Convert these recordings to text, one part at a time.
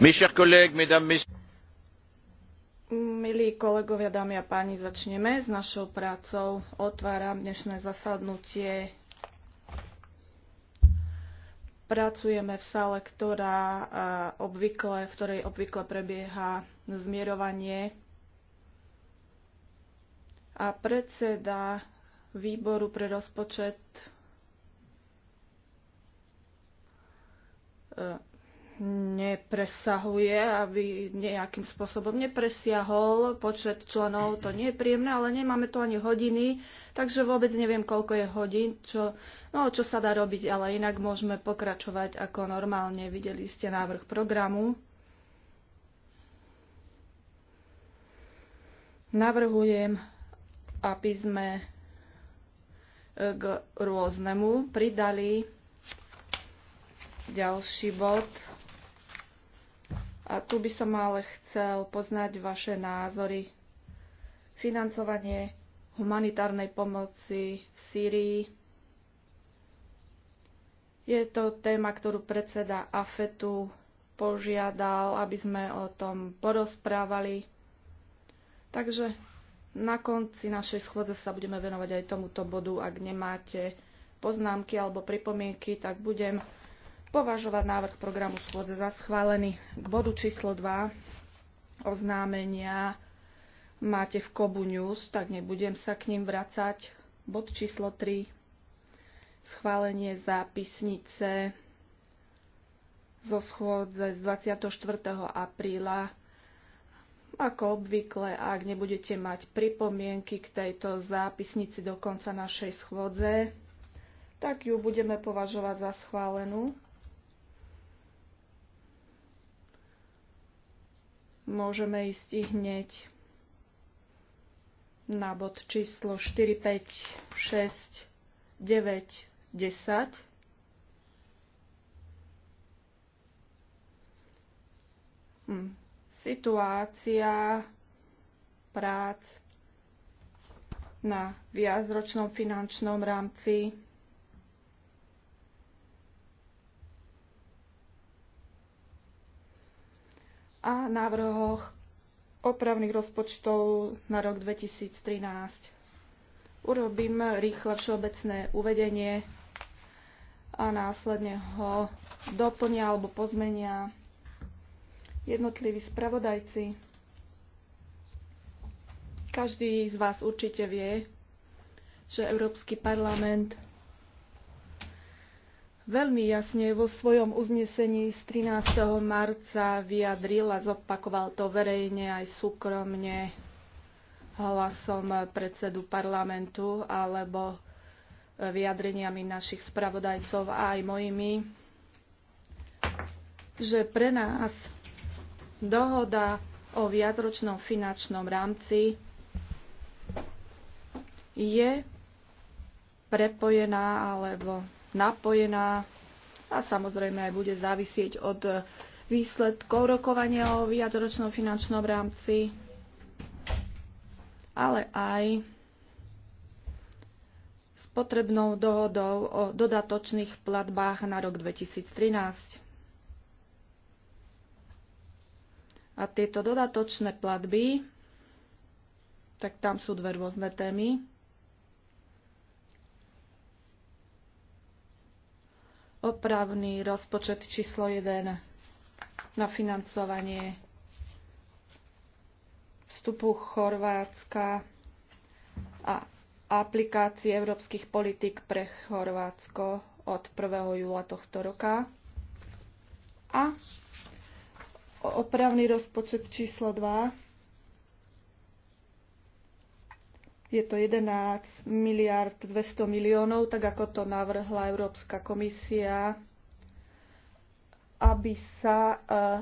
Milí kolegovia, dámy a páni, začneme s našou prácou. Otváram dnešné zasadnutie. Pracujeme v sále, ktorá obvykle, v ktorej obvykle prebieha zmierovanie. A predseda výboru pre rozpočet nepresahuje, aby nejakým spôsobom nepresiahol počet členov. To nie je príjemné, ale nemáme tu ani hodiny, takže vôbec neviem, koľko je hodín, čo, no, čo sa dá robiť, ale inak môžeme pokračovať ako normálne. Videli ste návrh programu. Navrhujem, aby sme e, k rôznemu pridali ďalší bod. A tu by som ale chcel poznať vaše názory. Financovanie humanitárnej pomoci v Sýrii. Je to téma, ktorú predseda AFETu požiadal, aby sme o tom porozprávali. Takže na konci našej schôdze sa budeme venovať aj tomuto bodu. Ak nemáte poznámky alebo pripomienky, tak budem považovať návrh programu schôdze za schválený. K bodu číslo 2 oznámenia máte v Kobu News, tak nebudem sa k ním vracať. Bod číslo 3 schválenie zápisnice zo schôdze z 24. apríla. Ako obvykle, ak nebudete mať pripomienky k tejto zápisnici do konca našej schôdze, tak ju budeme považovať za schválenú. Môžeme ísť hneď na bod číslo 4, 5, 6, 9, 10. Hm. Situácia prác na viacročnom finančnom rámci a návrhoch opravných rozpočtov na rok 2013. Urobím rýchle všeobecné uvedenie a následne ho doplnia alebo pozmenia jednotliví spravodajci. Každý z vás určite vie, že Európsky parlament veľmi jasne vo svojom uznesení z 13. marca vyjadril a zopakoval to verejne aj súkromne hlasom predsedu parlamentu alebo vyjadreniami našich spravodajcov a aj mojimi, že pre nás dohoda o viacročnom finančnom rámci je prepojená alebo napojená a samozrejme aj bude závisieť od výsledkov rokovania o viacročnom finančnom rámci, ale aj s potrebnou dohodou o dodatočných platbách na rok 2013. A tieto dodatočné platby, tak tam sú dve rôzne témy. opravný rozpočet číslo 1 na financovanie vstupu Chorvátska a aplikácie európskych politik pre Chorvátsko od 1. júla tohto roka a opravný rozpočet číslo 2 Je to 11 miliard 200 miliónov, tak ako to navrhla Európska komisia, aby sa eh,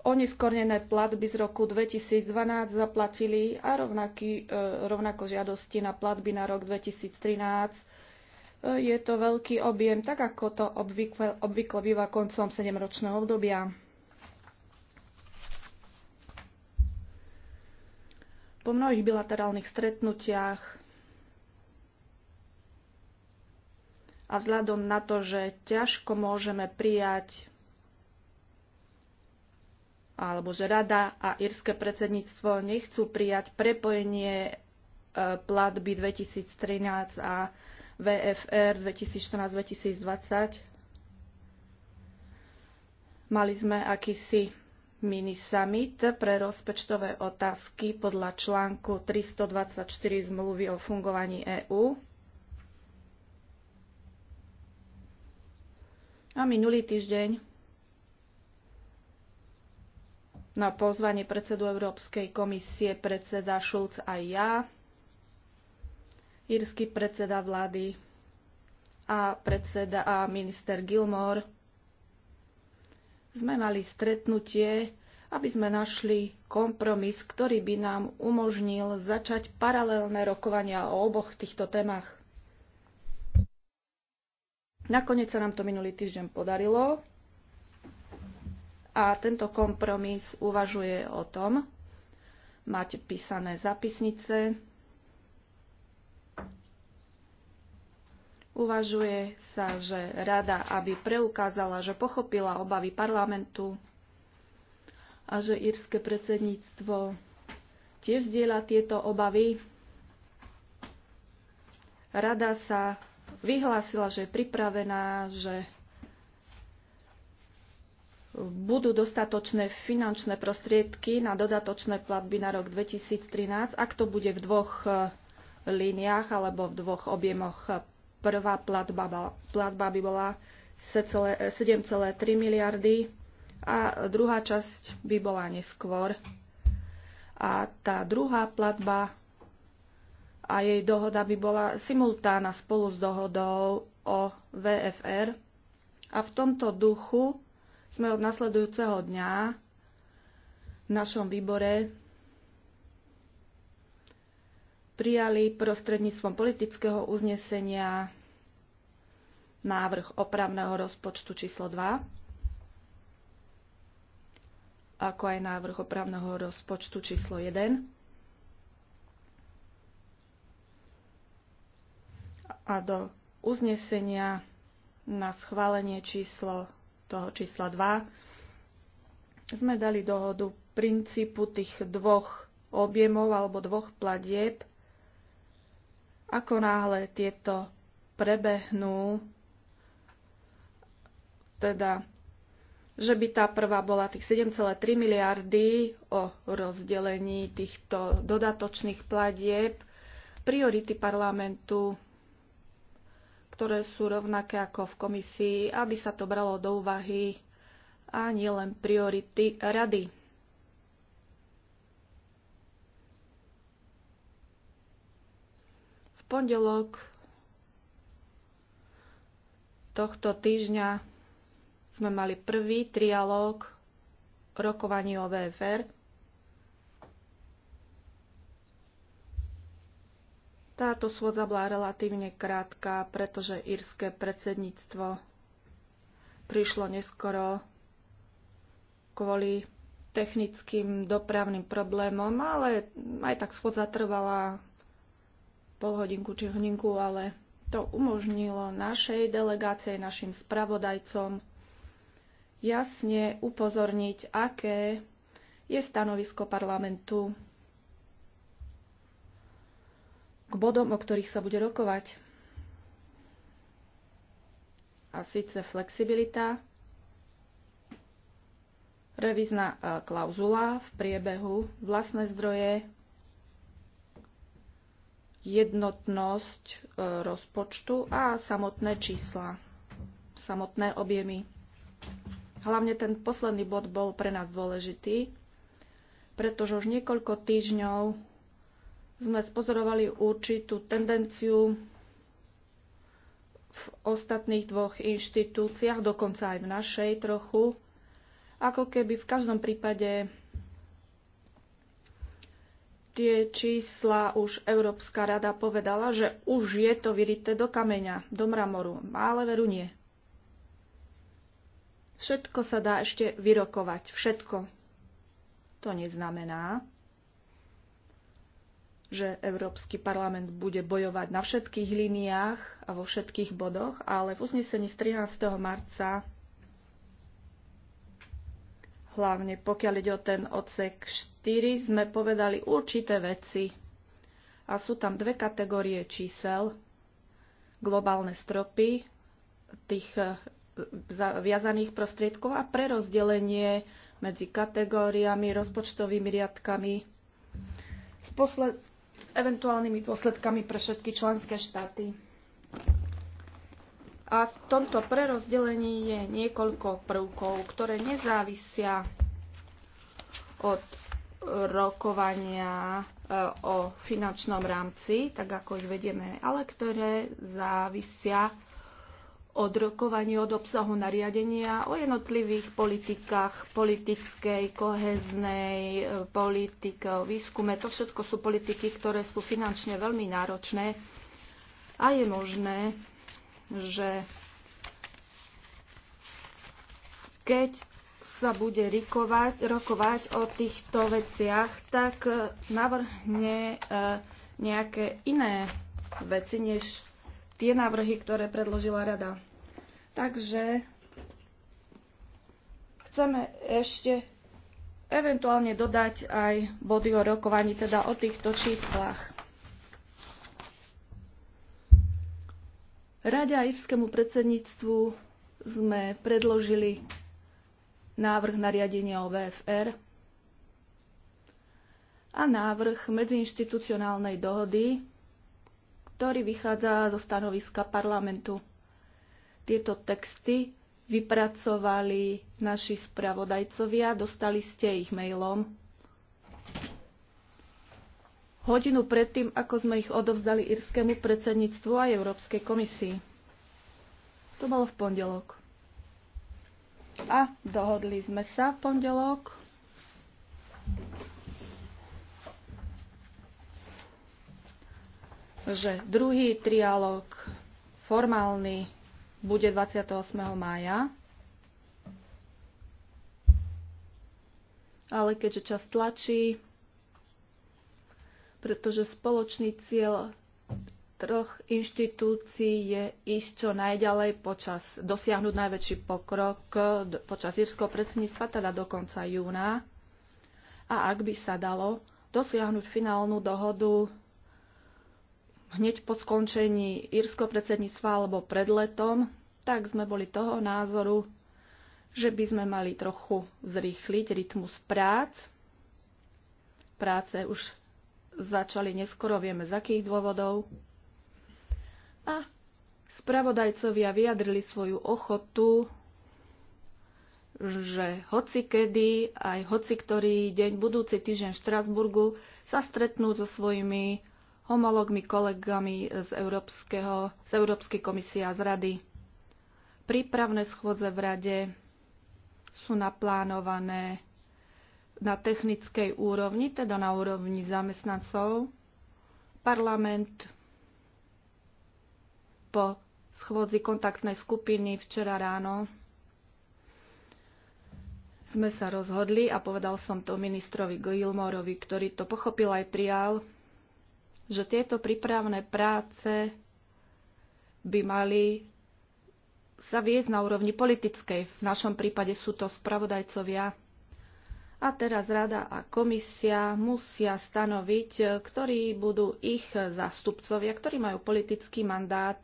oneskornené platby z roku 2012 zaplatili a rovnaký, eh, rovnako žiadosti na platby na rok 2013. Eh, je to veľký objem, tak ako to obvykle, obvykle býva koncom 7-ročného obdobia. Po mnohých bilaterálnych stretnutiach a vzhľadom na to, že ťažko môžeme prijať alebo že Rada a írske predsedníctvo nechcú prijať prepojenie e, platby 2013 a VFR 2014-2020. Mali sme akýsi minisummit pre rozpočtové otázky podľa článku 324 zmluvy o fungovaní EÚ. A minulý týždeň na pozvanie predsedu Európskej komisie predseda Schulz a ja, írsky predseda vlády a predseda a minister Gilmore sme mali stretnutie, aby sme našli kompromis, ktorý by nám umožnil začať paralelné rokovania o oboch týchto témach. Nakoniec sa nám to minulý týždeň podarilo a tento kompromis uvažuje o tom, mať písané zapisnice Uvažuje sa, že rada, aby preukázala, že pochopila obavy parlamentu a že írske predsedníctvo tiež zdieľa tieto obavy. Rada sa vyhlásila, že je pripravená, že budú dostatočné finančné prostriedky na dodatočné platby na rok 2013, ak to bude v dvoch eh, líniách alebo v dvoch objemoch prvá platba, platba by bola 7,3 miliardy a druhá časť by bola neskôr. A tá druhá platba a jej dohoda by bola simultána spolu s dohodou o VFR. A v tomto duchu sme od nasledujúceho dňa v našom výbore prijali prostredníctvom politického uznesenia návrh opravného rozpočtu číslo 2, ako aj návrh opravného rozpočtu číslo 1. A do uznesenia na schválenie číslo, toho čísla 2 sme dali dohodu princípu tých dvoch objemov alebo dvoch platieb ako náhle tieto prebehnú, teda že by tá prvá bola tých 7,3 miliardy o rozdelení týchto dodatočných platieb, priority parlamentu, ktoré sú rovnaké ako v komisii, aby sa to bralo do úvahy a nielen priority rady. pondelok tohto týždňa sme mali prvý trialóg rokovaní o VFR. Táto svodza bola relatívne krátka, pretože írske predsedníctvo prišlo neskoro kvôli technickým dopravným problémom, ale aj tak schôdza trvala pol hodinku či hodinku, ale to umožnilo našej delegácie, našim spravodajcom jasne upozorniť, aké je stanovisko parlamentu k bodom, o ktorých sa bude rokovať. A síce flexibilita, revízna e, klauzula v priebehu, vlastné zdroje, jednotnosť e, rozpočtu a samotné čísla, samotné objemy. Hlavne ten posledný bod bol pre nás dôležitý, pretože už niekoľko týždňov sme spozorovali určitú tendenciu v ostatných dvoch inštitúciách, dokonca aj v našej trochu, ako keby v každom prípade tie čísla už Európska rada povedala, že už je to vyrité do kameňa, do mramoru, ale veru nie. Všetko sa dá ešte vyrokovať, všetko. To neznamená, že Európsky parlament bude bojovať na všetkých líniách a vo všetkých bodoch, ale v uznesení z 13. marca Hlavne pokiaľ ide o ten odsek 4, sme povedali určité veci. A sú tam dve kategórie čísel. Globálne stropy tých e, viazaných prostriedkov a prerozdelenie medzi kategóriami, rozpočtovými riadkami s posled- eventuálnymi dôsledkami pre všetky členské štáty. A v tomto prerozdelení je niekoľko prvkov, ktoré nezávisia od rokovania e, o finančnom rámci, tak ako ich vedieme, ale ktoré závisia od rokovaní od obsahu nariadenia o jednotlivých politikách, politickej, koheznej, e, politike, o výskume. To všetko sú politiky, ktoré sú finančne veľmi náročné a je možné, že keď sa bude rikovať, rokovať o týchto veciach, tak e, navrhne e, nejaké iné veci, než tie návrhy, ktoré predložila rada. Takže chceme ešte eventuálne dodať aj body o rokovaní, teda o týchto číslach. Rade a istskému predsedníctvu sme predložili návrh nariadenia o VFR a návrh medziinštitucionálnej dohody, ktorý vychádza zo stanoviska parlamentu. Tieto texty vypracovali naši spravodajcovia, dostali ste ich mailom hodinu predtým, ako sme ich odovzdali írskému predsedníctvu a Európskej komisii. To bolo v pondelok. A dohodli sme sa v pondelok. že druhý trialog formálny bude 28. mája. Ale keďže čas tlačí, pretože spoločný cieľ troch inštitúcií je ísť čo najďalej počas, dosiahnuť najväčší pokrok e, počas írskeho predsedníctva, teda do konca júna. A ak by sa dalo, dosiahnuť finálnu dohodu hneď po skončení írskeho predsedníctva alebo pred letom, tak sme boli toho názoru, že by sme mali trochu zrýchliť rytmus prác. Práce už začali neskoro, vieme z akých dôvodov. A spravodajcovia vyjadrili svoju ochotu, že hoci kedy, aj hoci ktorý deň, budúci týždeň v Štrasburgu, sa stretnú so svojimi homologmi, kolegami z, Európskeho, z Európskej komisie a z Rady. Prípravné schôdze v Rade sú naplánované na technickej úrovni, teda na úrovni zamestnancov, parlament po schôdzi kontaktnej skupiny včera ráno sme sa rozhodli a povedal som to ministrovi Gilmorovi, ktorý to pochopil aj prijal, že tieto prípravné práce by mali sa viesť na úrovni politickej. V našom prípade sú to spravodajcovia a teraz rada a komisia musia stanoviť, eh, ktorí budú ich zástupcovia, ktorí majú politický mandát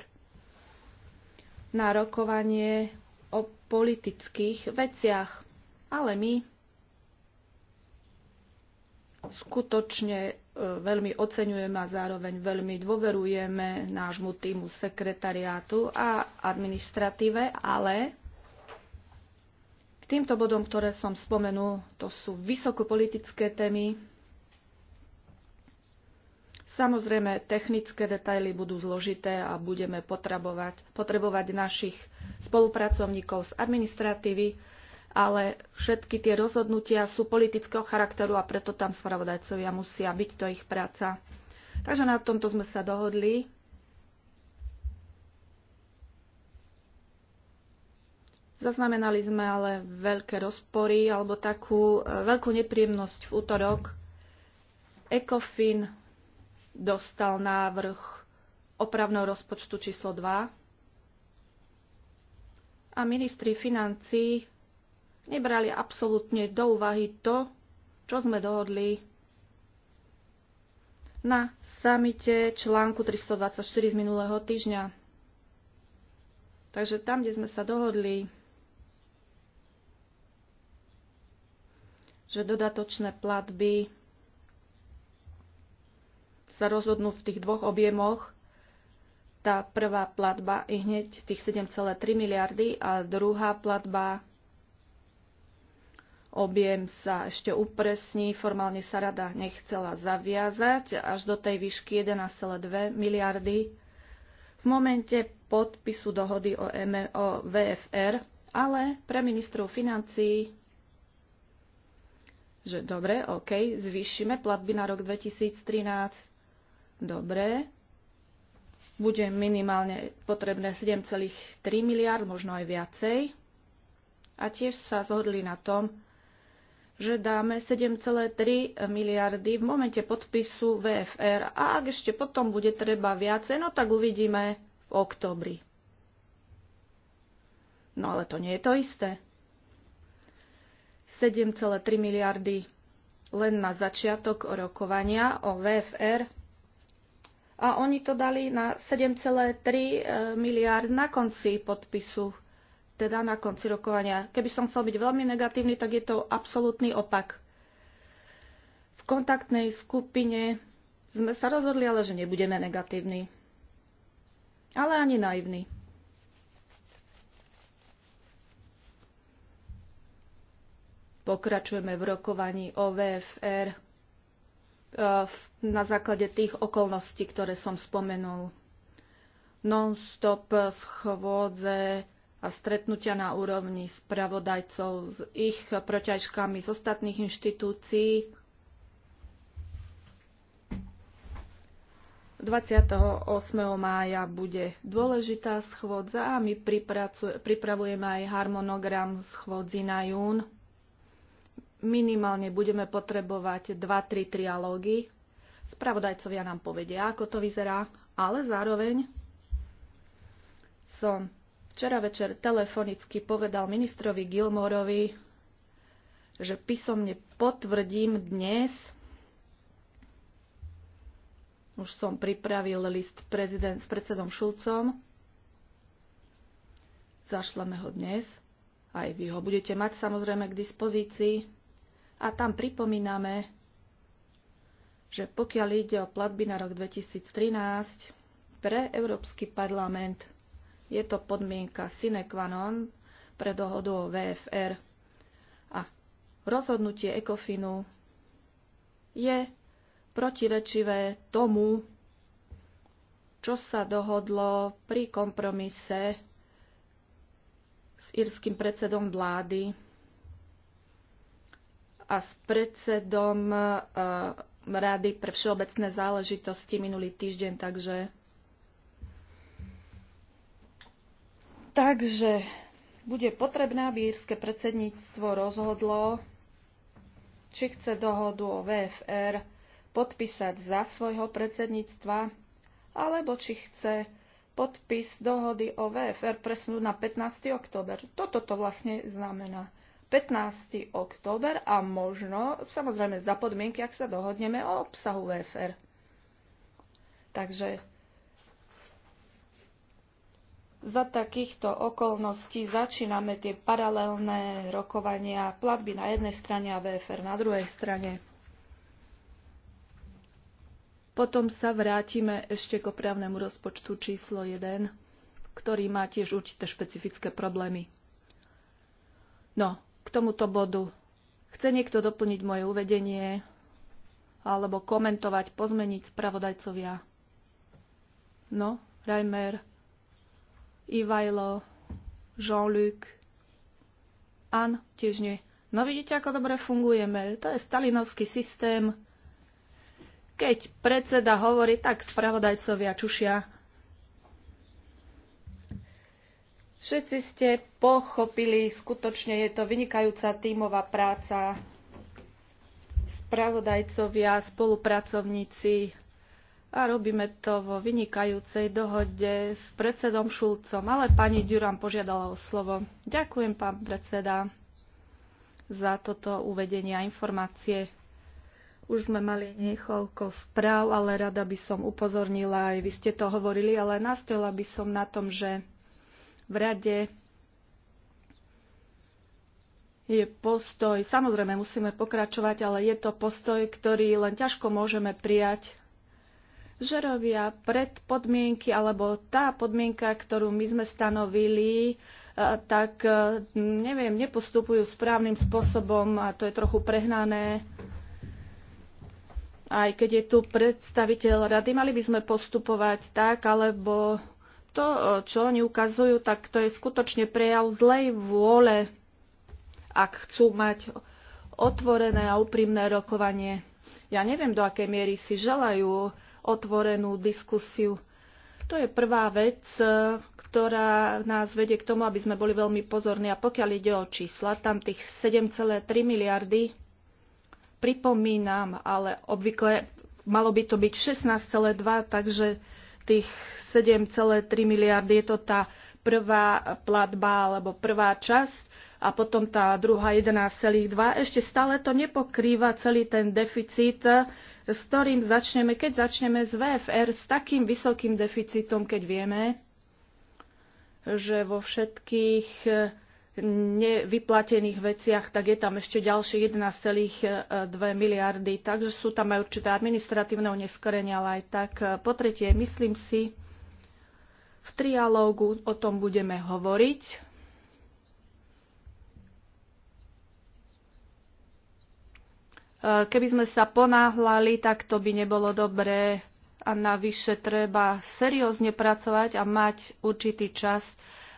na rokovanie o politických veciach. Ale my skutočne eh, veľmi oceňujeme a zároveň veľmi dôverujeme nášmu týmu sekretariátu a administratíve, ale týmto bodom, ktoré som spomenul, to sú vysokopolitické témy. Samozrejme, technické detaily budú zložité a budeme potrebovať, potrebovať našich spolupracovníkov z administratívy, ale všetky tie rozhodnutia sú politického charakteru a preto tam spravodajcovia musia byť, to ich práca. Takže na tomto sme sa dohodli Zaznamenali sme ale veľké rozpory alebo takú e, veľkú nepríjemnosť v útorok. ECOFIN dostal návrh opravného rozpočtu číslo 2 a ministri financí nebrali absolútne do úvahy to, čo sme dohodli na samite článku 324 z minulého týždňa. Takže tam, kde sme sa dohodli že dodatočné platby sa rozhodnú v tých dvoch objemoch. Tá prvá platba i hneď tých 7,3 miliardy a druhá platba objem sa ešte upresní. Formálne sa rada nechcela zaviazať až do tej výšky 11,2 miliardy. V momente podpisu dohody o, M- o VFR, ale pre ministrov financií že dobre, OK, zvýšime platby na rok 2013. Dobre, bude minimálne potrebné 7,3 miliard, možno aj viacej. A tiež sa zhodli na tom, že dáme 7,3 miliardy v momente podpisu VFR a ak ešte potom bude treba viacej, no tak uvidíme v oktobri. No ale to nie je to isté. 7,3 miliardy len na začiatok rokovania o VFR a oni to dali na 7,3 e, miliard na konci podpisu, teda na konci rokovania. Keby som chcel byť veľmi negatívny, tak je to absolútny opak. V kontaktnej skupine sme sa rozhodli, ale že nebudeme negatívni. Ale ani naivní. Pokračujeme v rokovaní o VFR e, na základe tých okolností, ktoré som spomenul. Non-stop schôdze a stretnutia na úrovni spravodajcov s ich proťažkami z ostatných inštitúcií 28. mája bude dôležitá schôdza a my pripravujeme aj harmonogram schôdzi na jún minimálne budeme potrebovať 2-3 trialógy. Spravodajcovia nám povedia, ako to vyzerá, ale zároveň som včera večer telefonicky povedal ministrovi Gilmorovi, že písomne potvrdím dnes, už som pripravil list prezident, s predsedom Šulcom, zašleme ho dnes, aj vy ho budete mať samozrejme k dispozícii a tam pripomíname, že pokiaľ ide o platby na rok 2013, pre Európsky parlament je to podmienka sine qua non pre dohodu o VFR a rozhodnutie ECOFINu je protirečivé tomu, čo sa dohodlo pri kompromise s írským predsedom vlády a s predsedom e, Rady pre všeobecné záležitosti minulý týždeň, takže Takže bude potrebné, aby írske predsedníctvo rozhodlo, či chce dohodu o VFR podpísať za svojho predsedníctva, alebo či chce podpis dohody o VFR presunúť na 15. október. Toto to vlastne znamená. 15. október a možno, samozrejme za podmienky, ak sa dohodneme o obsahu VFR. Takže za takýchto okolností začíname tie paralelné rokovania platby na jednej strane a VFR na druhej strane. Potom sa vrátime ešte k opravnému rozpočtu číslo 1, ktorý má tiež určité špecifické problémy. No, k tomuto bodu. Chce niekto doplniť moje uvedenie alebo komentovať, pozmeniť spravodajcovia? No, Reimer, Ivajlo, Jean-Luc, An, tiež nie. No vidíte, ako dobre fungujeme. To je stalinovský systém. Keď predseda hovorí, tak spravodajcovia čušia. Všetci ste pochopili, skutočne je to vynikajúca tímová práca. Spravodajcovia, spolupracovníci a robíme to vo vynikajúcej dohode s predsedom Šulcom, ale pani Duran požiadala o slovo. Ďakujem, pán predseda, za toto uvedenie a informácie. Už sme mali niekoľko správ, ale rada by som upozornila, aj vy ste to hovorili, ale nastela by som na tom, že v rade je postoj, samozrejme musíme pokračovať, ale je to postoj, ktorý len ťažko môžeme prijať, že robia predpodmienky alebo tá podmienka, ktorú my sme stanovili, tak e, neviem, nepostupujú správnym spôsobom a to je trochu prehnané. Aj keď je tu predstaviteľ rady, mali by sme postupovať tak, alebo to, čo oni ukazujú, tak to je skutočne prejav zlej vôle, ak chcú mať otvorené a úprimné rokovanie. Ja neviem, do akej miery si želajú otvorenú diskusiu. To je prvá vec, ktorá nás vedie k tomu, aby sme boli veľmi pozorní. A pokiaľ ide o čísla, tam tých 7,3 miliardy, pripomínam, ale obvykle malo by to byť 16,2, takže tých 7,3 miliardy, je to tá prvá platba alebo prvá časť a potom tá druhá 11,2. Ešte stále to nepokrýva celý ten deficit, s ktorým začneme, keď začneme z VFR s takým vysokým deficitom, keď vieme, že vo všetkých nevyplatených veciach, tak je tam ešte ďalšie 11,2 miliardy. Takže sú tam aj určité administratívne oneskorenia, ale aj tak. Po tretie, myslím si, v trialógu o tom budeme hovoriť. Keby sme sa ponáhľali, tak to by nebolo dobré a navyše treba seriózne pracovať a mať určitý čas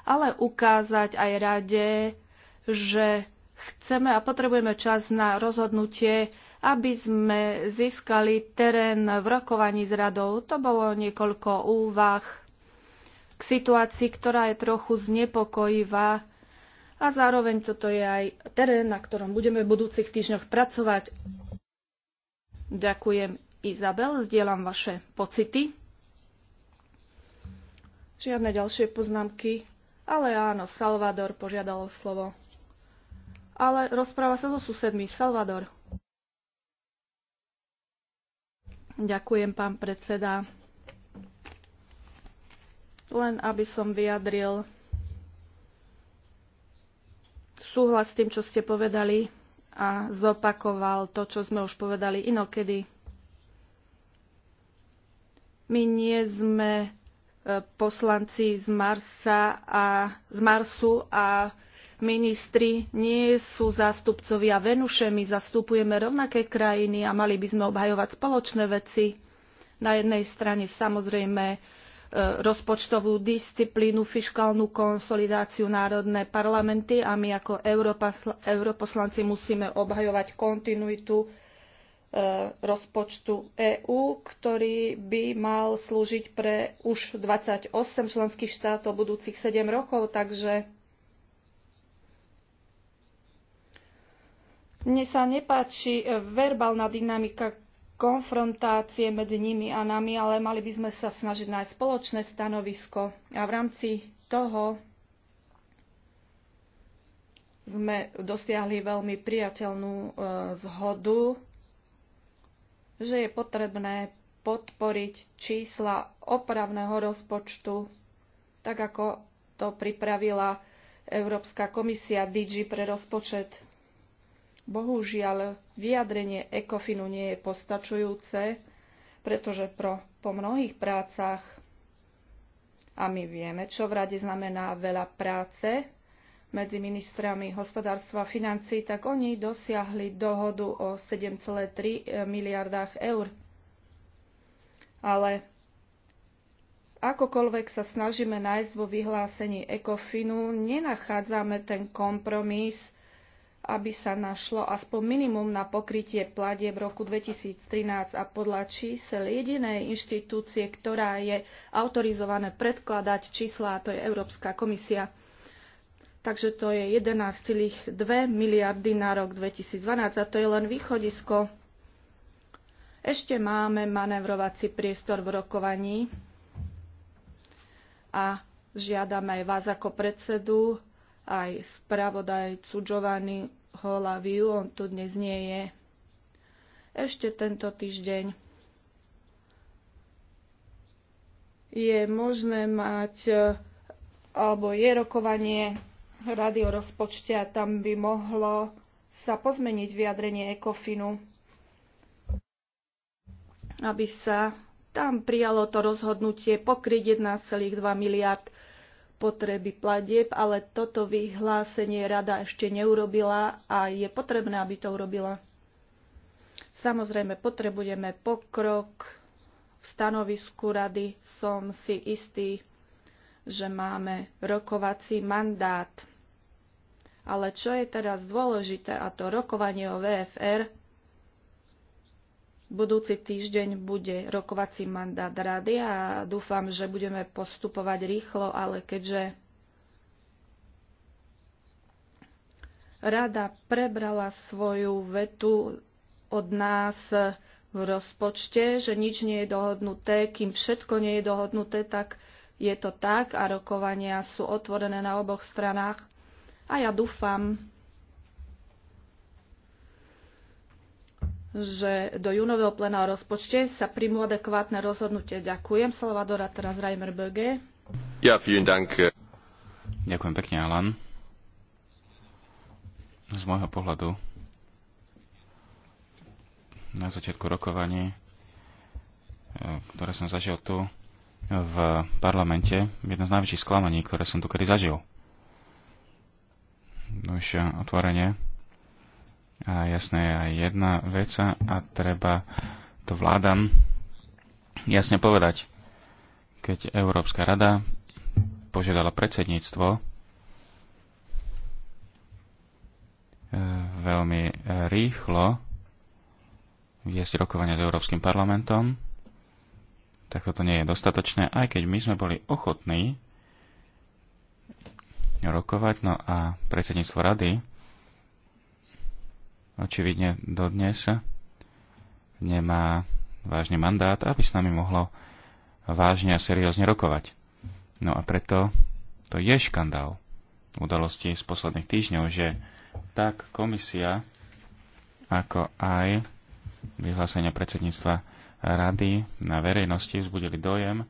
ale ukázať aj rade, že chceme a potrebujeme čas na rozhodnutie, aby sme získali terén v rokovaní s radou. To bolo niekoľko úvah k situácii, ktorá je trochu znepokojivá a zároveň toto je aj terén, na ktorom budeme v budúcich týždňoch pracovať. Ďakujem Izabel, zdieľam vaše pocity. Žiadne ďalšie poznámky ale áno, Salvador požiadalo slovo. Ale rozpráva sa so susedmi. Salvador. Ďakujem, pán predseda. Len aby som vyjadril súhlas s tým, čo ste povedali a zopakoval to, čo sme už povedali inokedy. My nie sme poslanci z, Marsa a, z Marsu a ministri nie sú zástupcovia Venuše. My zastupujeme rovnaké krajiny a mali by sme obhajovať spoločné veci. Na jednej strane samozrejme e, rozpočtovú disciplínu, fiškálnu konsolidáciu národné parlamenty a my ako europoslanci musíme obhajovať kontinuitu E, rozpočtu EÚ, ktorý by mal slúžiť pre už 28 členských štátov budúcich 7 rokov, takže mne sa nepáči verbálna dynamika konfrontácie medzi nimi a nami, ale mali by sme sa snažiť nájsť spoločné stanovisko a v rámci toho sme dosiahli veľmi priateľnú e, zhodu že je potrebné podporiť čísla opravného rozpočtu, tak ako to pripravila Európska komisia DG pre rozpočet. Bohužiaľ, vyjadrenie ECOFINu nie je postačujúce, pretože pro, po mnohých prácach, a my vieme, čo v rade znamená veľa práce, medzi ministrami hospodárstva a financí, tak oni dosiahli dohodu o 7,3 e, miliardách eur. Ale akokoľvek sa snažíme nájsť vo vyhlásení ECOFINu, nenachádzame ten kompromis, aby sa našlo aspoň minimum na pokrytie platie v roku 2013 a podľa čísel jedinej inštitúcie, ktorá je autorizované predkladať čísla, a to je Európska komisia takže to je 11,2 miliardy na rok 2012 a to je len východisko. Ešte máme manevrovací priestor v rokovaní a žiadame aj vás ako predsedu, aj spravodajcu Giovanni Holaviu, on tu dnes nie je, ešte tento týždeň. Je možné mať alebo je rokovanie rady o rozpočte a tam by mohlo sa pozmeniť vyjadrenie ECOFINu, aby sa tam prijalo to rozhodnutie pokryť 1,2 miliard potreby platieb, ale toto vyhlásenie rada ešte neurobila a je potrebné, aby to urobila. Samozrejme, potrebujeme pokrok v stanovisku rady, som si istý, že máme rokovací mandát. Ale čo je teraz dôležité, a to rokovanie o VFR, budúci týždeň bude rokovací mandát rady a dúfam, že budeme postupovať rýchlo, ale keďže rada prebrala svoju vetu od nás v rozpočte, že nič nie je dohodnuté, kým všetko nie je dohodnuté, tak je to tak a rokovania sú otvorené na oboch stranách. A ja dúfam, že do júnového plena o rozpočte sa príjmu adekvátne rozhodnutie. Ďakujem. Salvadora teraz Reimer Böge. Ja, vielen Dank. Ďakujem pekne, Alan. Z môjho pohľadu na začiatku rokovanie, eh, ktoré som zažil tu, v parlamente jedno z najväčších sklamaní, ktoré som tu kedy zažil. No eh, otvorenie. A jasné je aj jedna vec a treba to vládam jasne povedať. Keď Európska rada požiadala predsedníctvo, eh, veľmi eh, rýchlo viesť rokovania s Európskym parlamentom, tak toto nie je dostatočné, aj keď my sme boli ochotní rokovať, no a predsedníctvo rady očividne dodnes nemá vážny mandát, aby s nami mohlo vážne a seriózne rokovať. No a preto to je škandál udalosti z posledných týždňov, že tak komisia, ako aj vyhlásenia predsedníctva rady na verejnosti vzbudili dojem,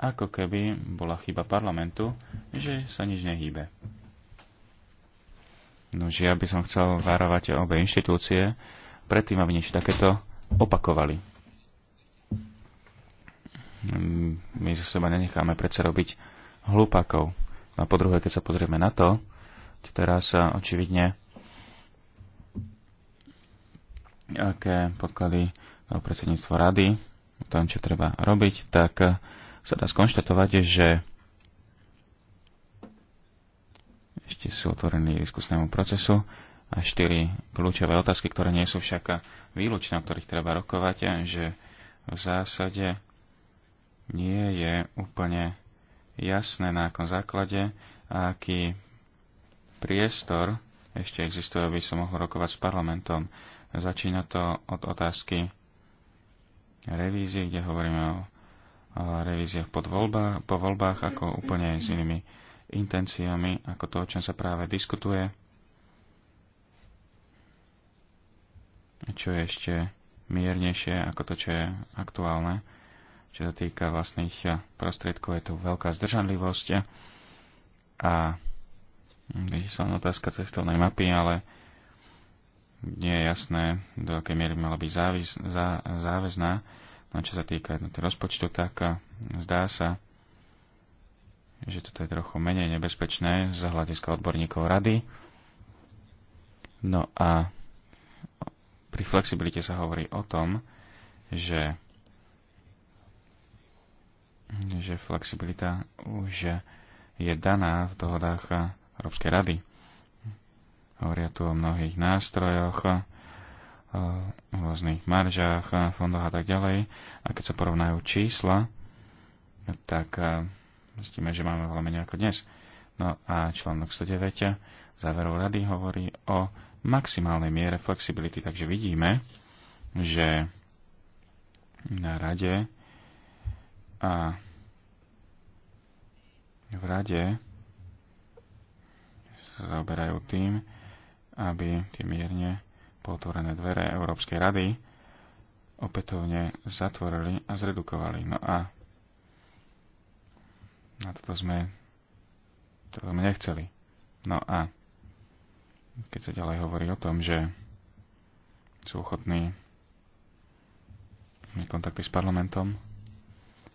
ako keby bola chyba parlamentu, že sa nič nehýbe. Nože ja by som chcel varovať obe inštitúcie predtým, aby niečo takéto opakovali. My zo seba nenecháme predsa robiť hlupakov. No a po druhé, keď sa pozrieme na to, čo teraz sa očividne aké podklady predsedníctvo rady o tom, čo treba robiť, tak eh, sa dá skonštatovať, že ešte sú otvorení diskusnému procesu a štyri kľúčové otázky, ktoré nie sú však výlučné, o ktorých treba rokovať, eh, že v zásade nie je úplne jasné, na akom základe a aký priestor ešte existuje, aby som mohol rokovať s parlamentom. Začína to od otázky revízie, kde hovoríme o, revíziách pod voľbách, po voľbách ako úplne s inými intenciami, ako to, o čom sa práve diskutuje. Čo je ešte miernejšie ako to, čo je aktuálne. Čo sa týka vlastných prostriedkov, je tu veľká zdržanlivosť a vyslala otázka cestovnej mapy, ale nie je jasné, do akej miery mala byť závis, zá, záväzná, no čo sa týka rozpočtu, tak eh, zdá sa, že toto je trochu menej nebezpečné z hľadiska odborníkov rady. No a pri flexibilite sa hovorí o tom, že, že flexibilita už je daná v dohodách eh, Európskej rady. Hovoria tu o mnohých nástrojoch, o rôznych maržách, fondoch a tak ďalej. A keď sa porovnajú čísla, tak eh, zistíme, že máme veľa menej ako dnes. No a článok 109 záveru rady hovorí o maximálnej miere flexibility. Takže vidíme, že na rade a v rade sa zaoberajú tým, aby tie mierne potvorené dvere Európskej rady opätovne zatvorili a zredukovali. No a na toto sme, toto sme nechceli. No a keď sa ďalej hovorí o tom, že sú ochotní kontakty s parlamentom,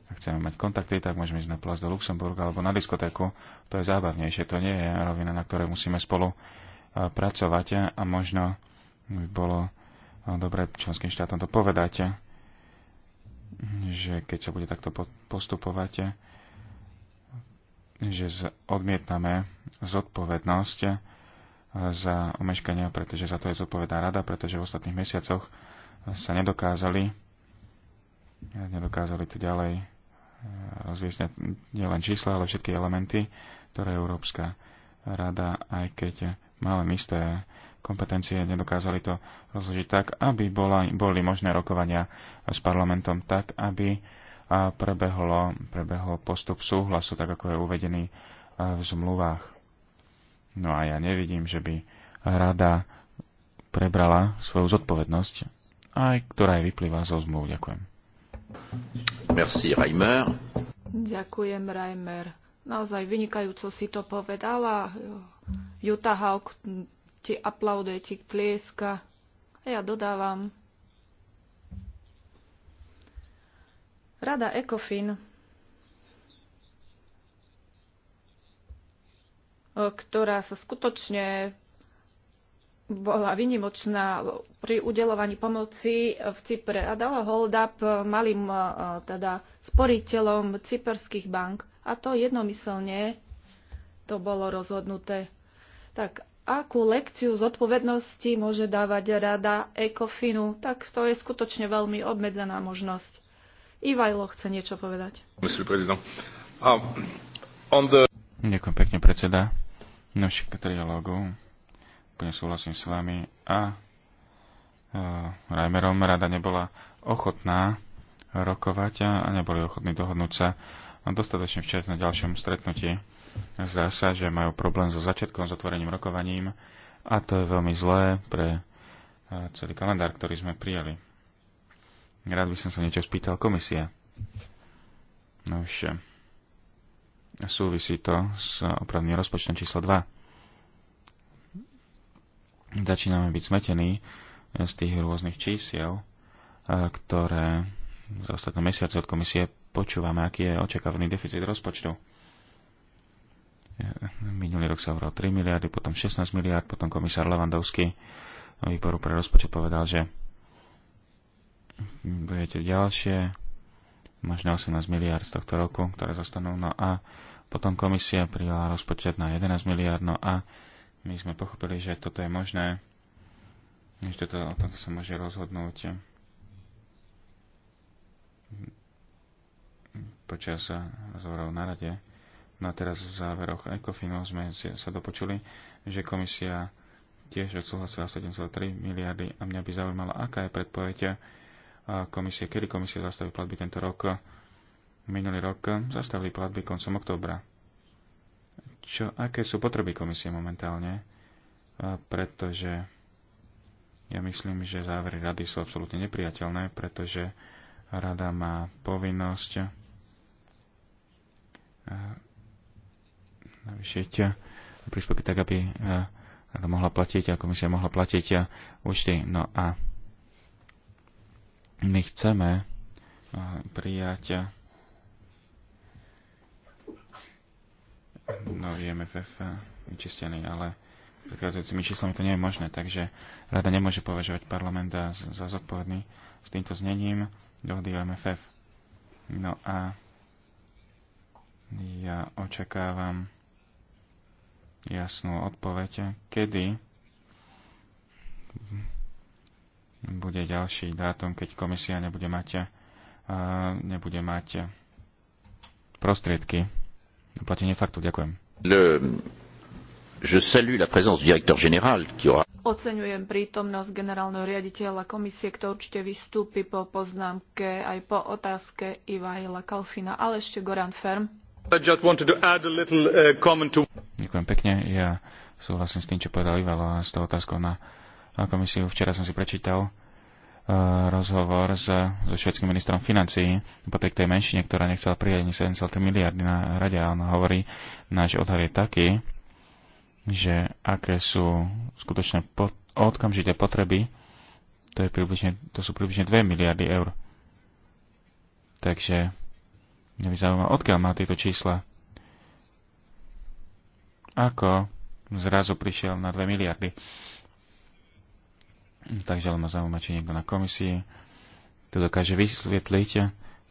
ak chceme mať kontakty, tak môžeme ísť na plac do Luxemburga alebo na diskotéku. To je zábavnejšie, to nie je rovina, na ktorej musíme spolu pracovať a možno by bolo dobre členským štátom to povedať, že keď sa bude takto postupovať, že odmietame zodpovednosť za omeškania, pretože za to je zodpovedná rada, pretože v ostatných mesiacoch sa nedokázali nedokázali to ďalej rozviesňať nielen čísla, ale všetky elementy, ktoré Európska rada, aj keď mali isté kompetencie, nedokázali to rozložiť tak, aby bola, boli možné rokovania s parlamentom tak, aby prebehlo, prebehlo postup súhlasu, tak ako je uvedený v zmluvách. No a ja nevidím, že by rada prebrala svoju zodpovednosť, aj ktorá aj vyplýva zo zmluv. Ďakujem. Merci, Reimer. Ďakujem, Reimer. Naozaj vynikajúco si to povedala Jutta Haug ti aplauduje, ti tlieska. A ja dodávam. Rada ECOFIN, ktorá sa skutočne bola vynimočná pri udelovaní pomoci v Cypre a dala hold up malým teda sporiteľom cyperských bank. A to jednomyselne to bolo rozhodnuté tak akú lekciu zodpovednosti môže dávať rada ECOFINu, tak to je skutočne veľmi obmedzená možnosť. Ivajlo chce niečo povedať. Um, Ďakujem pekne, predseda. No však trialógu. Úplne súhlasím s vami. A uh, Reimerom rada nebola ochotná rokovať a neboli ochotní dohodnúť sa dostatočne včas na ďalšom stretnutí Zdá sa, že majú problém so začiatkom, s otvorením rokovaním a to je veľmi zlé pre eh, celý kalendár, ktorý sme prijali. Rád by som sa niečo spýtal komisia. No už eh, súvisí to s opravným rozpočtom číslo 2. Začíname byť smetení eh, z tých rôznych čísiel, ktoré za ostatné mesiace od komisie počúvame, aký je očakávaný deficit rozpočtu. Minulý rok sa hovoril 3 miliardy, potom 16 miliard, potom komisár Levandovský výboru pre rozpočet povedal, že budete ďalšie, možno 18 miliard z tohto roku, ktoré zostanú. No a potom komisia prijala rozpočet na 11 miliard, no a my sme pochopili, že toto je možné, že toto, o tomto sa môže rozhodnúť počas rozhovorov na rade No a teraz v záveroch ECOFINu sme sa dopočuli, že komisia tiež odsúhlasila 7,3 miliardy a mňa by zaujímala, aká je predpoveď komisie, kedy komisia zastaví platby tento rok. Minulý rok zastavili platby koncom októbra. Čo, aké sú potreby komisie momentálne? Pretože ja myslím, že závery rady sú absolútne nepriateľné, pretože rada má povinnosť navýšiť príspevky tak, aby eh, mohla platiť a komisia mohla platiť eh, účty. No a my chceme eh, prijať nový MFF vyčistený, ale predchádzajúcimi číslami to nie je možné, takže rada nemôže považovať parlament za zodpovedný s týmto znením dohody o MFF. No a ja očakávam jasnú odpoveď, kedy bude ďalší dátum, keď komisia nebude mať, uh, nebude mať prostriedky na platenie faktu. Ďakujem. Le... Je salue la présence du directeur général qui aura... Oceňujem prítomnosť generálneho riaditeľa komisie, kto určite vystúpi po poznámke aj po otázke Ivaila Kalfina, ale ešte Goran Ferm. Uh, Ďakujem pekne. Ja súhlasím s tým, čo povedal Ivalo a s tou otázkou na komisiu. Včera som si prečítal uh, rozhovor s, so švedským ministrom financií po tej, tej menšine, ktorá nechcela prijať ani 7,3 miliardy na rade a on hovorí, náš odhad je taký, že aké sú skutočné pot- okamžité potreby, to, je približne, to sú približne 2 miliardy eur. Takže Mňa by zaujíma, odkiaľ má tieto čísla. Ako zrazu prišiel na 2 miliardy. Takže ale ma zaujíma, či niekto na komisii to dokáže vysvetliť,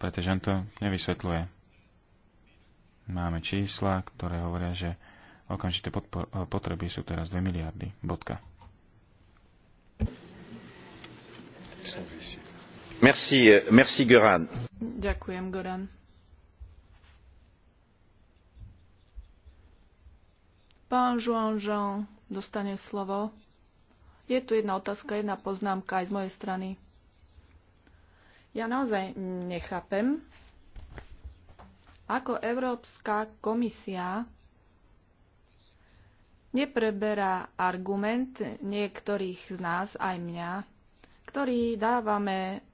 pretože on to nevysvetľuje. Máme čísla, ktoré hovoria, že okamžité eh, potreby sú teraz 2 miliardy. Bodka. Merci, eh, merci Goran. Ďakujem, Goran. Pán Joan Jean dostane slovo. Je tu jedna otázka, jedna poznámka aj z mojej strany. Ja naozaj nechápem, ako Európska komisia nepreberá argument niektorých z nás, aj mňa, ktorý dávame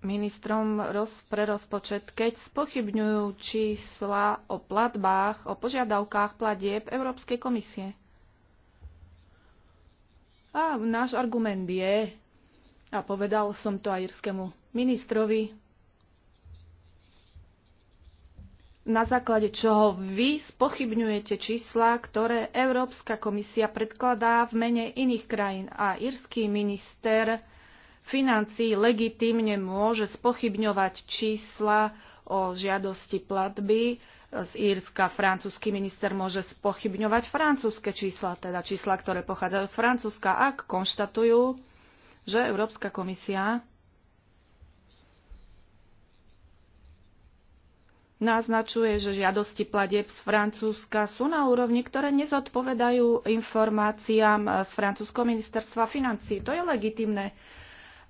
ministrom roz, pre rozpočet, keď spochybňujú čísla o platbách, o požiadavkách platieb Európskej komisie. A náš argument je, a povedal som to aj írskému ministrovi, na základe čoho vy spochybňujete čísla, ktoré Európska komisia predkladá v mene iných krajín. A írsky minister financií legitímne môže spochybňovať čísla o žiadosti platby. Z Írska francúzsky minister môže spochybňovať francúzske čísla, teda čísla, ktoré pochádzajú z Francúzska, ak konštatujú, že Európska komisia naznačuje, že žiadosti platieb z Francúzska sú na úrovni, ktoré nezodpovedajú informáciám z francúzského ministerstva financí. To je legitimné.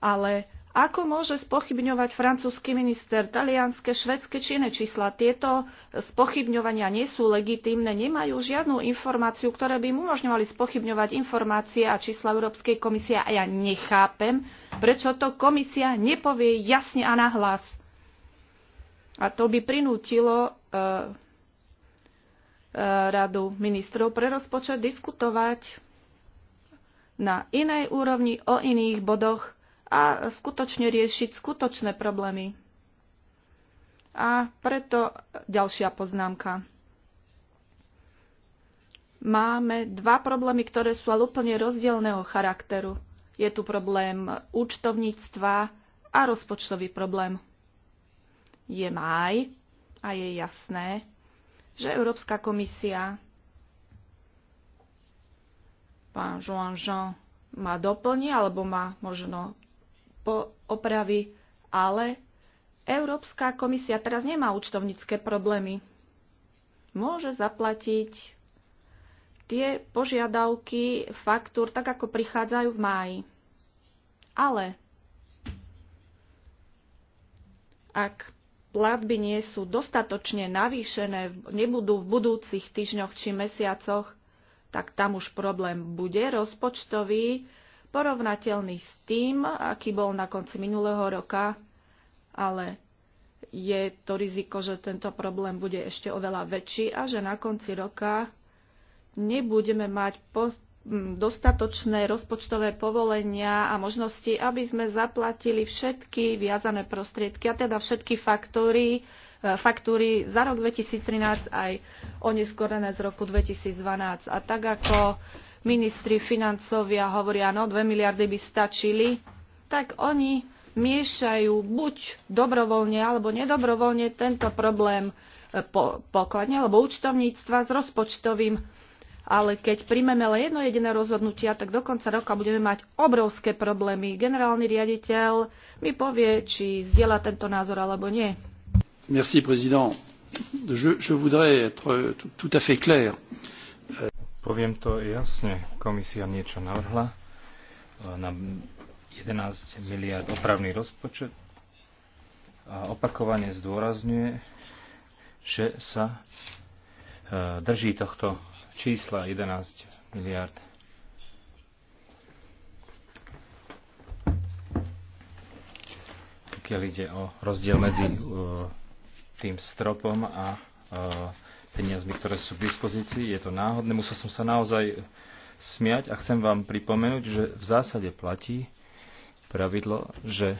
Ale ako môže spochybňovať francúzsky minister talianske, švedské či iné čísla? Tieto spochybňovania nie sú legitímne, nemajú žiadnu informáciu, ktoré by umožňovali spochybňovať informácie a čísla Európskej komisie a ja nechápem, prečo to komisia nepovie jasne a nahlas. A to by prinútilo e, e, radu ministrov pre rozpočet diskutovať na inej úrovni o iných bodoch a skutočne riešiť skutočné problémy. A preto ďalšia poznámka. Máme dva problémy, ktoré sú ale úplne rozdielného charakteru. Je tu problém účtovníctva a rozpočtový problém. Je máj a je jasné, že Európska komisia pán Joan Jean ma doplní alebo ma možno opravy, ale Európska komisia teraz nemá účtovnícke problémy. Môže zaplatiť tie požiadavky faktúr tak, ako prichádzajú v máji. Ale ak platby nie sú dostatočne navýšené, nebudú v budúcich týždňoch či mesiacoch, tak tam už problém bude rozpočtový porovnateľný s tým, aký bol na konci minulého roka, ale je to riziko, že tento problém bude ešte oveľa väčší a že na konci roka nebudeme mať dostatočné rozpočtové povolenia a možnosti, aby sme zaplatili všetky viazané prostriedky a teda všetky faktory, e, faktúry za rok 2013 aj oneskorené z roku 2012. A tak ako ministri financovia hovoria, no dve miliardy by stačili, tak oni miešajú buď dobrovoľne alebo nedobrovoľne tento problém e, po, pokladne alebo účtovníctva s rozpočtovým. Ale keď príjmeme len jedno jediné rozhodnutia, tak do konca roka budeme mať obrovské problémy. Generálny riaditeľ mi povie, či zdieľa tento názor alebo nie. Merci, Je, je voudrais être tout à fait clair. Euh, Poviem to jasne, komisia niečo navrhla e, na 11 miliard opravný rozpočet a opakovane zdôrazňuje, že sa e, drží tohto čísla 11 miliard. Pokiaľ ide o rozdiel medzi e, tým stropom a peniazmi, ktoré sú k dispozícii. Je to náhodné, musel som sa naozaj smiať a chcem vám pripomenúť, že v zásade platí pravidlo, že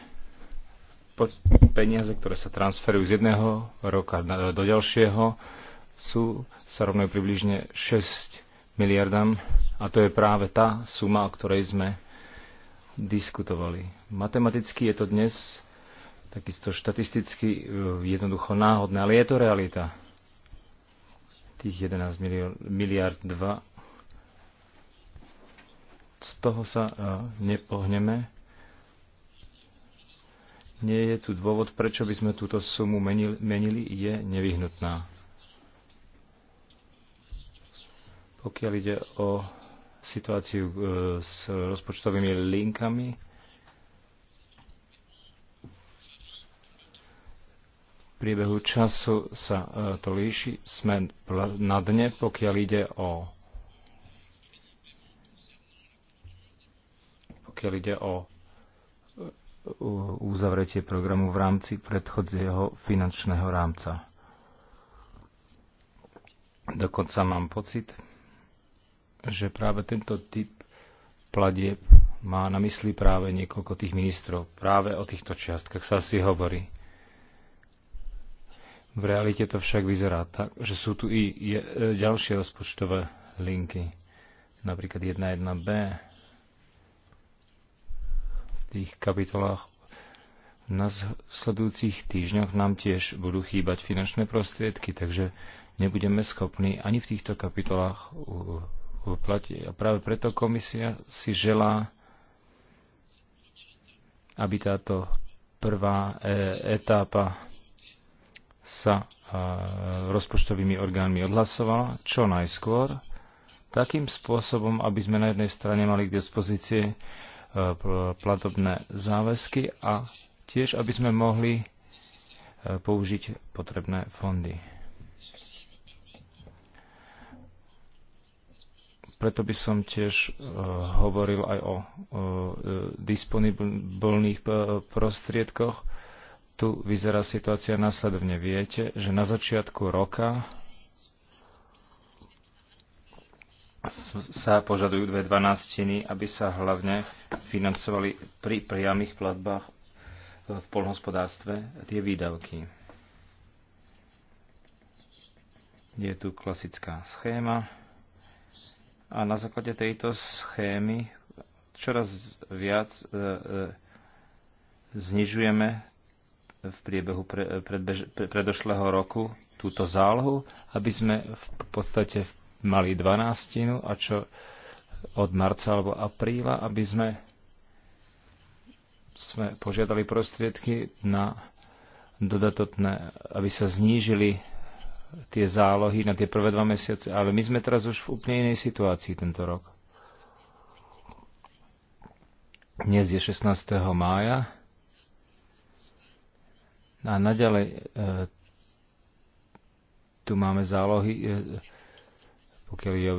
peniaze, ktoré sa transferujú z jedného roka do ďalšieho, sú, sa rovnajú približne 6 miliardám a to je práve tá suma, o ktorej sme diskutovali. Matematicky je to dnes takisto štatisticky e, jednoducho náhodné, ale je to realita tých 11 miliard, 2. Z toho sa e, nepohneme. Nie je tu dôvod, prečo by sme túto sumu menili, je nevyhnutná. Pokiaľ ide o situáciu e, s rozpočtovými linkami, priebehu času sa e, to líši. Sme na dne, pokiaľ ide o pokiaľ ide o e, uzavretie programu v rámci predchodzieho finančného rámca. Dokonca mám pocit, že práve tento typ pladieb má na mysli práve niekoľko tých ministrov. Práve o týchto čiastkach sa si hovorí. V realite to však vyzerá tak, že sú tu i je, e, ďalšie rozpočtové linky, napríklad 1.1b. V tých kapitolách v nasledujúcich týždňoch nám tiež budú chýbať finančné prostriedky, takže nebudeme schopní ani v týchto kapitolách uplatiť. A práve preto komisia si želá, aby táto prvá e, etapa sa e, rozpočtovými orgánmi odhlasovala čo najskôr, takým spôsobom, aby sme na jednej strane mali k dispozície platobné záväzky a tiež, aby sme mohli e, použiť potrebné fondy. Preto by som tiež e, hovoril aj o disponibilných prostriedkoch, tu vyzerá situácia následovne. Viete, že na začiatku roka sa požadujú dve dvanástiny, aby sa hlavne financovali pri priamých platbách v polnohospodárstve tie výdavky. Je tu klasická schéma a na základe tejto schémy čoraz viac e, e, znižujeme v priebehu pre, predbež, pre, predošlého roku túto zálohu, aby sme v podstate mali dvanáctinu a čo od marca alebo apríla, aby sme, sme požiadali prostriedky na dodatotné, aby sa znížili tie zálohy na tie prvé dva mesiace, ale my sme teraz už v úplne inej situácii tento rok. Dnes je 16. mája a naďalej e, tu máme zálohy, e, pokiaľ je e,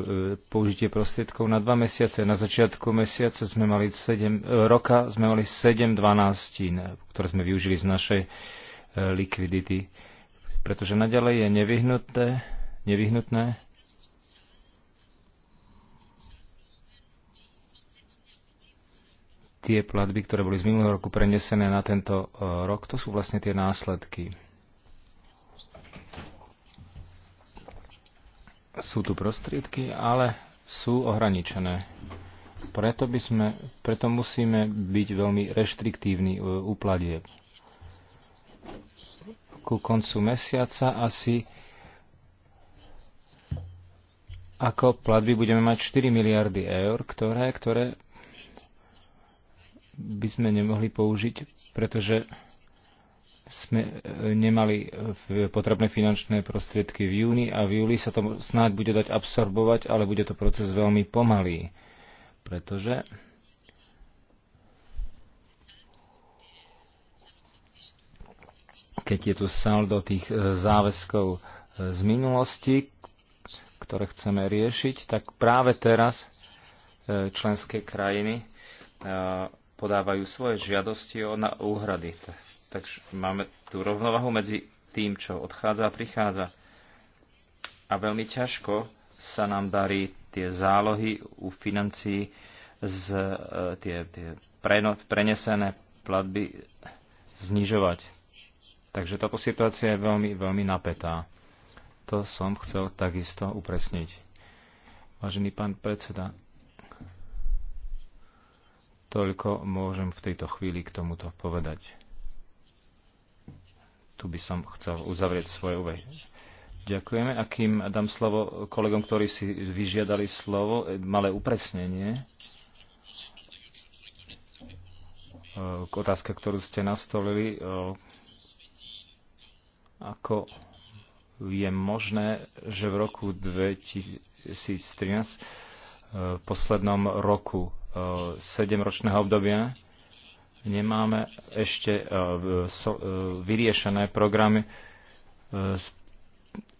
použitie prostriedkov na dva mesiace. Na začiatku mesiaca sme mali 7, e, roka sme mali 7 dvanástin, ktoré sme využili z našej e, likvidity. Pretože naďalej je nevyhnutné, nevyhnutné tie platby, ktoré boli z minulého roku prenesené na tento eh, rok, to sú vlastne tie následky. Sú tu prostriedky, ale sú ohraničené. Preto, by sme, preto musíme byť veľmi reštriktívni eh, u platieb. Ku koncu mesiaca asi ako platby budeme mať 4 miliardy eur, ktoré, ktoré by sme nemohli použiť, pretože sme e, nemali e, potrebné finančné prostriedky v júni a v júli sa to snáď bude dať absorbovať, ale bude to proces veľmi pomalý, pretože keď je tu saldo tých e, záväzkov z minulosti, ktoré chceme riešiť, tak práve teraz členské krajiny podávajú svoje žiadosti o na úhrady. Takže máme tú rovnovahu medzi tým, čo odchádza a prichádza. A veľmi ťažko sa nám darí tie zálohy u financií z e, tie, tie preno, prenesené platby znižovať. Takže táto situácia je veľmi, veľmi napätá. To som chcel takisto upresniť. Vážený pán predseda, Toľko môžem v tejto chvíli k tomuto povedať. Tu by som chcel uzavrieť svoje uvej. Ďakujeme. A kým dám slovo kolegom, ktorí si vyžiadali slovo, e, malé upresnenie e, k otázke, ktorú ste nastolili. E, ako je možné, že v roku 2013, v poslednom roku sedemročného obdobia nemáme ešte e, e, vyriešené programy e,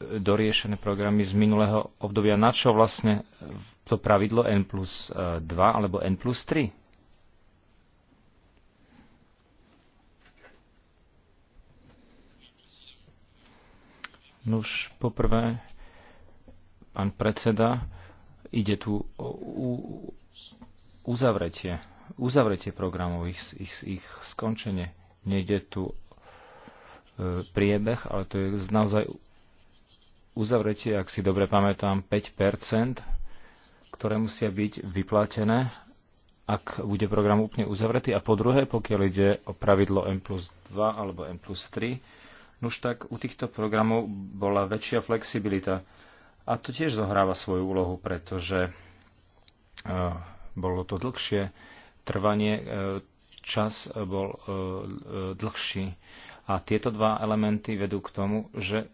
doriešené programy z minulého obdobia. Na čo vlastne to pravidlo N plus 2 alebo N plus 3? Nuž, poprvé, pán predseda, ide tu o, o, uzavretie, uzavretie programov, ich, ich, ich skončenie. Nejde tu e, priebeh, ale to je naozaj uzavretie, ak si dobre pamätám, 5%, ktoré musia byť vyplatené, ak bude program úplne uzavretý. A po druhé, pokiaľ ide o pravidlo M plus 2 alebo M plus 3, už tak u týchto programov bola väčšia flexibilita. A to tiež zohráva svoju úlohu, pretože e, bolo to dlhšie trvanie, e, čas bol e, e, dlhší. A tieto dva elementy vedú k tomu, že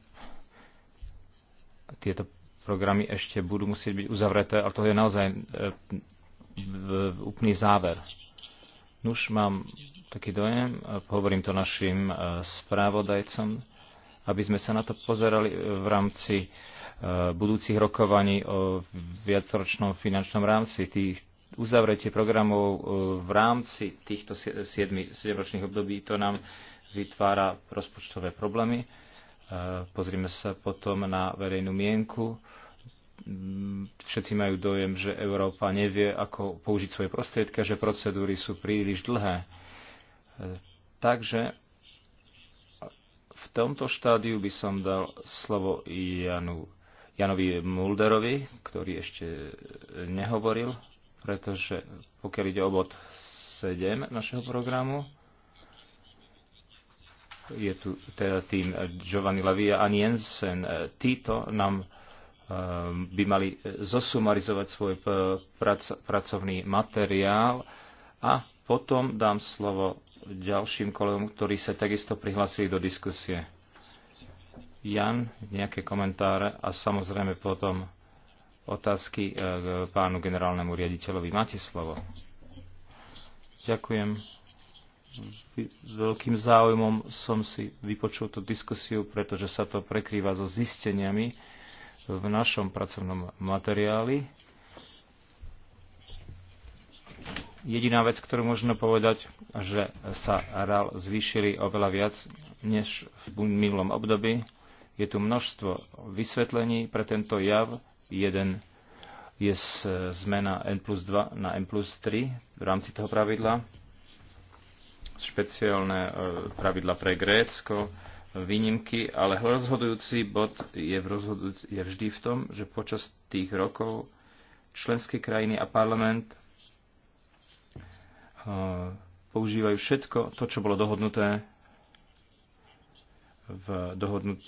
tieto programy ešte budú musieť byť uzavreté, ale to je naozaj úplný záver. Nuž mám taký dojem, hovorím to našim správodajcom, aby sme sa na to pozerali v rámci budúcich rokovaní o viacročnom finančnom rámci. Tých, uzavretie programov e, v rámci týchto 7 ročných období, to nám vytvára rozpočtové problémy. E, pozrime sa potom na verejnú mienku. Mm, všetci majú dojem, že Európa nevie, ako použiť svoje prostriedky, že procedúry sú príliš dlhé. E, takže v tomto štádiu by som dal slovo Janu, Janovi Mulderovi, ktorý ešte nehovoril pretože pokiaľ ide o bod 7 našeho programu, je tu teda tým Giovanni Lavia a Jensen. Títo nám eh, by mali zosumarizovať svoj eh, prac, pracovný materiál a potom dám slovo ďalším kolegom, ktorí sa takisto prihlásili do diskusie. Jan, nejaké komentáre a samozrejme potom otázky k e, pánu generálnemu riaditeľovi. Máte slovo. Ďakujem. S veľkým záujmom som si vypočul tú diskusiu, pretože sa to prekrýva so zisteniami v našom pracovnom materiáli. Jediná vec, ktorú možno povedať, že sa RAL zvýšili oveľa viac než v minulom období. Je tu množstvo vysvetlení pre tento jav, Jeden je zmena N plus 2 na N plus 3 v rámci toho pravidla. Špeciálne e, pravidla pre Grécko, výnimky, ale rozhodujúci bod je, v rozhodujúci, je vždy v tom, že počas tých rokov členské krajiny a parlament e, používajú všetko to, čo bolo dohodnuté v, dohodnut,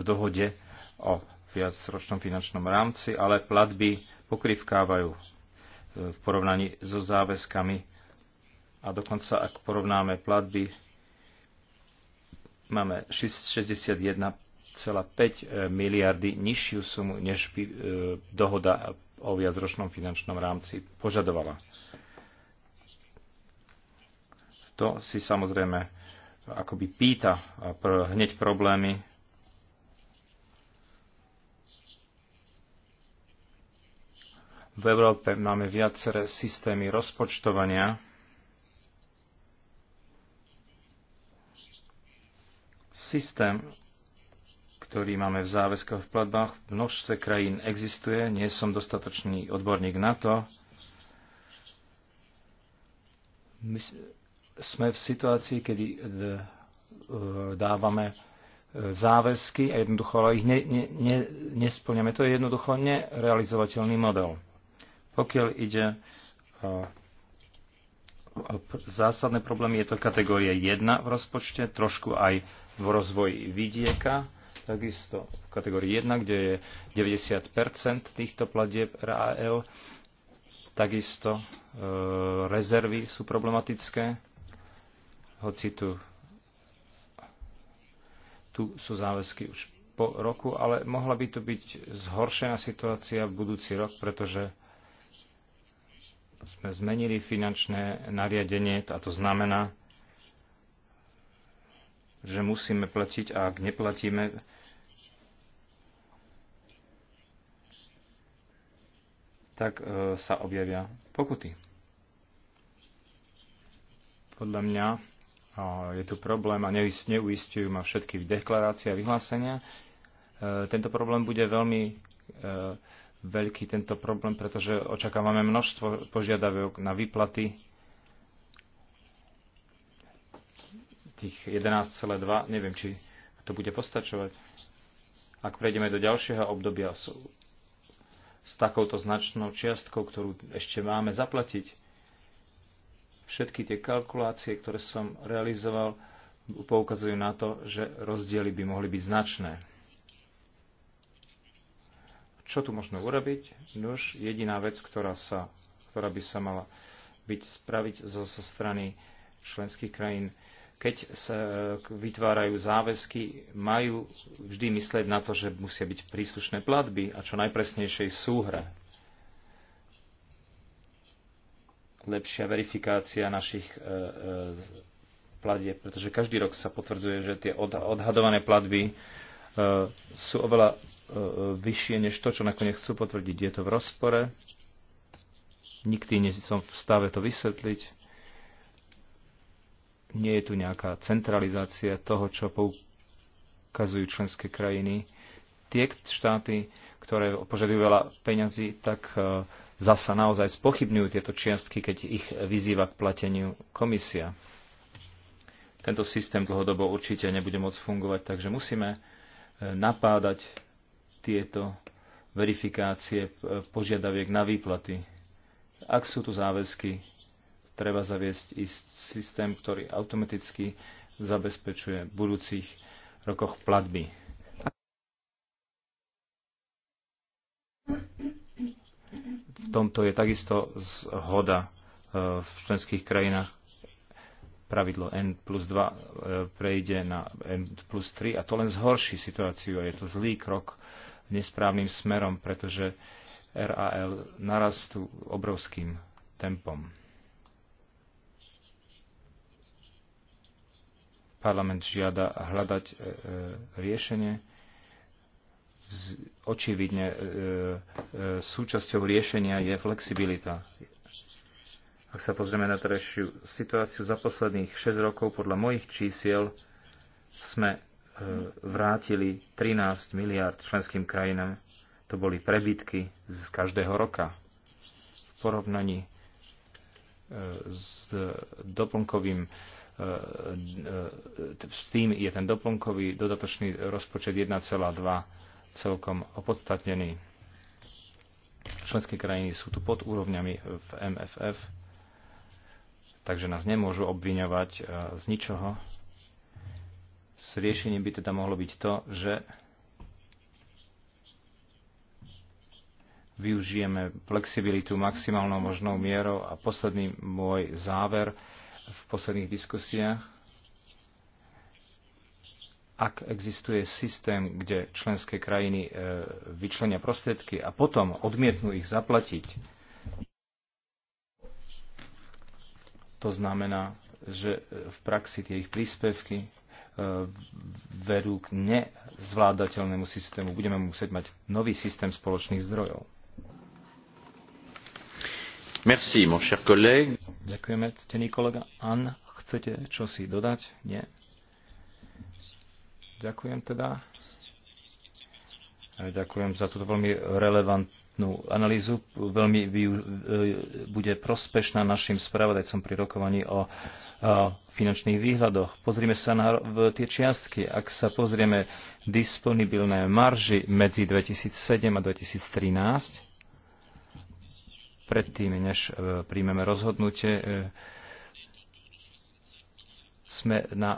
v dohode o viacročnom finančnom rámci, ale platby pokrývkávajú e, v porovnaní so záväzkami. A dokonca, ak porovnáme platby, máme 61,5 e, miliardy nižšiu sumu, než by e, dohoda o viacročnom finančnom rámci požadovala. To si samozrejme akoby pýta hneď problémy V Európe máme viaceré systémy rozpočtovania. Systém, ktorý máme v záväzkoch v platbách, v množstve krajín existuje. Nie som dostatočný odborník na to. My sme v situácii, kedy e, e, dávame e, záväzky a jednoducho ale ich ne, ne, ne, nesplňame. To je jednoducho nerealizovateľný model. Pokiaľ ide o zásadné problémy, je to kategória 1 v rozpočte, trošku aj v rozvoji vidieka, takisto v kategórii 1, kde je 90 týchto platieb RAL, takisto e, rezervy sú problematické, hoci tu, tu sú záväzky už po roku, ale mohla by to byť zhoršená situácia v budúci rok, pretože sme zmenili finančné nariadenie a to znamená, že musíme platiť a ak neplatíme, tak e, sa objavia pokuty. Podľa mňa e, je tu problém a neuistujú ma všetky deklarácie a vyhlásenia. E, tento problém bude veľmi veľký tento problém, pretože očakávame množstvo požiadavok na výplaty tých 11,2. Neviem, či to bude postačovať. Ak prejdeme do ďalšieho obdobia s takouto značnou čiastkou, ktorú ešte máme zaplatiť, všetky tie kalkulácie, ktoré som realizoval, poukazujú na to, že rozdiely by mohli byť značné. Čo tu možno urobiť? Nož, jediná vec, ktorá, sa, ktorá by sa mala byť spraviť zo, zo strany členských krajín, keď sa eh, vytvárajú záväzky, majú vždy myslieť na to, že musia byť príslušné platby a čo najpresnejšej súhre. Lepšia verifikácia našich e, e, platieb, pretože každý rok sa potvrdzuje, že tie odhadované platby E, sú oveľa e, vyššie než to, čo nakoniec chcú potvrdiť. Je to v rozpore. Nikdy nie som v stave to vysvetliť. Nie je tu nejaká centralizácia toho, čo poukazujú členské krajiny. Tie štáty, ktoré požadujú veľa peňazí, tak e, zasa naozaj spochybňujú tieto čiastky, keď ich vyzýva k plateniu komisia. Tento systém dlhodobo určite nebude môcť fungovať, takže musíme napádať tieto verifikácie požiadaviek na výplaty. Ak sú tu záväzky, treba zaviesť i systém, ktorý automaticky zabezpečuje v budúcich rokoch platby. V tomto je takisto zhoda e, v členských krajinách pravidlo N plus 2 e, prejde na N plus 3 a to len zhorší situáciu a je to zlý krok nesprávnym smerom, pretože RAL narastú obrovským tempom. Parlament žiada hľadať e, e, riešenie. Z, očividne e, e, súčasťou riešenia je flexibilita ak sa pozrieme na terajšiu situáciu za posledných 6 rokov, podľa mojich čísiel sme e, vrátili 13 miliard členským krajinám. To boli prebytky z každého roka. V porovnaní e, s doplnkovým e, s tým je ten doplnkový dodatočný rozpočet 1,2 celkom opodstatnený. Členské krajiny sú tu pod úrovňami v MFF takže nás nemôžu obviňovať e, z ničoho. S riešením by teda mohlo byť to, že využijeme flexibilitu maximálnou možnou mierou a posledný môj záver v posledných diskusiách. Ak existuje systém, kde členské krajiny e, vyčlenia prostriedky a potom odmietnú ich zaplatiť, To znamená, že e, v praxi tie ich príspevky e, vedú k nezvládateľnému systému. Budeme musieť mať nový systém spoločných zdrojov. Merci, mon cher collègue. Ďakujeme, ctený kolega. An, chcete čosi dodať? Nie. Ďakujem teda. E, ďakujem za toto veľmi relevantné kvalitnú analýzu, veľmi e, bude prospešná našim spravodajcom pri rokovaní o finančných výhľadoch. Pozrime sa na tie čiastky. Ak sa pozrieme disponibilné marži medzi 2007 a 2013, predtým, než e, príjmeme rozhodnutie, e, sme na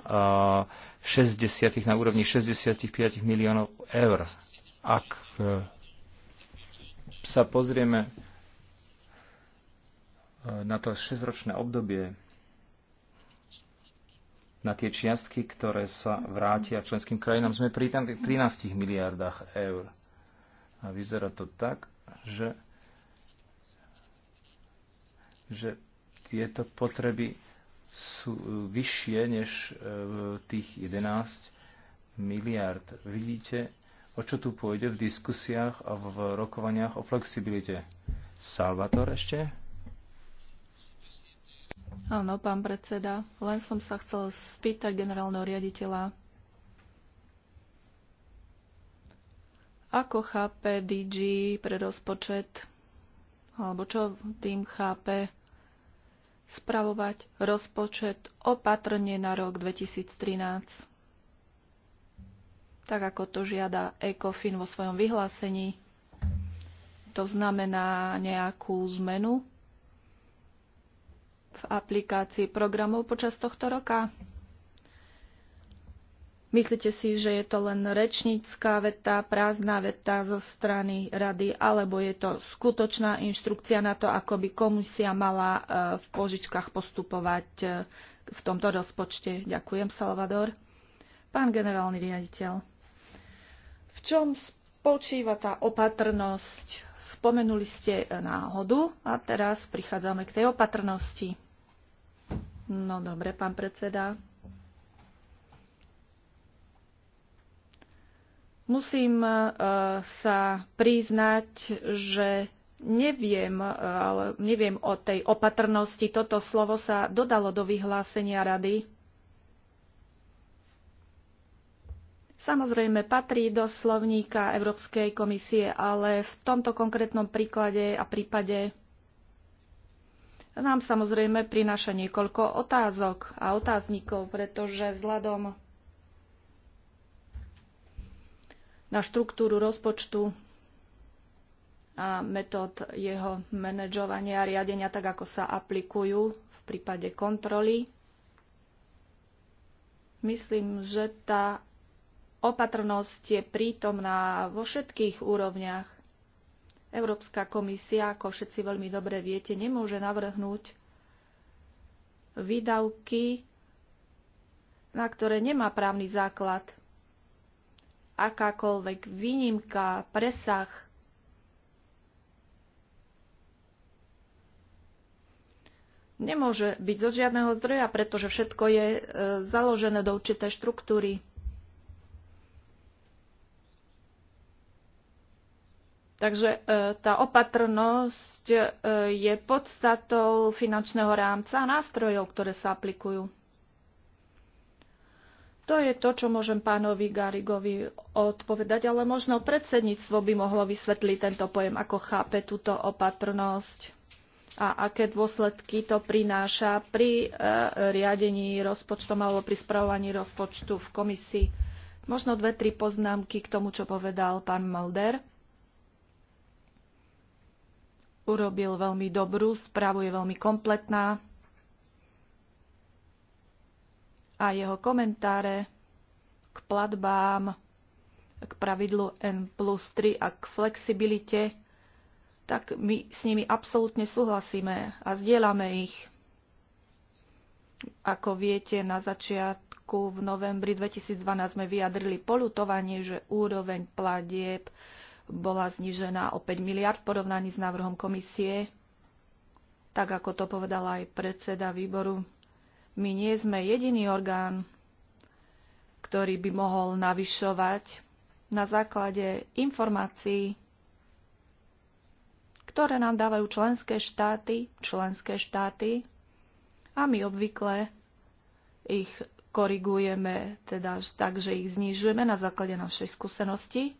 60, na úrovni 65 miliónov eur. Ak sa pozrieme e, na to 6-ročné obdobie, na tie čiastky, ktoré sa vrátia členským krajinám, sme pri 13 miliardách eur. A vyzerá to tak, že, že tieto potreby sú vyššie než e, tých 11 miliard. Vidíte, o čo tu pôjde v diskusiách a v rokovaniach o flexibilite. Salvator ešte? Áno, pán predseda. Len som sa chcel spýtať generálneho riaditeľa, ako chápe DG pre rozpočet, alebo čo tým chápe spravovať rozpočet opatrne na rok 2013 tak ako to žiada ECOFIN vo svojom vyhlásení. To znamená nejakú zmenu v aplikácii programov počas tohto roka. Myslíte si, že je to len rečnícká veta, prázdna veta zo strany rady, alebo je to skutočná inštrukcia na to, ako by komisia mala e, v požičkách postupovať e, v tomto rozpočte? Ďakujem, Salvador. Pán generálny riaditeľ čom spočíva tá opatrnosť? Spomenuli ste náhodu a teraz prichádzame k tej opatrnosti. No dobre, pán predseda. Musím e, sa priznať, že neviem, e, ale neviem o tej opatrnosti. Toto slovo sa dodalo do vyhlásenia rady. Samozrejme, patrí do slovníka Európskej komisie, ale v tomto konkrétnom príklade a prípade nám samozrejme prináša niekoľko otázok a otáznikov, pretože vzhľadom na štruktúru rozpočtu a metód jeho manažovania a riadenia, tak ako sa aplikujú v prípade kontroly. Myslím, že tá Opatrnosť je prítomná vo všetkých úrovniach. Európska komisia, ako všetci veľmi dobre viete, nemôže navrhnúť výdavky, na ktoré nemá právny základ. Akákoľvek výnimka, presah nemôže byť zo žiadneho zdroja, pretože všetko je e, založené do určitej štruktúry. Takže e, tá opatrnosť e, je podstatou finančného rámca a nástrojov, ktoré sa aplikujú. To je to, čo môžem pánovi Garigovi odpovedať, ale možno predsedníctvo by mohlo vysvetliť tento pojem, ako chápe túto opatrnosť a aké dôsledky to prináša pri e, riadení rozpočtom alebo pri spravovaní rozpočtu v komisii. Možno dve, tri poznámky k tomu, čo povedal pán Mulder urobil veľmi dobrú správu, je veľmi kompletná a jeho komentáre k platbám, k pravidlu N plus 3 a k flexibilite, tak my s nimi absolútne súhlasíme a zdieľame ich. Ako viete, na začiatku v novembri 2012 sme vyjadrili polutovanie, že úroveň platieb bola znižená o 5 miliard v porovnaní s návrhom komisie. Tak ako to povedal aj predseda výboru, my nie sme jediný orgán, ktorý by mohol navyšovať na základe informácií, ktoré nám dávajú členské štáty, členské štáty a my obvykle ich korigujeme, teda tak, že ich znižujeme na základe našej skúsenosti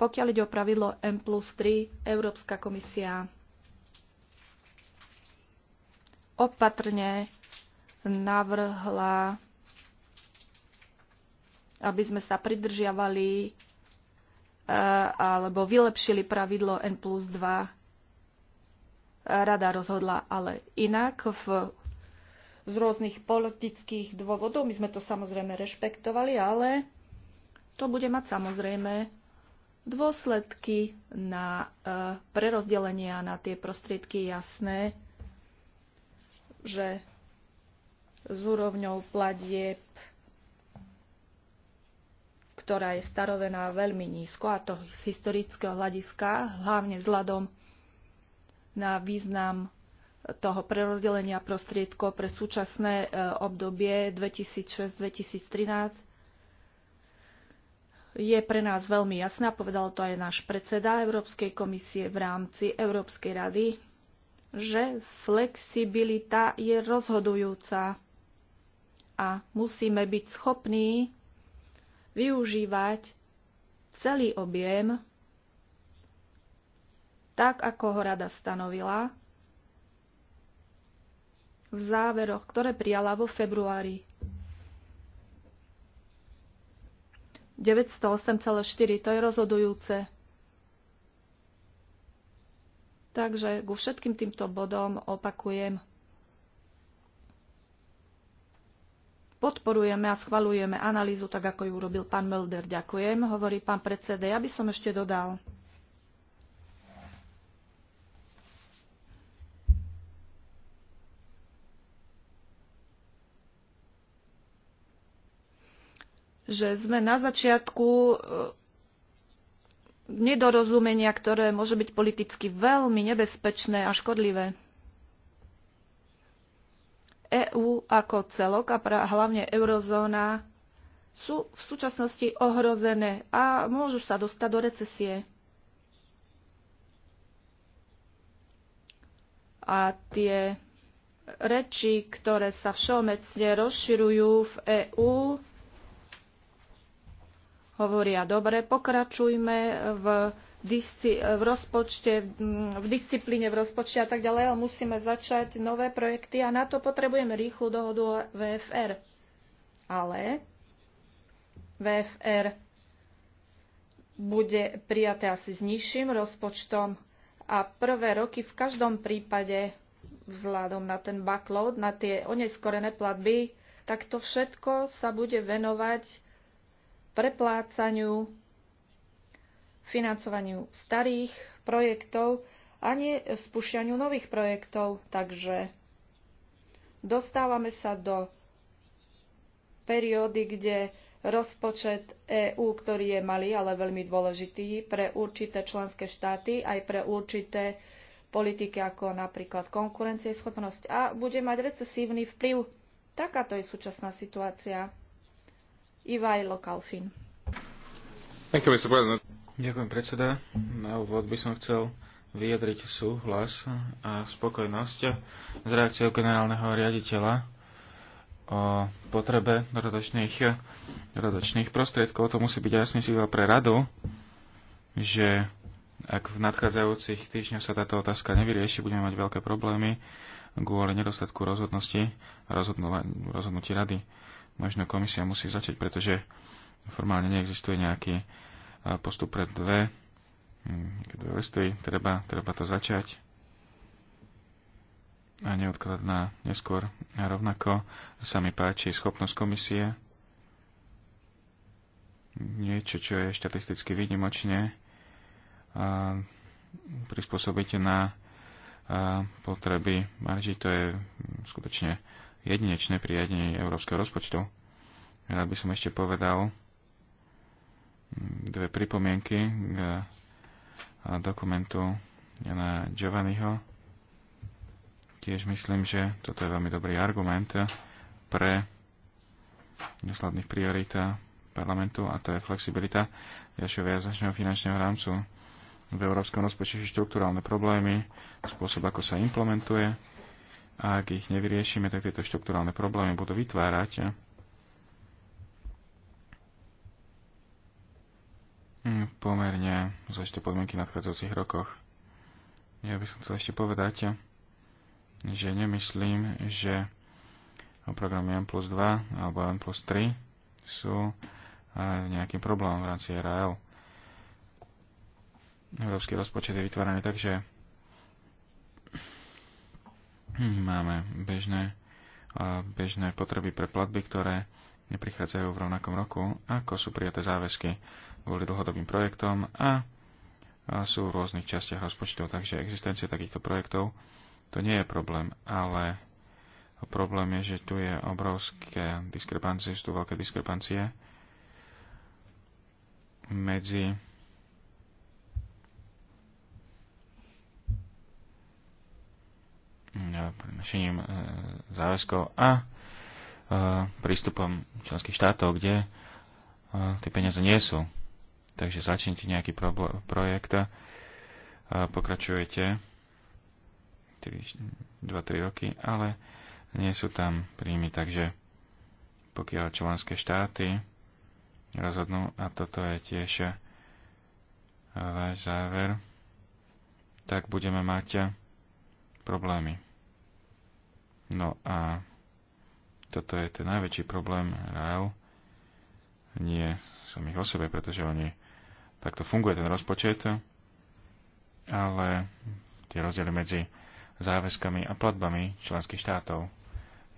pokiaľ ide o pravidlo M plus 3, Európska komisia opatrne navrhla, aby sme sa pridržiavali e, alebo vylepšili pravidlo N plus 2. Rada rozhodla ale inak. V, z rôznych politických dôvodov my sme to samozrejme rešpektovali, ale to bude mať samozrejme dôsledky na e, prerozdelenia na tie prostriedky jasné, že s úrovňou platieb, ktorá je starovená veľmi nízko, a to z historického hľadiska, hlavne vzhľadom na význam toho prerozdelenia prostriedkov pre súčasné e, obdobie 2006-2013 je pre nás veľmi jasná, povedal to aj náš predseda Európskej komisie v rámci Európskej rady, že flexibilita je rozhodujúca a musíme byť schopní využívať celý objem tak, ako ho rada stanovila v záveroch, ktoré prijala vo februári 908,4. To je rozhodujúce. Takže ku všetkým týmto bodom opakujem. Podporujeme a schvalujeme analýzu, tak ako ju urobil pán Mölder. Ďakujem, hovorí pán predseda. Ja by som ešte dodal. že sme na začiatku e, nedorozumenia, ktoré môže byť politicky veľmi nebezpečné a škodlivé. EÚ ako celok a hlavne eurozóna sú v súčasnosti ohrozené a môžu sa dostať do recesie. A tie reči, ktoré sa všeobecne rozširujú v EÚ, hovoria, dobre, pokračujme v, disci- v rozpočte, v disciplíne v rozpočte a tak ďalej, ale musíme začať nové projekty a na to potrebujeme rýchlu dohodu o VFR. Ale VFR bude prijaté asi s nižším rozpočtom a prvé roky v každom prípade vzhľadom na ten backload, na tie oneskorené platby, tak to všetko sa bude venovať preplácaniu, financovaniu starých projektov a nie spúšťaniu nových projektov. Takže dostávame sa do periódy, kde rozpočet EÚ, ktorý je malý, ale veľmi dôležitý pre určité členské štáty, aj pre určité politiky ako napríklad konkurencieschopnosť a bude mať recesívny vplyv. Takáto je súčasná situácia. Ivajlo Kalfin. Ďakujem, predseda. Na úvod by som chcel vyjadriť súhlas a spokojnosť s reakciou generálneho riaditeľa o potrebe doradočných, doradočných prostriedkov. To musí byť jasný signál pre radu, že ak v nadchádzajúcich týždňoch sa táto otázka nevyrieši, budeme mať veľké problémy kvôli nedostatku rozhodnosti a rozhodnutí rady možno komisia musí začať, pretože formálne neexistuje nejaký eh, postup pre dve, hm, dve listy, treba, treba to začať a neodkladať na neskôr. A rovnako sa mi páči schopnosť komisie niečo, čo je štatisticky výnimočné. a prispôsobiť na a eh, potreby marží. To je hm, skutočne jedinečné pri riadení európskeho rozpočtu. Rád by som ešte povedal dve pripomienky k dokumentu Jana Giovanniho. Tiež myslím, že toto je veľmi dobrý argument pre nesladných priorít parlamentu a to je flexibilita ďalšieho viacročného finančného rámcu v európskom rozpočte štruktúrálne problémy, spôsob, ako sa implementuje, a ak ich nevyriešime, tak tieto štruktúrálne problémy budú vytvárať hm, pomerne zložité podmienky v nadchádzajúcich rokoch. Ja by som chcel ešte povedať, že nemyslím, že programy M plus 2 alebo M plus 3 sú eh, nejakým problémom v rámci RAL. Európsky rozpočet je vytváraný tak, že Mhm, máme bežné, bežné potreby pre platby, ktoré neprichádzajú v rovnakom roku, ako sú prijaté záväzky kvôli dlhodobým projektom a sú v rôznych častiach rozpočtov, takže existencia takýchto projektov to nie je problém, ale problém je, že tu je obrovské diskrepancie, sú tu veľké diskrepancie medzi E, prenašením e, záväzkov a e, prístupom členských štátov, kde tie peniaze nie sú. Takže začnete nejaký pro projekt a pokračujete 2-3 roky, ale nie sú tam príjmy, takže pokiaľ členské štáty rozhodnú, a toto je tiež váš záver, tak budeme mať problémy. No a toto je ten najväčší problém RAEL. Nie som ich o sebe, pretože oni takto funguje ten rozpočet, ale tie rozdiely medzi záväzkami a platbami členských štátov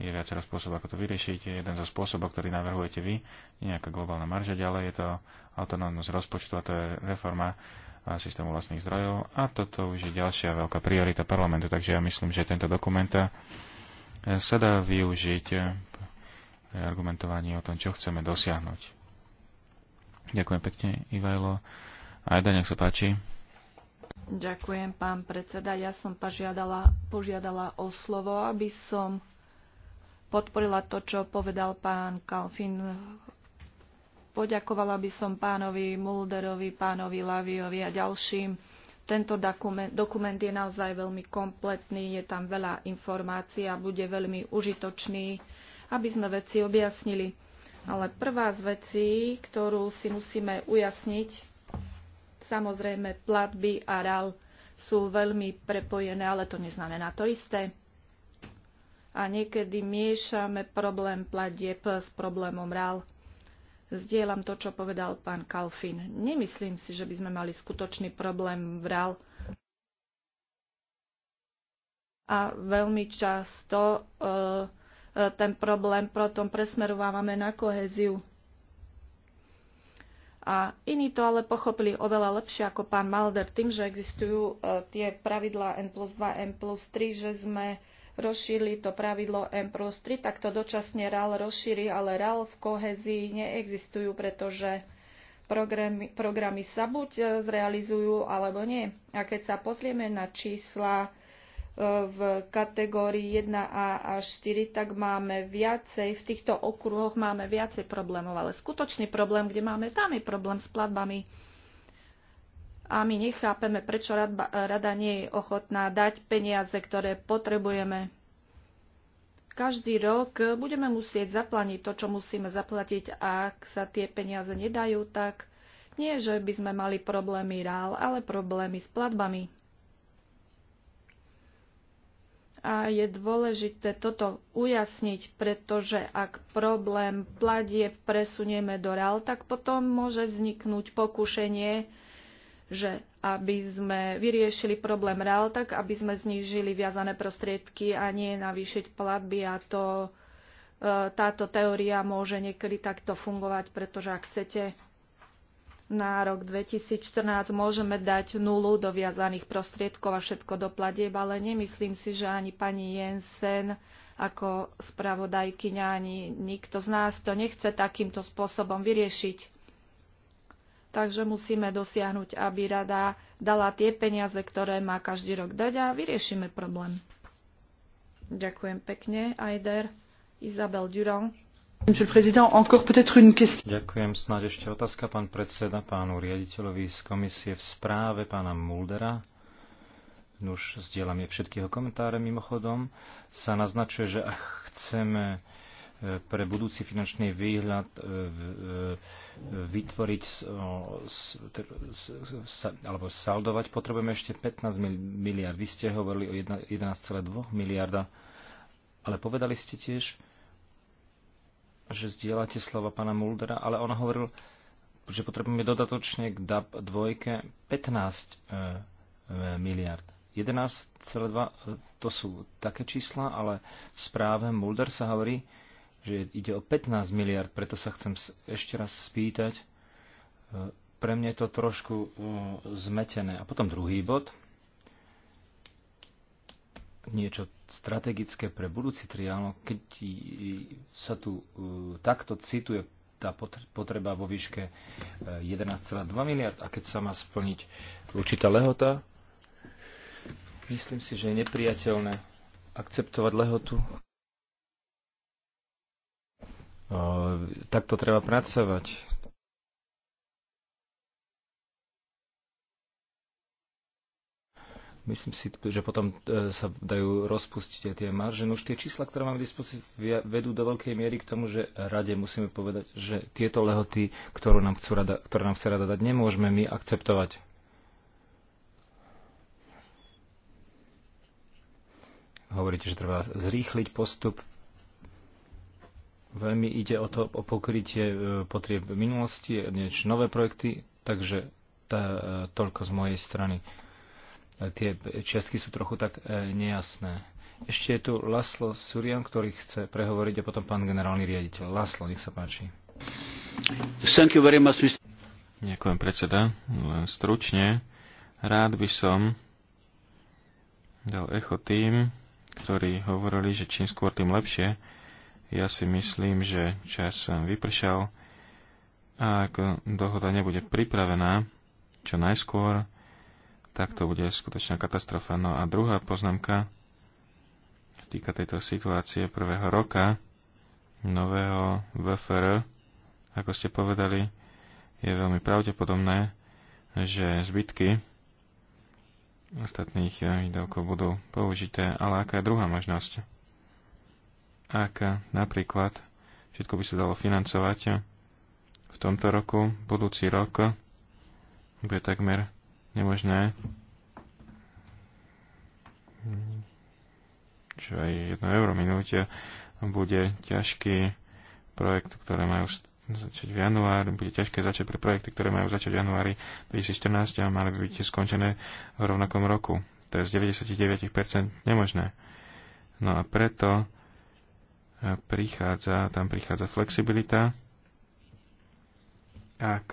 je viacero spôsobov, ako to vyriešiť. Jeden zo spôsobov, ktorý navrhujete vy, je nejaká globálna marža, ďalej je to autonómnosť rozpočtu a to je reforma systému vlastných zdrojov a toto už je ďalšia veľká priorita parlamentu, takže ja myslím, že tento dokument eh, sa dá využiť pri argumentovaní o tom, čo chceme dosiahnuť. Ďakujem pekne, Ivajlo. A Eda, nech sa páči. Ďakujem, pán predseda. Ja som požiadala, požiadala o slovo, aby som podporila to, čo povedal pán Kalfin. Poďakovala by som pánovi Mulderovi, pánovi Laviovi a ďalším. Tento dokument, dokument je naozaj veľmi kompletný, je tam veľa informácií a bude veľmi užitočný, aby sme veci objasnili. Ale prvá z vecí, ktorú si musíme ujasniť, samozrejme platby a RAL sú veľmi prepojené, ale to neznamená to isté a niekedy miešame problém platieb s problémom RAL. Zdieľam to, čo povedal pán Kalfin. Nemyslím si, že by sme mali skutočný problém v RAL. A veľmi často e, e ten problém potom presmerovávame na koheziu. A iní to ale pochopili oveľa lepšie ako pán Malder tým, že existujú e, tie pravidlá N plus 2, N plus 3, že sme rozšírili to pravidlo M plus 3, tak to dočasne RAL rozšíri, ale RAL v kohezii neexistujú, pretože programy, programy sa buď e, zrealizujú, alebo nie. A keď sa pozrieme na čísla e, v kategórii 1A až 4, tak máme viacej, v týchto okruhoch máme viacej problémov, ale skutočný problém, kde máme, tam je problém s platbami a my nechápeme, prečo rada nie je ochotná dať peniaze, ktoré potrebujeme. Každý rok budeme musieť zaplaniť to, čo musíme zaplatiť a ak sa tie peniaze nedajú, tak nie, že by sme mali problémy rál, ale problémy s platbami. A je dôležité toto ujasniť, pretože ak problém platie, presunieme do rál, tak potom môže vzniknúť pokušenie že aby sme vyriešili problém reál, tak aby sme znížili viazané prostriedky a nie navýšiť platby a to, e, táto teória môže niekedy takto fungovať, pretože ak chcete na rok 2014 môžeme dať nulu do viazaných prostriedkov a všetko do platieb, ale nemyslím si, že ani pani Jensen ako spravodajkyňa, ani nikto z nás to nechce takýmto spôsobom vyriešiť Takže musíme dosiahnuť, aby rada dala tie peniaze, ktoré má každý rok dať a vyriešime problém. Ďakujem pekne, Aider. Isabel Durand. Ďakujem. Snáď ešte otázka, pán predseda, pánu riaditeľovi z komisie v správe, pána Muldera. Nuž, zdieľam je všetkého komentáre mimochodom. Sa naznačuje, že ak chceme pre budúci finančný výhľad vytvoriť alebo saldovať, potrebujeme ešte 15 miliard. Vy ste hovorili o 11,2 miliarda, ale povedali ste tiež, že zdieľate slova pána Muldera, ale on hovoril, že potrebujeme dodatočne k DAP 2 15 miliard. 11,2 e, to sú také čísla, ale v správe Mulder sa hovorí, že ide o 15 miliard, preto sa chcem ešte raz spýtať. E, pre mňa je to trošku e, zmetené. A potom druhý bod. Niečo strategické pre budúci triálno, keď sa tu e, takto cituje tá potreba vo výške 11,2 miliard a keď sa má splniť určitá lehota, myslím si, že je nepriateľné akceptovať lehotu, Eh, takto treba pracovať. Myslím si, že potom eh, sa dajú rozpustiť aj tie marže. No už tie čísla, ktoré mám v dispozícii, vedú do veľkej miery k tomu, že rade musíme povedať, že tieto lehoty, ktorú nám chcú rada, ktoré nám chce rada dať, nemôžeme my akceptovať. Hovoríte, že treba zrýchliť postup Veľmi ide o to, o pokrytie e, potrieb minulosti, niečo nové projekty, takže tá, e, toľko z mojej strany. E, tie čiastky sú trochu tak nejasné. Ešte je tu Laslo Surian, ktorý chce prehovoriť a potom pán generálny riaditeľ. Laslo, nech sa páči. Thank you very much, Mr. Ďakujem, predseda. Len stručne. Rád by som dal echo tým, ktorí hovorili, že čím skôr, tým lepšie ja si myslím, že čas vypršal a ak dohoda nebude pripravená čo najskôr, tak to bude skutočná katastrofa. No a druhá poznámka týka tejto situácie prvého roka nového VFR, ako ste povedali, je veľmi pravdepodobné, že zbytky ostatných výdavkov budú použité, ale aká je druhá možnosť? ak napríklad všetko by sa dalo financovať v tomto roku, budúci rok, bude takmer nemožné, čo aj 1 euro minúte, bude ťažký projekt, ktoré majú začať v januári, bude ťažké začať pre projekty, ktoré majú začať v januári 2014 a mali by byť skončené v rovnakom roku. To je z 99% nemožné. No a preto prichádza, tam prichádza flexibilita. Ak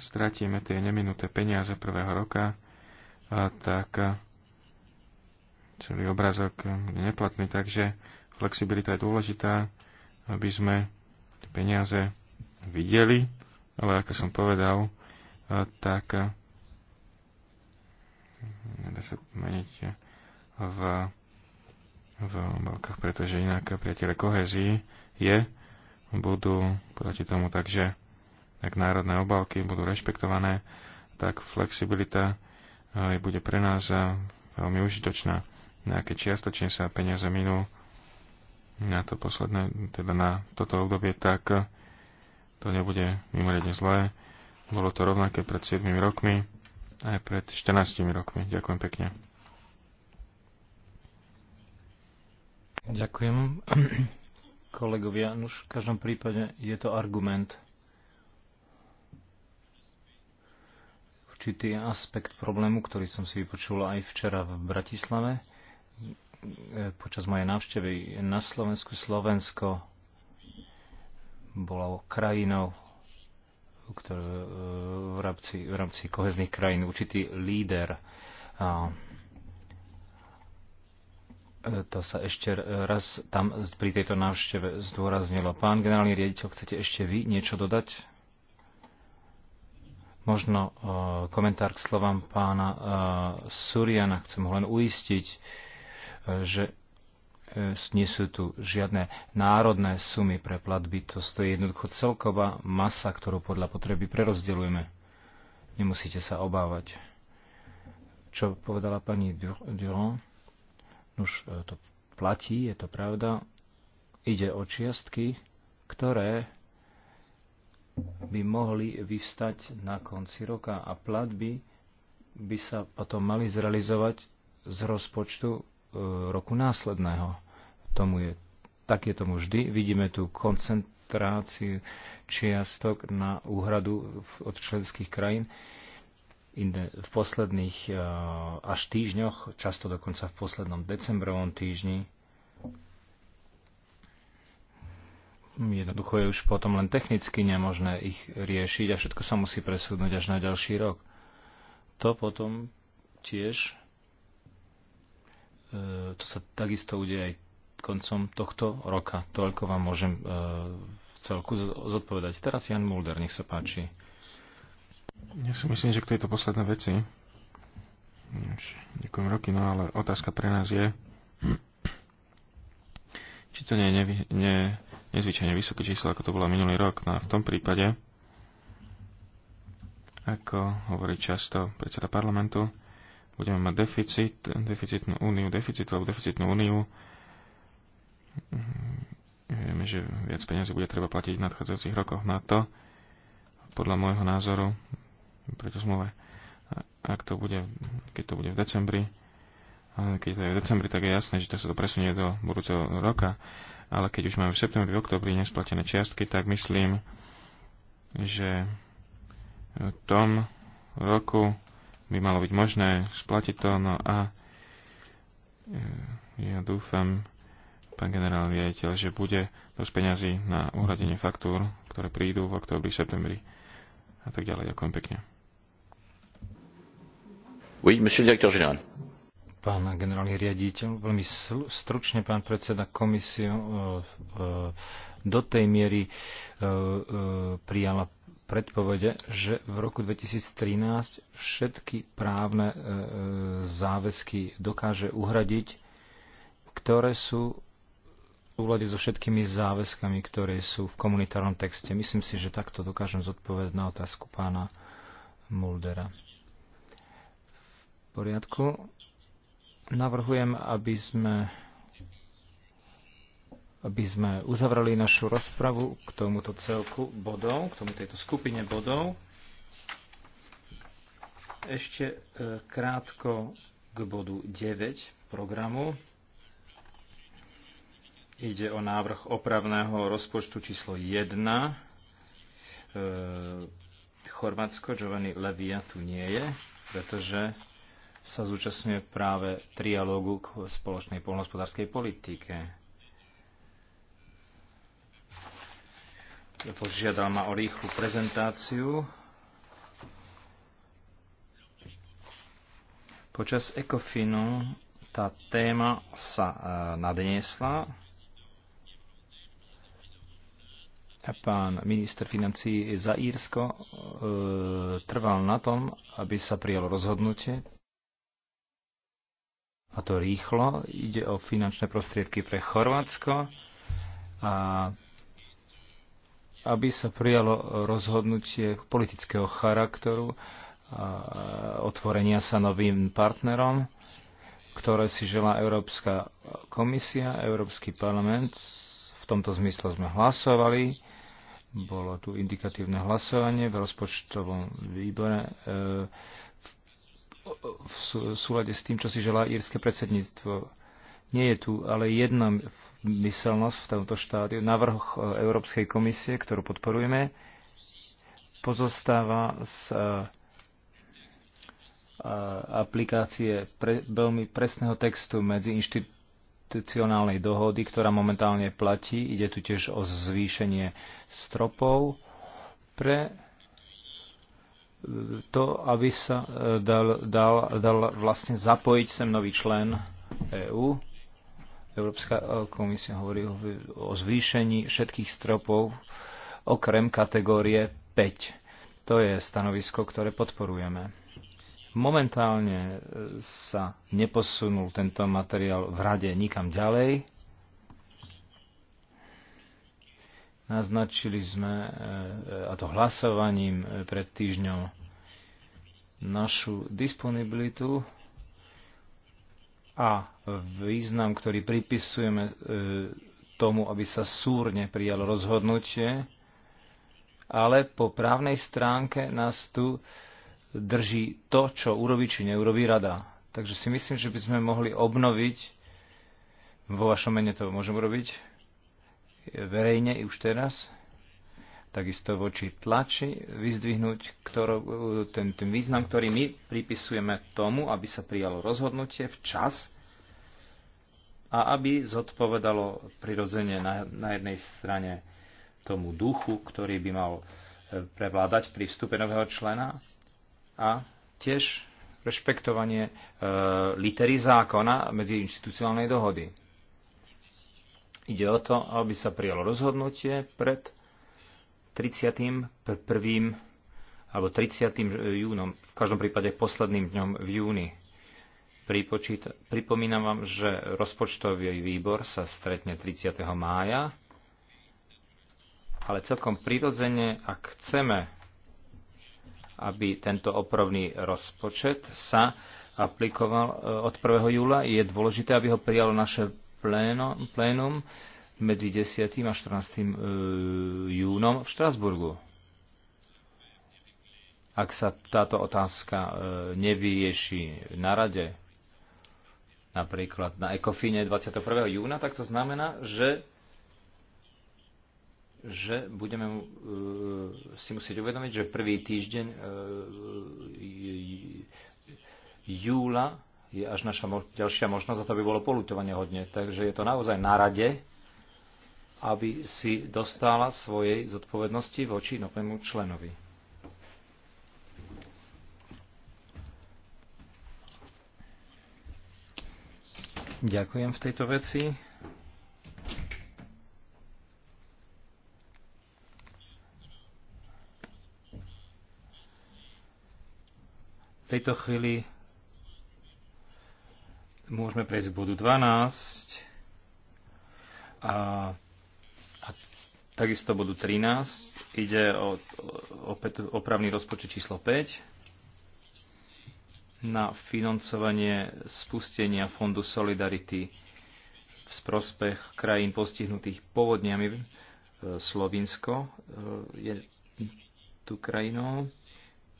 stratíme tie neminuté peniaze prvého roka, tak celý obrazok je neplatný, takže flexibilita je dôležitá, aby sme tie peniaze videli, ale ako som povedal, tak nedá sa meniť v v Balkách, pretože inak priateľe kohezii je, budú proti tomu, takže ak národné obálky budú rešpektované, tak flexibilita eh, bude pre nás eh, veľmi užitočná. Nejaké no čiastočne sa peniaze minú na to posledné, teda na toto obdobie, tak eh, to nebude mimoriadne zlé. Bolo to rovnaké pred 7 rokmi, aj pred 14 rokmi. Ďakujem pekne. Ďakujem. Kolegovia, no už v každom prípade je to argument. Určitý aspekt problému, ktorý som si vypočul aj včera v Bratislave, e, počas mojej návštevy na Slovensku. Slovensko bolo krajinou, ktoré e, v rámci, v rámci kohezných krajín určitý líder. A, E, to sa ešte raz tam pri tejto návšteve zdôraznilo. Pán generálny riaditeľ, chcete ešte vy niečo dodať? Možno e, komentár k slovám pána e, Suriana. Chcem ho len uistiť, že nie sú tu žiadne národné sumy pre platby. To stojí jednoducho celková masa, ktorú podľa potreby prerozdeľujeme. Nemusíte sa obávať. Čo povedala pani Durand? Nuž e, to platí, je to pravda. Ide o čiastky, ktoré by mohli vyvstať na konci roka a platby by sa potom mali zrealizovať z rozpočtu e, roku následného. Tomu je, tak je tomu vždy. Vidíme tu koncentráciu čiastok na úhradu od členských krajín v posledných eh, až týždňoch, často dokonca v poslednom decembrovom týždni. Jednoducho je už potom len technicky nemožné ich riešiť a všetko sa musí presúdnuť až na ďalší rok. To potom tiež, eh, to sa takisto udeje aj koncom tohto roka. Toľko vám môžem eh, v celku zodpovedať. Teraz Jan Mulder, nech sa páči. Ja si myslím, že k tejto poslednej veci ďakujem roky, no ale otázka pre nás je, či to nie je nevy, ne, nezvyčajne vysoké číslo, ako to bolo minulý rok. No a v tom prípade, ako hovorí často predseda parlamentu, budeme mať deficit, deficitnú úniu, deficit alebo deficitnú úniu. Vieme, že viac peniazy bude treba platiť v nadchádzajúcich rokoch na to, podľa môjho názoru, preto zmluve, ak to bude, keď to bude v decembri, keď to je v decembri, tak je jasné, že to sa to presunie do budúceho roka, ale keď už máme v septembri, v oktobri nesplatené čiastky, tak myslím, že v tom roku by malo byť možné splatiť to, no a e, ja dúfam, pán generál riaditeľ, že bude dosť peňazí na uhradenie faktúr, ktoré prídu v oktobri, septembri a tak ďalej. Ďakujem pekne. Oui, monsieur le directeur général. Pán generálny riaditeľ, veľmi stručne, pán predseda komisie, e, e, do tej miery e, prijala predpovede, že v roku 2013 všetky právne záväzky dokáže uhradiť, ktoré sú súlade so všetkými záväzkami, ktoré sú v komunitárnom texte. Myslím si, že takto dokážem zodpovedať na otázku pána Muldera. V poriadku. Navrhujem, aby sme aby sme uzavrali našu rozpravu k tomuto celku bodov, k tomu tejto skupine bodov. Ešte e, krátko k bodu 9 programu. Ide o návrh opravného rozpočtu číslo 1. E, Chorvátsko Giovanni Levia tu nie je, pretože sa zúčastňuje práve trialógu k spoločnej polnohospodárskej politike. Požiadal ma o rýchlu prezentáciu. Počas ECOFINu tá téma sa e, nadniesla pán minister financí za Írsko e, trval na tom, aby sa prijalo rozhodnutie, a to rýchlo. Ide o finančné prostriedky pre Chorvátsko a aby sa prijalo rozhodnutie politického charakteru a otvorenia sa novým partnerom, ktoré si želá Európska komisia, Európsky parlament. V tomto zmysle sme hlasovali bolo tu indikatívne hlasovanie v rozpočtovom výbore eh, v súlade s tým, čo si želá írske predsedníctvo. Nie je tu ale jedna myselnosť v tomto štádiu. Navrh eh, Európskej komisie, ktorú podporujeme, pozostáva z eh, aplikácie pre, veľmi presného textu medzi inštitúciami Institucionálnej dohody, ktorá momentálne platí. Ide tu tiež o zvýšenie stropov pre e, to, aby sa e, dal, dal, dal vlastne zapojiť sem nový člen EÚ. Európska e, komisia hovorí o zvýšení všetkých stropov okrem kategórie 5. To je stanovisko, ktoré podporujeme. Momentálne e, sa neposunul tento materiál v rade nikam ďalej. Naznačili sme, e, e, a to hlasovaním pred týždňom, našu disponibilitu a význam, ktorý pripisujeme tomu, aby sa súrne prijalo rozhodnutie, ale po právnej stránke nás tu drží to, čo urobí či neurobí rada. Takže si myslím, že by sme mohli obnoviť, vo vašom mene to môžem urobiť verejne i už teraz, takisto voči tlači vyzdvihnúť ktorú, ten, ten význam, ktorý my pripisujeme tomu, aby sa prijalo rozhodnutie včas a aby zodpovedalo prirodzene na, na jednej strane tomu duchu, ktorý by mal eh, prevládať pri vstupe nového člena a tiež rešpektovanie e, litery zákona medzi inštitucionálnej dohody. Ide o to, aby sa prijalo rozhodnutie pred 30. prvým alebo 30. júnom, v každom prípade posledným dňom v júni. Pripočít- pripomínam vám, že rozpočtový výbor sa stretne 30. mája, ale celkom prirodzene, ak chceme aby tento opravný rozpočet sa aplikoval e, od 1. júla. Je dôležité, aby ho prijalo naše plénum medzi 10. a 14. E, júnom v Štrasburgu. Ak sa táto otázka e, nevyrieši na rade, napríklad na ECOFINE 21. júna, tak to znamená, že že budeme e, si musieť uvedomiť, že prvý týždeň e, júla je až naša ďalšia možnosť a to by bolo polutovanie hodne. Takže je to naozaj na rade, aby si dostala svojej zodpovednosti voči novému členovi. Ďakujem v tejto veci. V tejto chvíli môžeme prejsť k bodu 12 a, a takisto bodu 13. Ide o, pet, opravný rozpočet číslo 5 na financovanie spustenia Fondu Solidarity v prospech krajín postihnutých povodňami e, Slovinsko e, je tu krajinou.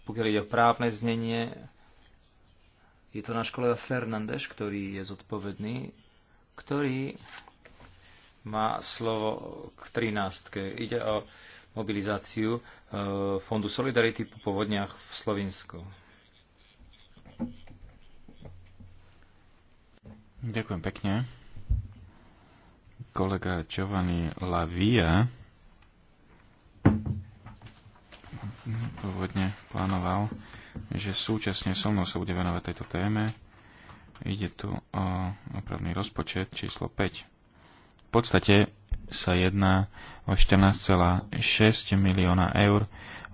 Pokiaľ ide o právne znenie, je to náš kolega Fernández, ktorý je zodpovedný, ktorý má slovo k 13. Ide o mobilizáciu e, Fondu Solidarity po povodniach v Slovensku. Ďakujem pekne. Kolega Giovanni Lavia pôvodne plánoval, že súčasne so mnou sa bude venovať tejto téme. Ide tu o opravný rozpočet číslo 5. V podstate sa jedná o 14,6 milióna eur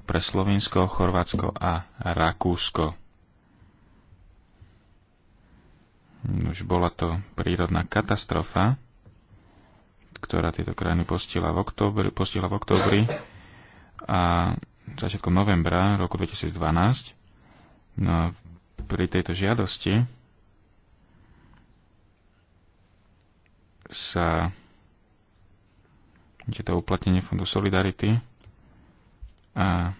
pre Slovinsko, Chorvátsko a Rakúsko. Už bola to prírodná katastrofa, ktorá tieto krajiny postihla v októbri, postihla v oktobri a začiatkom novembra roku 2012. No a pri tejto žiadosti sa je to uplatnenie Fondu Solidarity a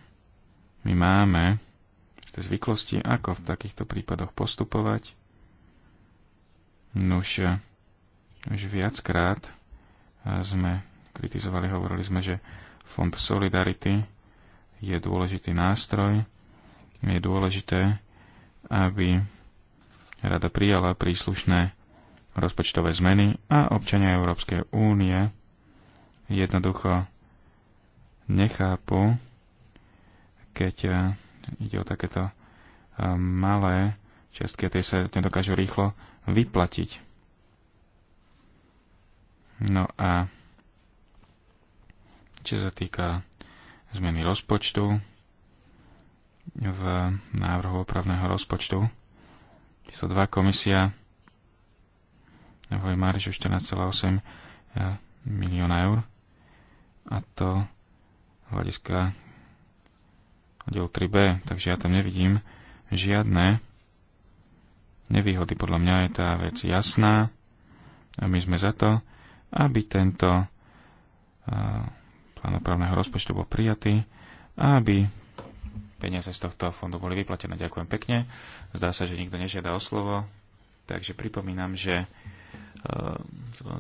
my máme z tej zvyklosti, ako v takýchto prípadoch postupovať. Nuž, už viackrát sme kritizovali, hovorili sme, že Fond Solidarity je dôležitý nástroj. Je dôležité, aby rada prijala príslušné rozpočtové zmeny a občania Európskej únie jednoducho nechápu, keď eh, ide o takéto eh, malé čiastky a tie sa nedokážu rýchlo vyplatiť. No a čo sa týka zmeny rozpočtu v návrhu opravného rozpočtu. Sú dva komisia navrhuje marž 14,8 milióna eur a to hľadiska oddiel 3b, takže ja tam nevidím žiadne nevýhody. Podľa mňa je tá vec jasná a my sme za to, aby tento plán opravného rozpočtu bol prijatý a aby peniaze z tohto fondu boli vyplatené. Ďakujem pekne. Zdá sa, že nikto nežiada o slovo, takže pripomínam, že e,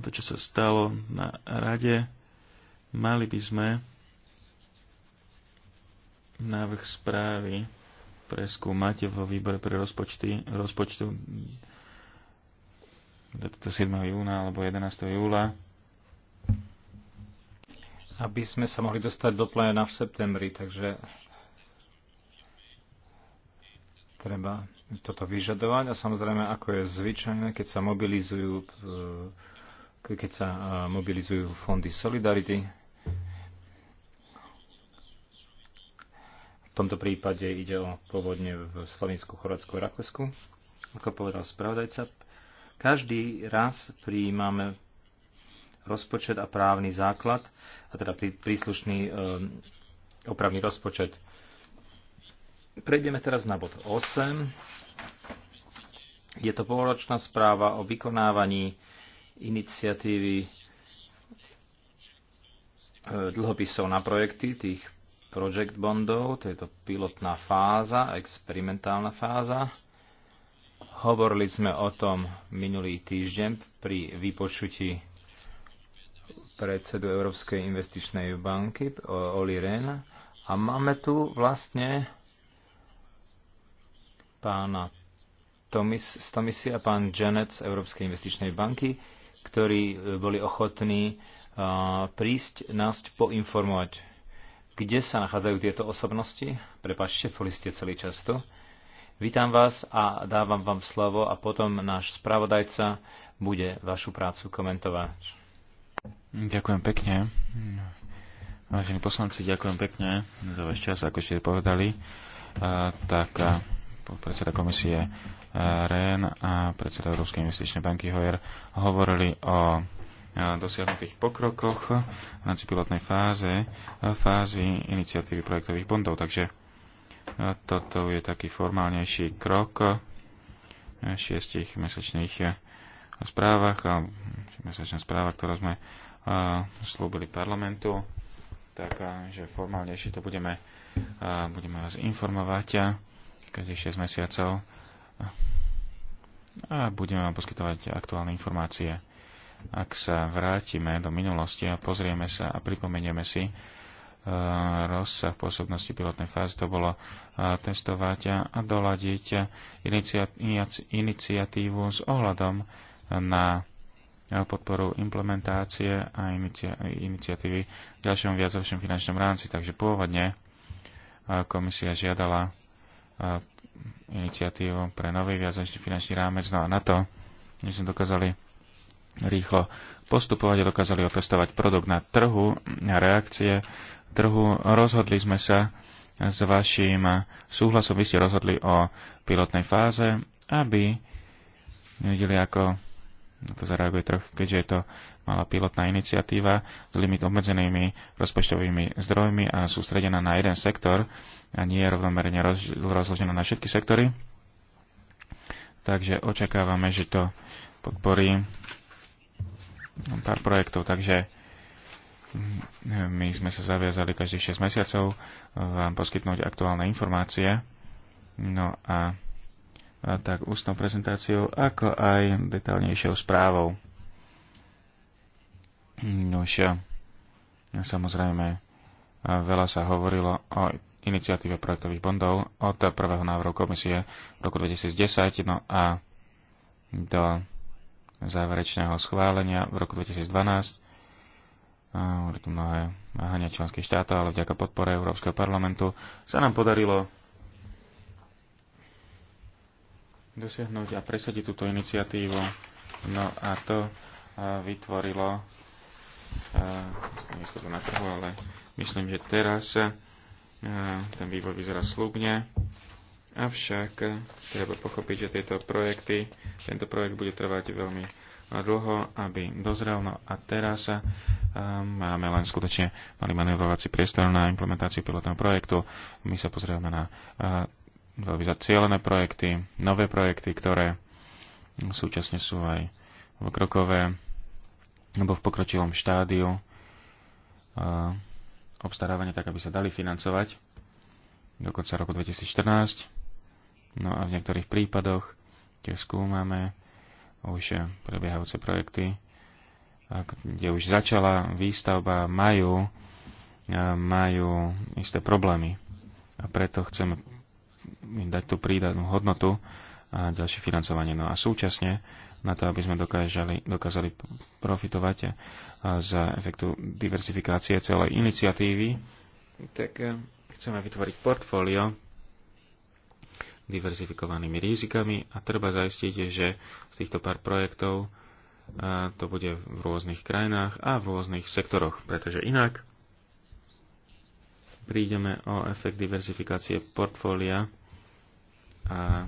to, čo sa stalo na rade, mali by sme návrh správy preskúmať vo výbore pre rozpočty, rozpočtu 7. júna alebo 11. júla aby sme sa mohli dostať do pléna v septembri, takže treba toto vyžadovať a samozrejme, ako je zvyčajné, keď sa mobilizujú, e, keď sa e, mobilizujú fondy Solidarity. V tomto prípade ide o pôvodne v Slovensku, Chorvátsku a Rakúsku. Ako povedal spravodajca, každý raz prijímame rozpočet a právny základ, a teda príslušný um, opravný rozpočet. Prejdeme teraz na bod 8. Je to pôročná správa o vykonávaní iniciatívy e, dlhopisov na projekty, tých project bondov, to je to pilotná fáza, experimentálna fáza. Hovorili sme o tom minulý týždeň pri vypočutí predsedu Európskej investičnej banky Oli Rehn a máme tu vlastne pána Tomis, Stomisi a pán Janet z Európskej investičnej banky, ktorí e, boli ochotní e, prísť nás poinformovať, kde sa nachádzajú tieto osobnosti. Prepačte, boli ste celý čas tu. Vítam vás a dávam vám slovo a potom náš spravodajca bude vašu prácu komentovať. Ďakujem pekne. Vážení poslanci, ďakujem pekne za váš čas, ako ste povedali. A, tak a, predseda komisie REN a predseda Európskej investičnej banky Hoyer hovorili o dosiahnutých pokrokoch v rámci pilotnej fáze, fázy iniciatívy projektových bondov. Takže toto je taký formálnejší krok šiestich mesačných správach, a mesačná správa, ktorú sme uh, slúbili parlamentu, tak uh, že formálnejšie to budeme, uh, budeme vás informovať a každých 6 mesiacov a budeme vám poskytovať aktuálne informácie. Ak sa vrátime do minulosti a pozrieme sa a pripomenieme si, rozsah pôsobnosti pilotnej fázy to bolo testovať a doladiť iniciatívu s ohľadom na podporu implementácie a inicia- iniciatívy v ďalšom viacovšom finančnom rámci. Takže pôvodne e, komisia žiadala e, iniciatívu pre nový viacročný finančný rámec, no a na to, že sme dokázali rýchlo postupovať a dokázali otestovať produkt na trhu a reakcie trhu, rozhodli sme sa s vašim súhlasom, vy ste rozhodli o pilotnej fáze, aby videli, ako na to zareaguje trh, keďže je to malá pilotná iniciatíva s limit obmedzenými rozpočtovými zdrojmi a sústredená na jeden sektor a nie je rovnomerne rozložená na všetky sektory. Takže očakávame, že to podporí pár projektov. Takže my sme sa zaviazali každých 6 mesiacov vám poskytnúť aktuálne informácie. No a tak ústnou prezentáciou, ako aj detaľnejšou správou. Nož, samozrejme, veľa sa hovorilo o iniciatíve projektových bondov od prvého návrhu komisie v roku 2010, no a do záverečného schválenia v roku 2012. tu mnohé háňa členských štátov, ale vďaka podpore Európskeho parlamentu sa nám podarilo dosiahnuť a presadiť túto iniciatívu. No a to e, vytvorilo to e, na trhu, ale myslím, že teraz e, ten vývoj vyzerá slubne. Avšak treba pochopiť, že tieto projekty, tento projekt bude trvať veľmi dlho, aby dozrel. No a teraz máme len skutočne malý manevrovací priestor na implementáciu pilotného projektu. My sa pozrieme na realizovať cieľené projekty, nové projekty, ktoré súčasne sú aj v krokové alebo v pokročilom štádiu obstarávania tak, aby sa dali financovať do konca roku 2014. No a v niektorých prípadoch tiež skúmame už prebiehajúce projekty, kde už začala výstavba, majú, majú isté problémy. A preto chceme im dať tú prídanú hodnotu a ďalšie financovanie. No a súčasne na to, aby sme dokážali, dokázali profitovať z efektu diversifikácie celej iniciatívy, tak e, chceme vytvoriť portfólio diverzifikovanými rizikami a treba zaistiť, že z týchto pár projektov e, to bude v rôznych krajinách a v rôznych sektoroch, pretože inak prídeme o efekt diverzifikácie portfólia a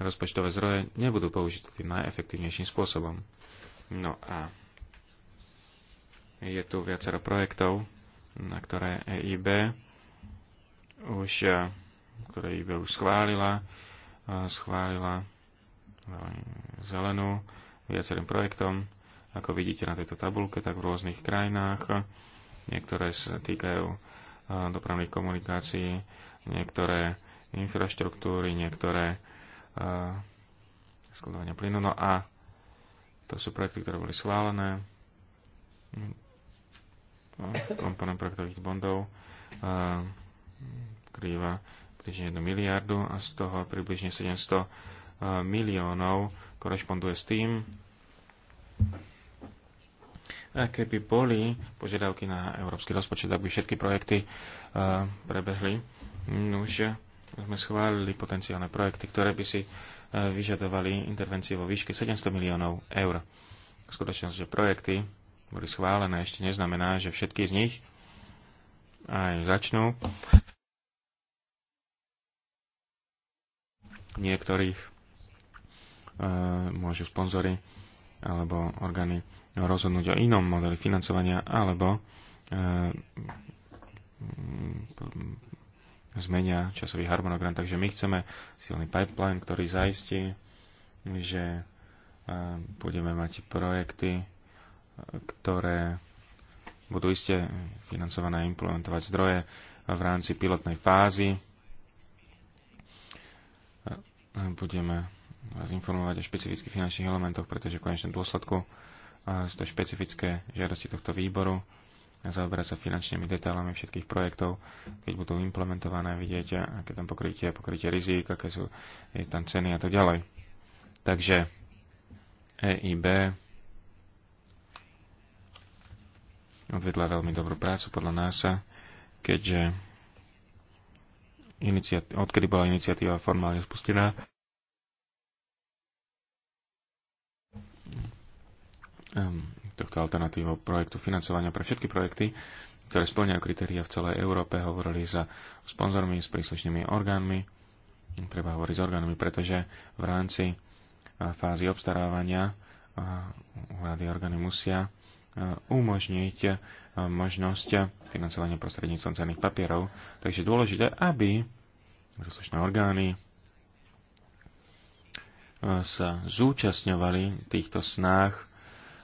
rozpočtové zdroje nebudú použité tým najefektívnejším spôsobom. No a je tu viacero projektov, na ktoré EIB už, ktoré EIB už schválila, schválila zelenú viacerým projektom. Ako vidíte na tejto tabulke, tak v rôznych krajinách. Niektoré sa týkajú dopravných komunikácií, niektoré infraštruktúry, niektoré skladovania plynu. No a to sú projekty, ktoré boli schválené. No, komponent projektových bondov krýva približne 1 miliardu a z toho približne 700 miliónov korešponduje s tým, keby boli požiadavky na európsky rozpočet, aby všetky projekty e, prebehli. Už sme schválili potenciálne projekty, ktoré by si e, vyžadovali intervencie vo výške 700 miliónov eur. Skutočnosť, že projekty boli schválené, ešte neznamená, že všetky z nich aj začnú. Niektorých e, môžu sponzory alebo orgány rozhodnúť o inom modeli financovania alebo e, mm, zmenia časový harmonogram. Takže my chceme silný pipeline, ktorý zaistí, že e, budeme mať projekty, ktoré budú iste financované a implementovať zdroje v rámci pilotnej fázy. E, budeme vás informovať o špecifických finančných elementoch, pretože v konečnom dôsledku sú to špecifické žiadosti tohto výboru, zaoberať sa finančnými detailami všetkých projektov, keď budú implementované, vidieť, aké tam pokrytie, pokrytie rizik, aké sú je tam ceny a tak ďalej. Takže EIB odvedla veľmi dobrú prácu podľa nás, keďže odkedy bola iniciatíva formálne spustená, Ehm, tohto alternatívou projektu financovania pre všetky projekty, ktoré splňajú kritéria v celej Európe, hovorili sa sponzormi, s príslušnými orgánmi. Treba hovoriť s orgánmi, pretože v rámci fázy obstarávania úrady orgány musia umožniť možnosť financovania prostredníctvom cenných papierov. Takže dôležité, aby príslušné orgány sa zúčastňovali týchto snách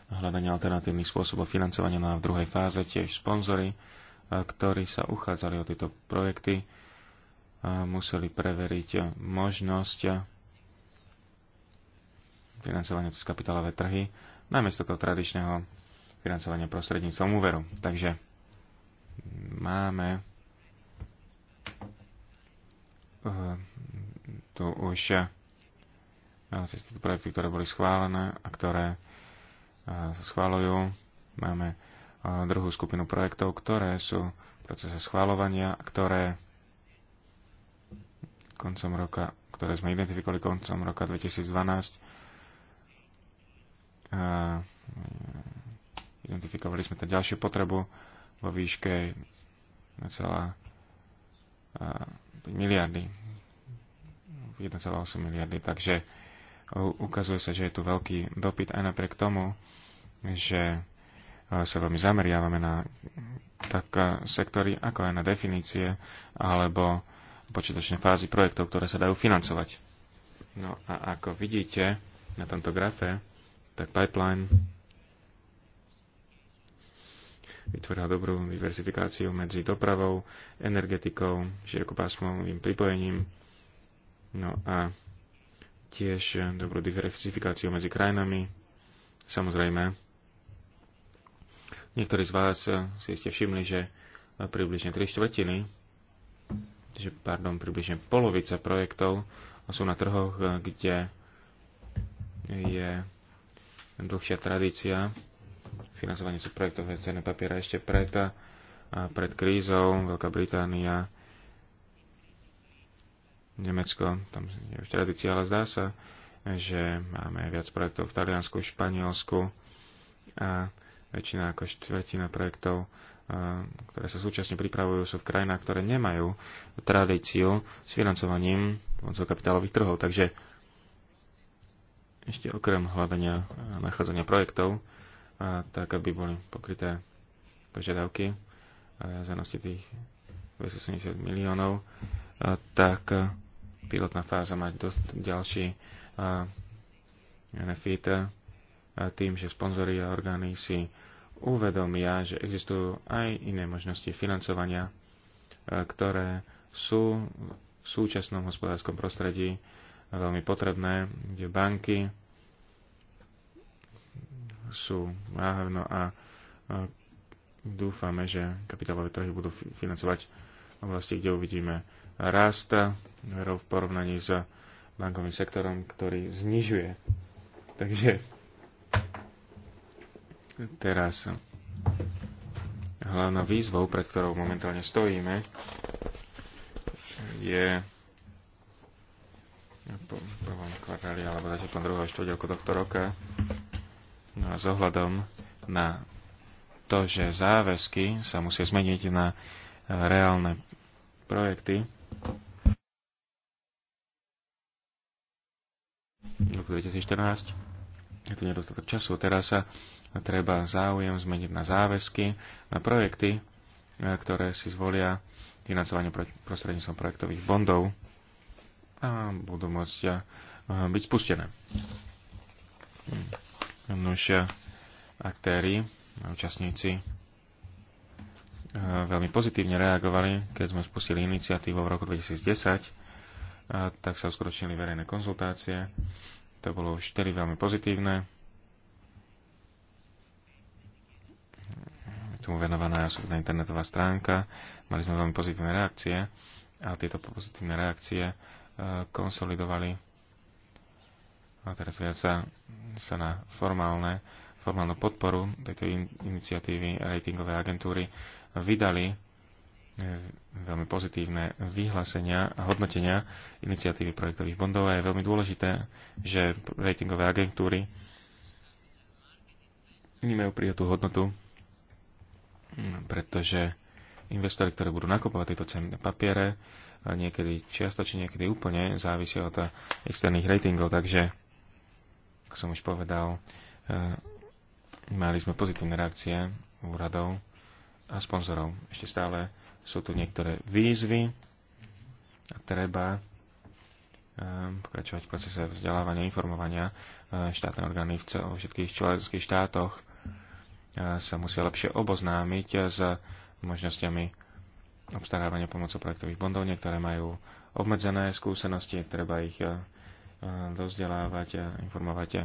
hľadanie alternatívnych spôsobov financovania na no v druhej fáze, tiež sponzory, e, ktorí sa uchádzali o tieto projekty, e, museli preveriť možnosť financovania cez kapitálové trhy, namiesto toho tradičného financovania prostredníctvom úveru. Takže máme e, tu už cez tieto projekty, ktoré boli schválené a ktoré schváľujú. Máme druhú skupinu projektov, ktoré sú v procese schváľovania, ktoré koncom roka, ktoré sme identifikovali koncom roka 2012. identifikovali sme tam ďalšiu potrebu vo výške celá miliardy, 1,8 miliardy, takže ukazuje sa, že je tu veľký dopyt aj napriek tomu, že eh, sa veľmi zameriavame na tak eh, sektory, ako aj na definície alebo počítačné fázy projektov, ktoré sa dajú financovať. No a ako vidíte na tomto grafe, tak pipeline vytvorila dobrú diverzifikáciu medzi dopravou, energetikou, širokopásmovým pripojením, no a tiež eh, dobrú diverzifikáciu medzi krajinami. Samozrejme, Niektorí z vás eh, si ste všimli, že eh, približne 3 štvrtiny, že, pardon, približne polovica projektov sú na trhoch, eh, kde je dlhšia tradícia financovanie sú projektov cenné papiera ešte pred, pred krízou, Veľká Británia, Nemecko, tam je už tradícia, ale zdá sa, že máme viac projektov v Taliansku, Španielsku a väčšina ako štvrtina projektov, eh, ktoré sa súčasne pripravujú, sú v krajinách, ktoré nemajú tradíciu s financovaním pomocou kapitálových trhov. Takže ešte okrem hľadania a eh, nachádzania projektov, a eh, tak aby boli pokryté požiadavky a zanosti tých 270 miliónov, a tak pilotná fáza mať dosť ďalší benefit tým, že sponzory a orgány si uvedomia, že existujú aj iné možnosti financovania, e, ktoré sú v súčasnom hospodárskom prostredí veľmi potrebné, kde banky sú náhľadno a dúfame, že kapitálové trhy budú financovať oblasti, kde uvidíme rast v porovnaní s bankovým sektorom, ktorý znižuje. Takže Teraz hlavnou výzvou, pred ktorou momentálne stojíme, je po prvom kvartáli alebo zatiaľ začiatkom druhého štvrťroku tohto roka no a s ohľadom na to, že záväzky sa musia zmeniť na e, reálne projekty. V roku 2014 je tu nedostatok času. Teraz sa treba záujem zmeniť na záväzky, na projekty, e, ktoré si zvolia financovanie prostredníctvom projektových bondov a budú môcť e, byť spustené. Nož e, aktéry, účastníci veľmi pozitívne reagovali, keď sme spustili iniciatívu v roku 2010, tak sa uskutočnili verejné konzultácie to bolo 4 veľmi pozitívne. Je tomu venovaná osobná internetová stránka. Mali sme veľmi pozitívne reakcie a tieto pozitívne reakcie e, konsolidovali a teraz viac sa, sa na formálne, formálnu podporu tejto in, iniciatívy ratingovej agentúry vydali veľmi pozitívne vyhlásenia a hodnotenia iniciatívy projektových bondov a je veľmi dôležité, že ratingové agentúry vnímajú prijatú hodnotu, pretože investori, ktoré budú nakupovať tieto cenné papiere, niekedy čiastočne, niekedy úplne závisia od externých ratingov, takže, ako som už povedal, eh, mali sme pozitívne reakcie úradov a sponzorov. Ešte stále sú tu niektoré výzvy a treba eh, pokračovať v procese vzdelávania, informovania eh, štátne orgány v celom všetkých členských štátoch eh, sa musia lepšie oboznámiť s možnosťami obstarávania pomocou projektových bondov. Niektoré majú obmedzené skúsenosti, treba ich dozdelávať a informovať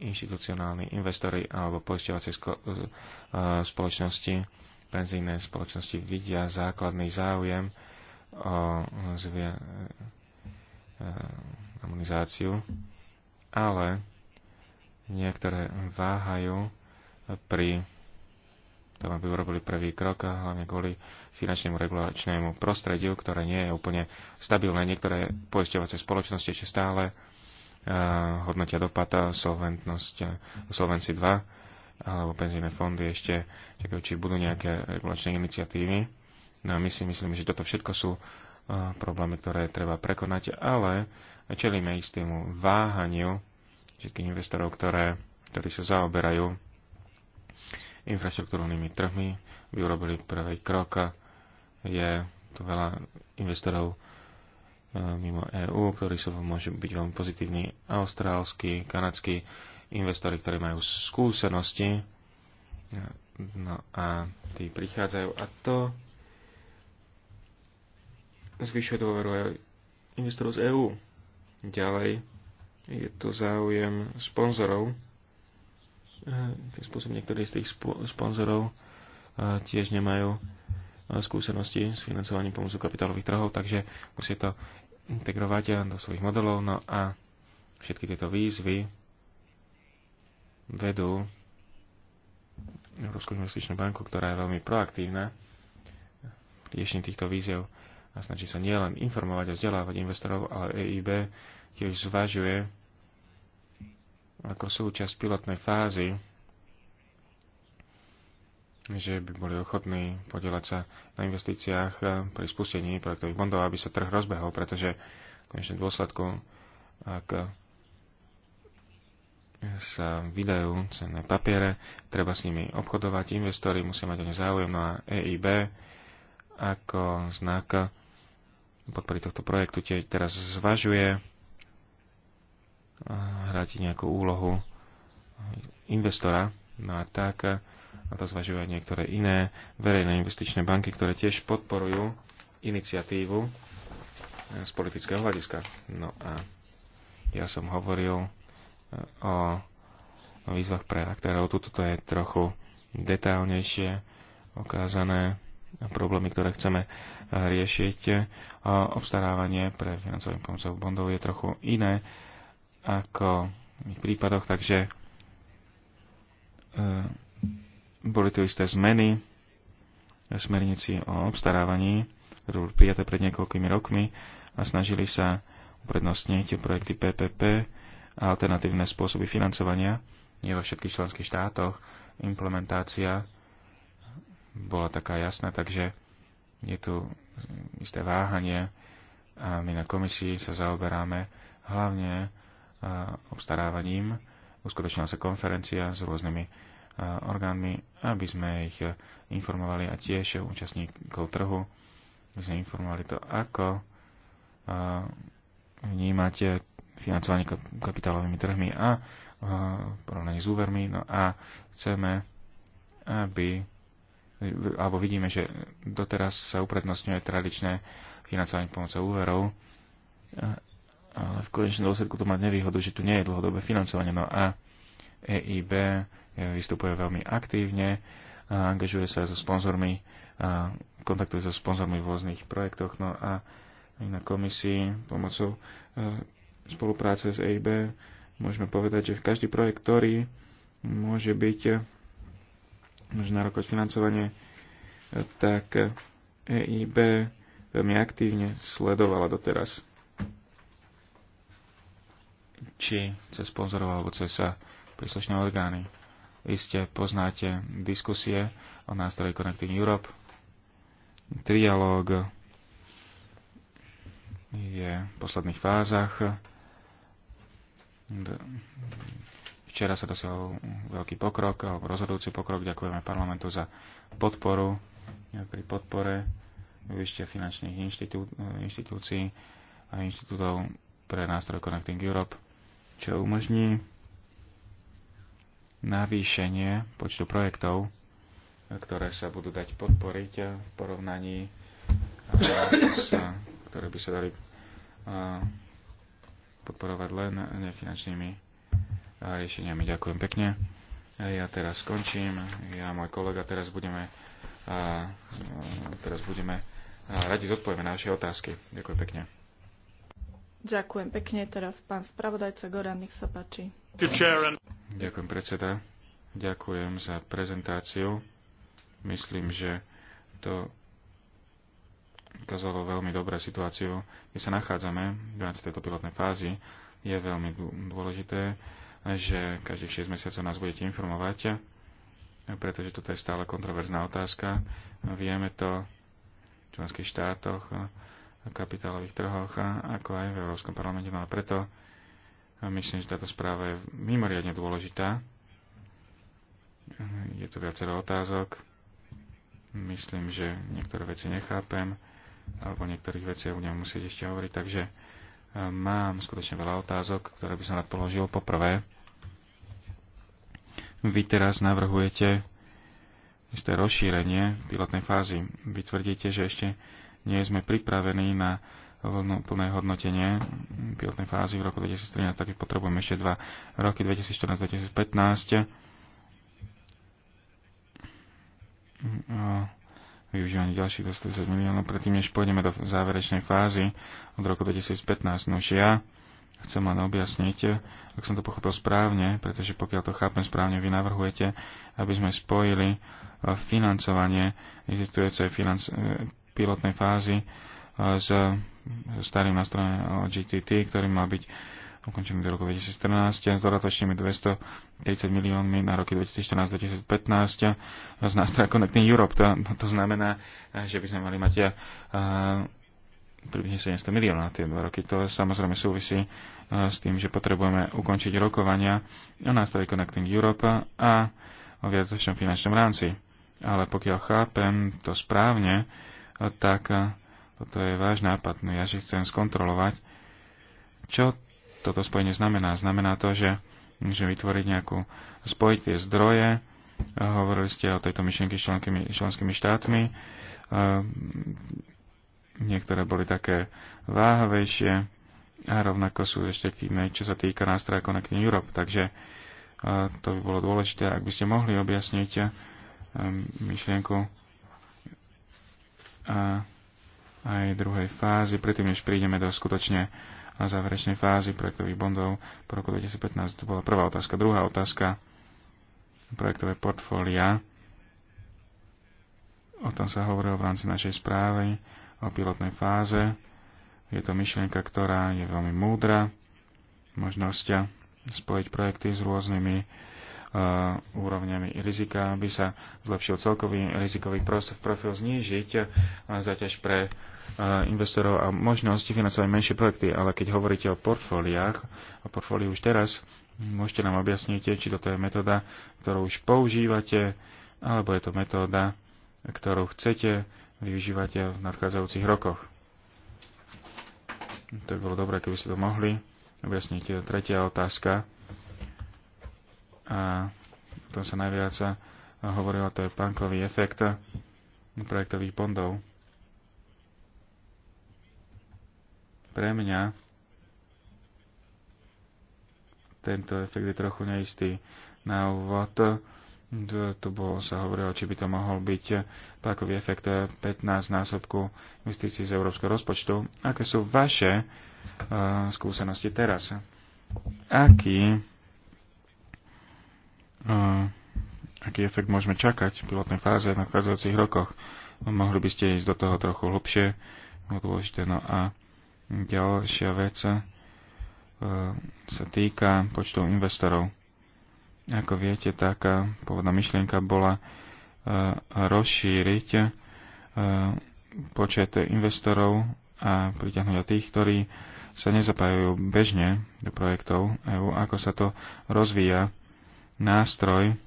inštitucionálni investori alebo poisťovacie spoločnosti penzijné spoločnosti vidia základný záujem o zvia- eh, ale niektoré váhajú pri tom, aby urobili prvý krok, a hlavne kvôli finančnému regulačnému prostrediu, ktoré nie je úplne stabilné. Niektoré poisťovacie spoločnosti ešte stále eh, hodnotia dopad solventnosť eh, solvenci 2 alebo penzíne fondy ešte či budú nejaké regulačné iniciatívy. No a my si myslíme, že toto všetko sú eh, problémy, ktoré treba prekonať, ale čelíme istému váhaniu všetkých investorov, ktoré, ktorí sa zaoberajú infraštruktúrnymi trhmi, by urobili prvý krok. Je tu veľa investorov eh, mimo EÚ, ktorí sú, môžu byť veľmi pozitívni, austrálsky, kanadský investori, ktorí majú skúsenosti, no a tí prichádzajú a to zvyšuje dôveru aj investorov z EÚ. Ďalej je tu záujem sponzorov. E, tým spôsobom niektorí z tých spo sponzorov e, tiež nemajú e, skúsenosti s financovaním pomocou kapitálových trhov, takže musí to integrovať do svojich modelov. No a všetky tieto výzvy vedú Európsku investičnú banku, ktorá je veľmi proaktívna v riešení týchto víziev a snaží sa nielen informovať a vzdelávať investorov, ale EIB tiež zvažuje ako súčasť pilotnej fázy, že by boli ochotní podielať sa na investíciách eh, pri spustení projektových bondov, aby sa trh rozbehol, pretože v konečnom dôsledku, ak sa vydajú cenné papiere, treba s nimi obchodovať, investori musia mať o ne záujem na no EIB ako znak podpory tohto projektu tiež teraz zvažuje eh, hrať nejakú úlohu investora. No a tak a to zvažujú aj niektoré iné verejné investičné banky, ktoré tiež podporujú iniciatívu eh, z politického hľadiska. No a ja som hovoril o výzvach pre aktérov. Tuto je trochu detailnejšie okázané problémy, ktoré chceme riešiť. Obstarávanie pre financovým pomocou bondov je trochu iné ako v ich prípadoch, takže e, boli tu isté zmeny v smernici o obstarávaní, ktoré boli prijaté pred niekoľkými rokmi a snažili sa uprednostniť projekty PPP alternatívne spôsoby financovania. Nie vo všetkých členských štátoch implementácia bola taká jasná, takže je tu isté váhanie a my na komisii sa zaoberáme hlavne obstarávaním. Uskutočnila sa konferencia s rôznymi orgánmi, aby sme ich informovali a tiež účastníkov trhu, aby sme informovali to, ako vnímate financovanie kapitálovými trhmi a porovnaní s úvermi. No a chceme, aby alebo vidíme, že doteraz sa uprednostňuje tradičné financovanie pomocou úverov, ale v konečnom dôsledku to má nevýhodu, že tu nie je dlhodobé financovanie. No a EIB e, vystupuje veľmi aktívne, angažuje sa so sponzormi, a kontaktuje sa so sponzormi v rôznych projektoch, no a aj na komisii pomocou e, spolupráce s EIB môžeme povedať, že každý projekt, ktorý môže byť môže narokovať financovanie, tak EIB veľmi aktívne sledovala doteraz. Či cez sponzorov alebo cez sa eh, príslušné orgány. Iste poznáte diskusie o nástroji Connecting Europe. Trialóg je v posledných fázach Včera sa dosiahol veľký pokrok, rozhodujúci pokrok. Ďakujeme parlamentu za podporu e, pri podpore využitia finančných inštitú, e, inštitúcií a inštitútov pre nástroj Connecting Europe, čo umožní navýšenie počtu projektov, ktoré sa budú dať podporiť e, v porovnaní, s, ktoré by sa dali podporovať len nefinančnými eh, riešeniami. Ďakujem pekne. Eh, ja teraz skončím. Ja a môj kolega teraz budeme, a, eh, teraz budeme a radi zodpovieme na vaše otázky. Ďakujem pekne. Ďakujem pekne. Teraz pán spravodajca Goran, nech sa páči. Ďakujem predseda. Ďakujem za prezentáciu. Myslím, že to ukázalo veľmi dobré situáciu, kde sa nachádzame v rámci tejto pilotnej fázy. Je veľmi dôležité, že každých 6 mesiacov nás budete informovať, pretože toto je stále kontroverzná otázka. Vieme to v členských štátoch, kapitálových trhoch, ako aj v Európskom parlamente. ale no a preto myslím, že táto správa je mimoriadne dôležitá. Je tu viacero otázok. Myslím, že niektoré veci nechápem alebo niektorých niektorých o ňom musieť ešte hovoriť, takže e, mám skutočne veľa otázok, ktoré by som rád položil. Poprvé, vy teraz navrhujete isté rozšírenie pilotnej fázy. Vy tvrdíte, že ešte nie sme pripravení na vlnu, plné hodnotenie pilotnej fázy v roku 2013, tak potrebujeme ešte dva roky 2014-2015 využívanie ďalších 140 miliónov, predtým než pôjdeme do záverečnej fázy od roku 2015. Nož ja chcem len objasniť, ak som to pochopil správne, pretože pokiaľ to chápem správne, vy navrhujete, aby sme spojili e, financovanie existujúcej financ- e, pilotnej fázy e, s starým nástrojom GTT, ktorý mal byť ukončený do roku 2014 s dodatočnými 230 miliónmi na roky 2014-2015 z nástroja Connecting Europe. To, to znamená, že by sme mali mať ja, eh, približne 700 miliónov na tie dva roky. To samozrejme súvisí eh, s tým, že potrebujeme ukončiť rokovania o nástroji Connecting Europe a o viacročnom finančnom rámci. Ale pokiaľ chápem to správne, eh, tak toto je váš nápad. No ja si chcem skontrolovať, čo toto spojenie znamená. Znamená to, že, že vytvoriť nejakú, spojiť tie zdroje, hovorili ste o tejto myšlienke s členskými, členskými štátmi, e, niektoré boli také váhavejšie a rovnako sú reštriktívne, čo sa týka nástroja Connecting Europe. Takže e, to by bolo dôležité, ak by ste mohli objasniť e, myšlienku a aj druhej fázy, predtým než prídeme do skutočne na záverečnej fázi projektových bondov po roku 2015. To bola prvá otázka. Druhá otázka, projektové portfólia. O tom sa hovorilo v rámci našej správy o pilotnej fáze. Je to myšlienka, ktorá je veľmi múdra, možnosť spojiť projekty s rôznymi úrovňami rizika, aby sa zlepšil celkový rizikový profil znížiť zaťaž pre investorov a možnosti financovať menšie projekty. Ale keď hovoríte o portfóliách, o portfóliu už teraz, môžete nám objasniť, či toto je metóda, ktorú už používate, alebo je to metóda, ktorú chcete využívať v nadchádzajúcich rokoch. To by bolo dobré, keby ste to mohli objasniť. Tretia otázka a o tom sa najviac hovorilo, to je pankový efekt projektových bondov. Pre mňa tento efekt je trochu neistý. Na úvod tu bolo, sa hovorilo, či by to mohol byť pákový efekt 15 násobku investícií z európskeho rozpočtu. Aké sú vaše uh, skúsenosti teraz? Aký aký efekt môžeme čakať v pilotnej fáze v nadchádzajúcich rokoch. Mohli by ste ísť do toho trochu hlbšie, bolo dôležité. No a ďalšia vec e, sa týka počtu investorov. Ako viete, taká pôvodná myšlienka bola e, rozšíriť e, počet investorov a priťahnuť tých, ktorí sa nezapájajú bežne do projektov EÚ, ako sa to rozvíja nástroj eh,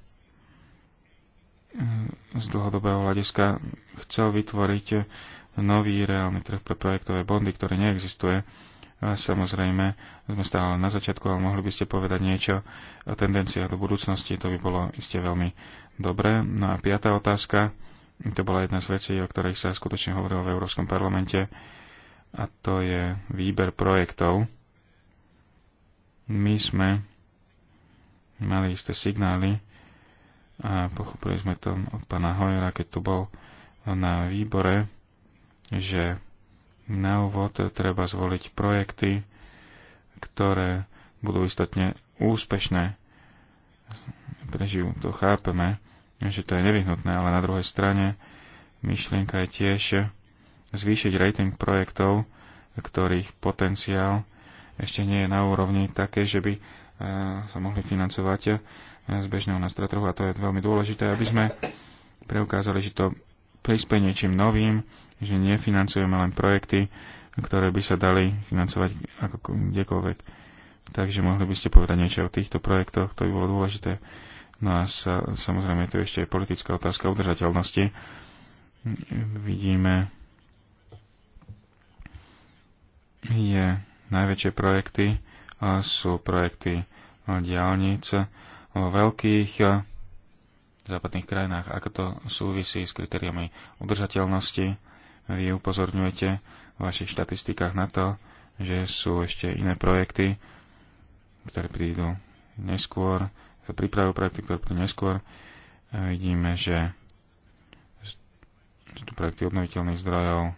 z dlhodobého hľadiska chcel vytvoriť eh, nový reálny trh pre projektové bondy, ktorý neexistuje. A samozrejme, sme stále na začiatku, ale mohli by ste povedať niečo o tendenciách do budúcnosti, to by bolo iste veľmi dobré. No a piatá otázka, to bola jedna z vecí, o ktorých sa skutočne hovorilo v Európskom parlamente, a to je výber projektov. My sme mali isté signály a pochopili sme to od pána Hojera, keď tu bol na výbore, že na úvod treba zvoliť projekty, ktoré budú istotne úspešné. Prežijú, to chápeme, že to je nevyhnutné, ale na druhej strane myšlienka je tiež zvýšiť rating projektov, ktorých potenciál ešte nie je na úrovni také, že by sa mohli financovať e, z bežného nástroja trhu a to je veľmi dôležité, aby sme preukázali, že to prispie niečím novým, že nefinancujeme len projekty, ktoré by sa dali financovať ako kdekoľvek. Takže mohli by ste povedať niečo o týchto projektoch, to by bolo dôležité. No a sa, samozrejme je tu ešte aj politická otázka udržateľnosti. Vidíme, je najväčšie projekty sú projekty diálnic vo veľkých eh, západných krajinách. Ako to súvisí s kritériami udržateľnosti? Vy upozorňujete v vašich štatistikách na to, že sú ešte iné projekty, ktoré prídu neskôr, sa pripravujú projekty, ktoré prídu neskôr. Vidíme, že sú tu projekty obnoviteľných zdrojov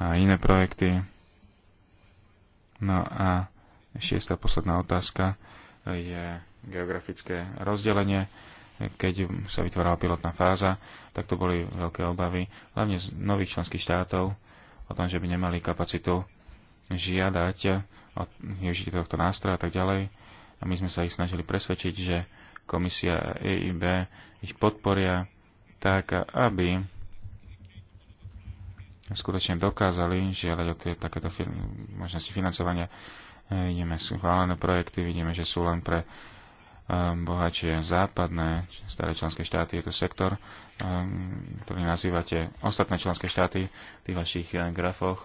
a iné projekty. No a Šiesta posledná otázka je geografické rozdelenie. Keď sa vytvorila pilotná fáza, tak to boli veľké obavy, hlavne z nových členských štátov, o tom, že by nemali kapacitu žiadať o využitie tohto nástroja a tak ďalej. A my sme sa ich snažili presvedčiť, že komisia EIB ich podporia tak, aby skutočne dokázali žiadať o tie, takéto možnosti financovania vidíme schválené projekty, vidíme, že sú len pre ehm, bohatšie západné staré členské štáty. Je to sektor, ehm, ktorý nazývate ostatné členské štáty v tých vašich eh, grafoch.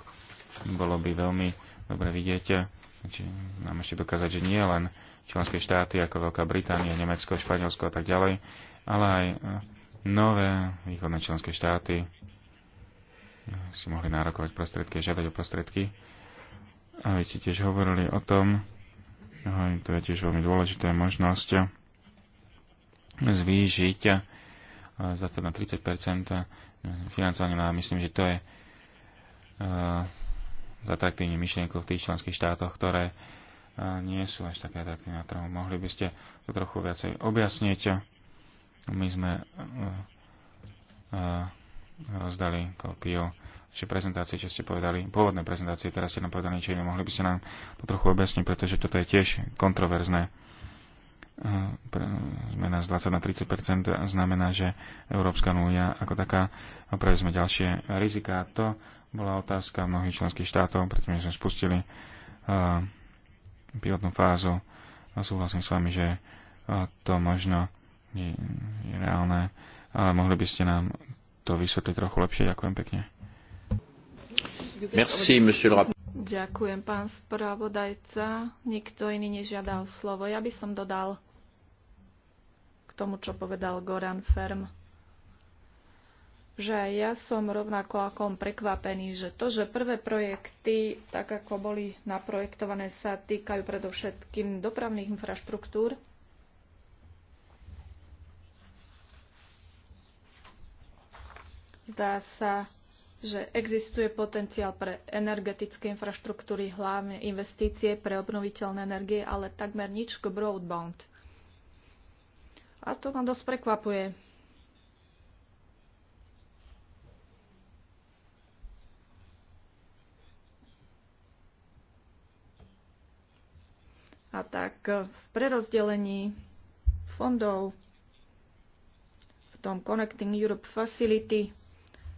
Bolo by veľmi dobre vidieť, eh, či nám ešte dokázať, že nie len členské štáty ako Veľká Británia, Nemecko, Španielsko a tak ďalej, ale aj eh, nové východné členské štáty si mohli nárokovať prostriedky a žiadať o prostriedky a vy ste tiež hovorili o tom, to je tiež veľmi dôležitá možnosť zvýšiť e, to na 30 e, financovanie, no ale myslím, že to je e, atraktívne myšlienkou v tých členských štátoch, ktoré nie sú až také atraktívne na trhu. Mohli by ste to trochu viacej objasniť. My sme rozdali kópiu vaše prezentácie, čo ste povedali, pôvodné prezentácie, teraz ste nám povedali niečo iné, mohli by ste nám to trochu objasniť, pretože toto je tiež kontroverzné. Eh, zmena z 20 na 30 znamená, že Európska únia ako taká prevezme ďalšie rizika. To bola otázka mnohých členských štátov, pretože sme spustili eh, pilotnú fázu. A súhlasím s vami, že eh, to možno je reálne, ale mohli by ste nám to vysvetliť trochu lepšie. Ďakujem pekne. Merci, monsieur le Ďakujem, pán spravodajca. Nikto iný nežiadal slovo. Ja by som dodal k tomu, čo povedal Goran Ferm, že ja som rovnako ako on prekvapený, že to, že prvé projekty, tak ako boli naprojektované, sa týkajú predovšetkým dopravných infraštruktúr, zdá sa, že existuje potenciál pre energetické infraštruktúry, hlavne investície pre obnoviteľné energie, ale takmer nič k broadband. A to ma dosť prekvapuje. A tak eh, v prerozdelení fondov v tom Connecting Europe Facility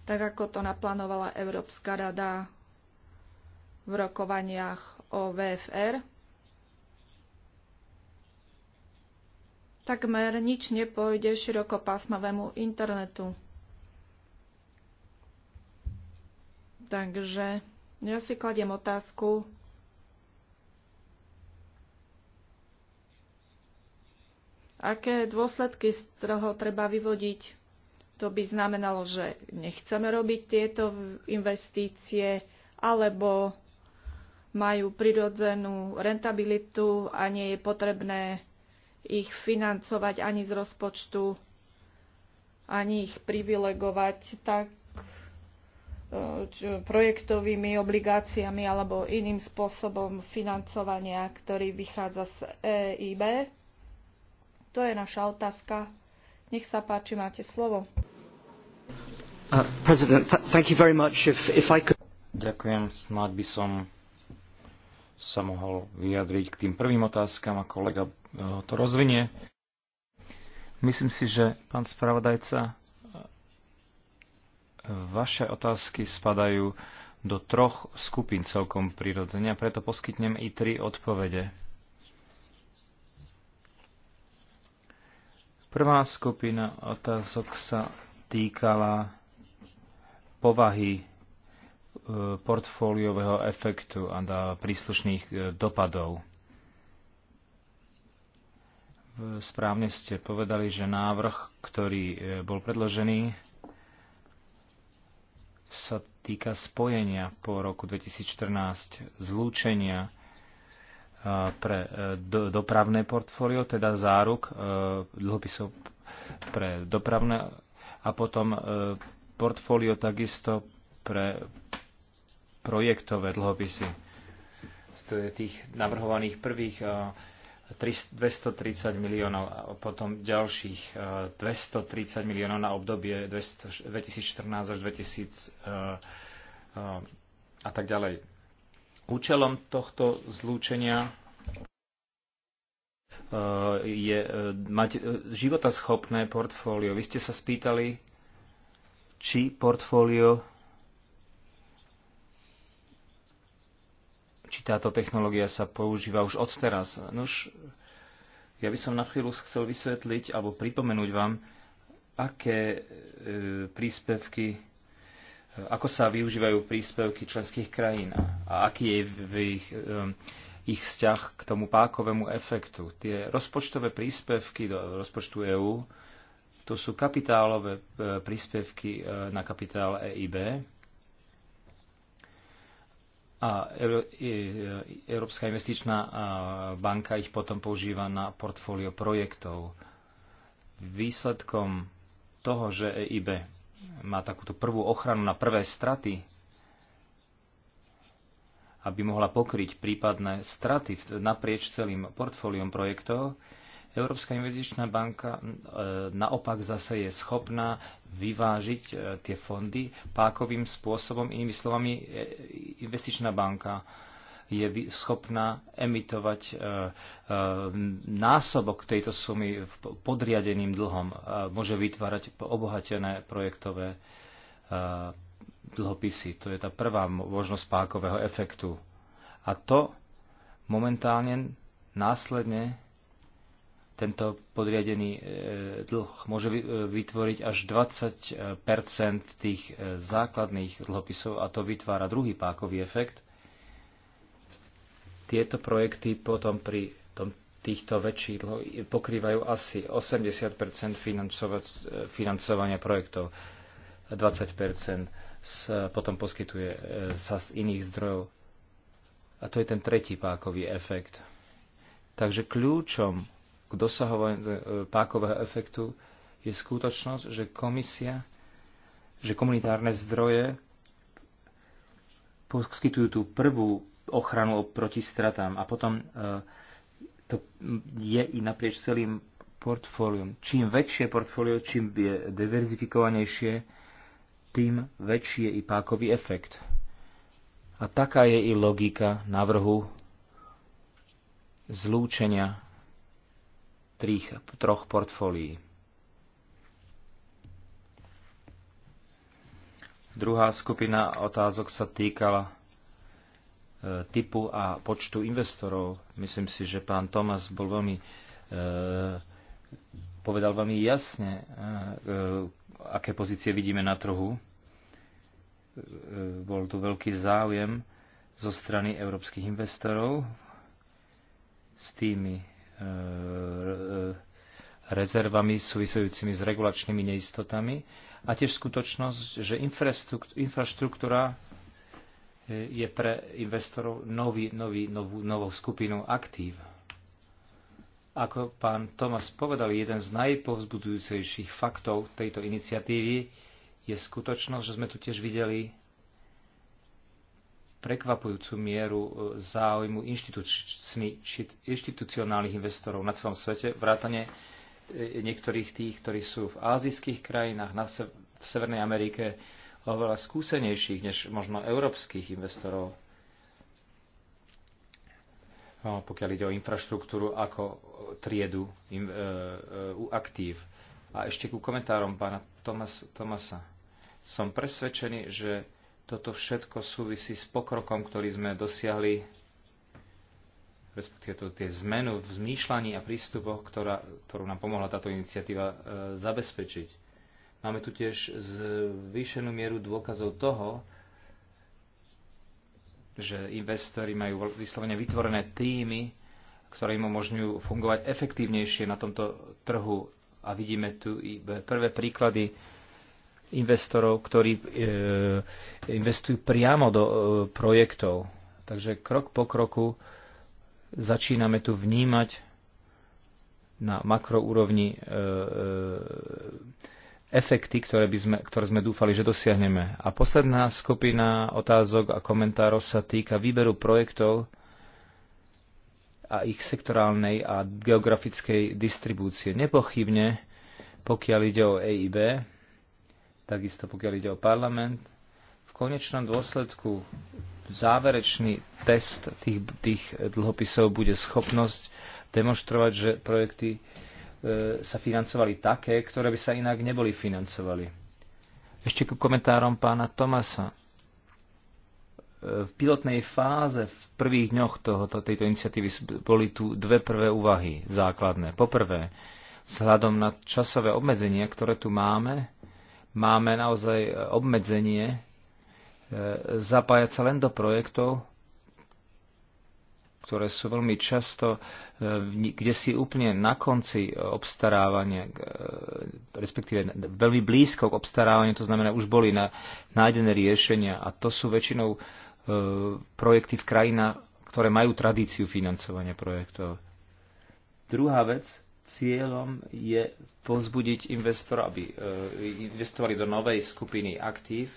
tak ako to naplánovala Európska rada v rokovaniach o VFR. Takmer nič nepôjde širokopásmavému internetu. Takže ja si kladiem otázku, aké dôsledky z toho treba vyvodiť to by znamenalo, že nechceme robiť tieto investície alebo majú prirodzenú rentabilitu a nie je potrebné ich financovať ani z rozpočtu, ani ich privilegovať tak e, projektovými obligáciami alebo iným spôsobom financovania, ktorý vychádza z EIB? To je naša otázka. Nech sa páči, máte slovo. Uh, Ďakujem, snáď by som sa mohol vyjadriť k tým prvým otázkam a kolega uh, to rozvinie. Myslím si, že pán spravodajca, uh, vaše otázky spadajú do troch skupín celkom prirodzenia, preto poskytnem i tri odpovede. Prvá skupina otázok sa týkala povahy e, portfóliového efektu a príslušných e, dopadov. Správne ste povedali, že návrh, ktorý e, bol predložený, sa týka spojenia po roku 2014, zlúčenia pre dopravné portfólio, teda záruk dlhopisov pre dopravné a potom portfólio takisto pre projektové dlhopisy. To je tých navrhovaných prvých 230 eh, miliónov a potom ďalších 230 eh, miliónov na obdobie 2014 až 2000 eh, a tak ďalej. Účelom tohto zlúčenia je mať životaschopné portfólio. Vy ste sa spýtali, či portfólio, či táto technológia sa používa už odteraz. Nož, ja by som na chvíľu chcel vysvetliť alebo pripomenúť vám, aké e, príspevky, e, ako sa využívajú príspevky členských krajín a aký je v ich, e, ich vzťah k tomu pákovému efektu. Tie rozpočtové príspevky do rozpočtu EÚ to sú kapitálové e, príspevky e, na kapitál EIB a e, Európska investičná banka ich potom používa na portfólio projektov. Výsledkom toho, že EIB má takúto prvú ochranu na prvé straty, aby mohla pokryť prípadné straty naprieč celým portfóliom projektov, Európska investičná banka e, naopak zase je schopná vyvážiť e, tie fondy pákovým spôsobom. Inými slovami, e, investičná banka je schopná emitovať násobok tejto sumy podriadeným dlhom. Môže vytvárať obohatené projektové dlhopisy. To je tá prvá možnosť pákového efektu. A to momentálne následne tento podriadený e, dlh môže e, vytvoriť až 20 e, tých základných dlhopisov a to vytvára druhý pákový efekt. Tieto projekty potom pri tom, týchto väčších dlhov pokrývajú asi 80 financovania projektov. 20 s, potom poskytuje sa z iných zdrojov. A to je ten tretí pákový efekt. Takže kľúčom otázku dosahovania e, pákového efektu je skutočnosť, že komisia, že komunitárne zdroje poskytujú tú prvú ochranu proti stratám a potom e, to je i naprieč celým portfóliom. Čím väčšie portfólio, čím je diverzifikovanejšie, tým väčší je i pákový efekt. A taká je i logika návrhu zlúčenia trích, troch portfólií. Druhá skupina otázok sa týkala e, typu a počtu investorov. Myslím si, že pán Tomas bol veľmi, e, povedal veľmi jasne, e, aké pozície vidíme na trhu. bol tu veľký záujem zo strany európskych investorov s tými E, rezervami súvisujúcimi s regulačnými neistotami a tiež skutočnosť, že infraštruktúra e, je pre investorov nový, nový, novú, novou skupinou aktív. Ako pán Tomas povedal, jeden z najpovzbudzujúcejších faktov tejto iniciatívy je skutočnosť, že sme tu tiež videli prekvapujúcu mieru e, záujmu inštitucionálnych investorov na celom svete, vrátane e, niektorých tých, ktorí sú v ázijských krajinách, na v Severnej Amerike, oveľa skúsenejších než možno európskych investorov. No, pokiaľ ide o infraštruktúru ako triedu im, e, e, u aktív. A ešte ku komentárom pána Tomasa. Som presvedčený, že toto všetko súvisí s pokrokom, ktorý sme dosiahli, respektíve tie zmenu v zmýšľaní a prístupoch, ktorá, ktorú nám pomohla táto iniciatíva e, zabezpečiť. Máme tu tiež zvýšenú mieru dôkazov toho, že investori majú vyslovene vytvorené týmy, ktoré im umožňujú fungovať efektívnejšie na tomto trhu. A vidíme tu i prvé príklady investorov, ktorí e, investujú priamo do e, projektov. Takže krok po kroku začíname tu vnímať na makroúrovni e, efekty, ktoré, by sme, ktoré sme dúfali, že dosiahneme. A posledná skupina otázok a komentárov sa týka výberu projektov a ich sektorálnej a geografickej distribúcie. Nepochybne, pokiaľ ide o EIB, takisto pokiaľ ide o parlament. V konečnom dôsledku záverečný test tých, tých dlhopisov bude schopnosť demonstrovať, že projekty e, sa financovali také, ktoré by sa inak neboli financovali. Ešte ku komentárom pána Tomasa. E, v pilotnej fáze v prvých dňoch tohoto, tejto iniciatívy boli tu dve prvé úvahy základné. Poprvé, vzhľadom na časové obmedzenia, ktoré tu máme, máme naozaj e, obmedzenie e, zapájať sa len do projektov, ktoré sú veľmi často, e, kde si úplne na konci obstarávania, respektíve veľmi blízko k obstarávaniu, to znamená, už boli na, nájdené riešenia a to sú väčšinou projekty v krajinách, ktoré majú tradíciu financovania projektov. Druhá vec, Cieľom je povzbudiť investora, aby e, investovali do novej skupiny aktív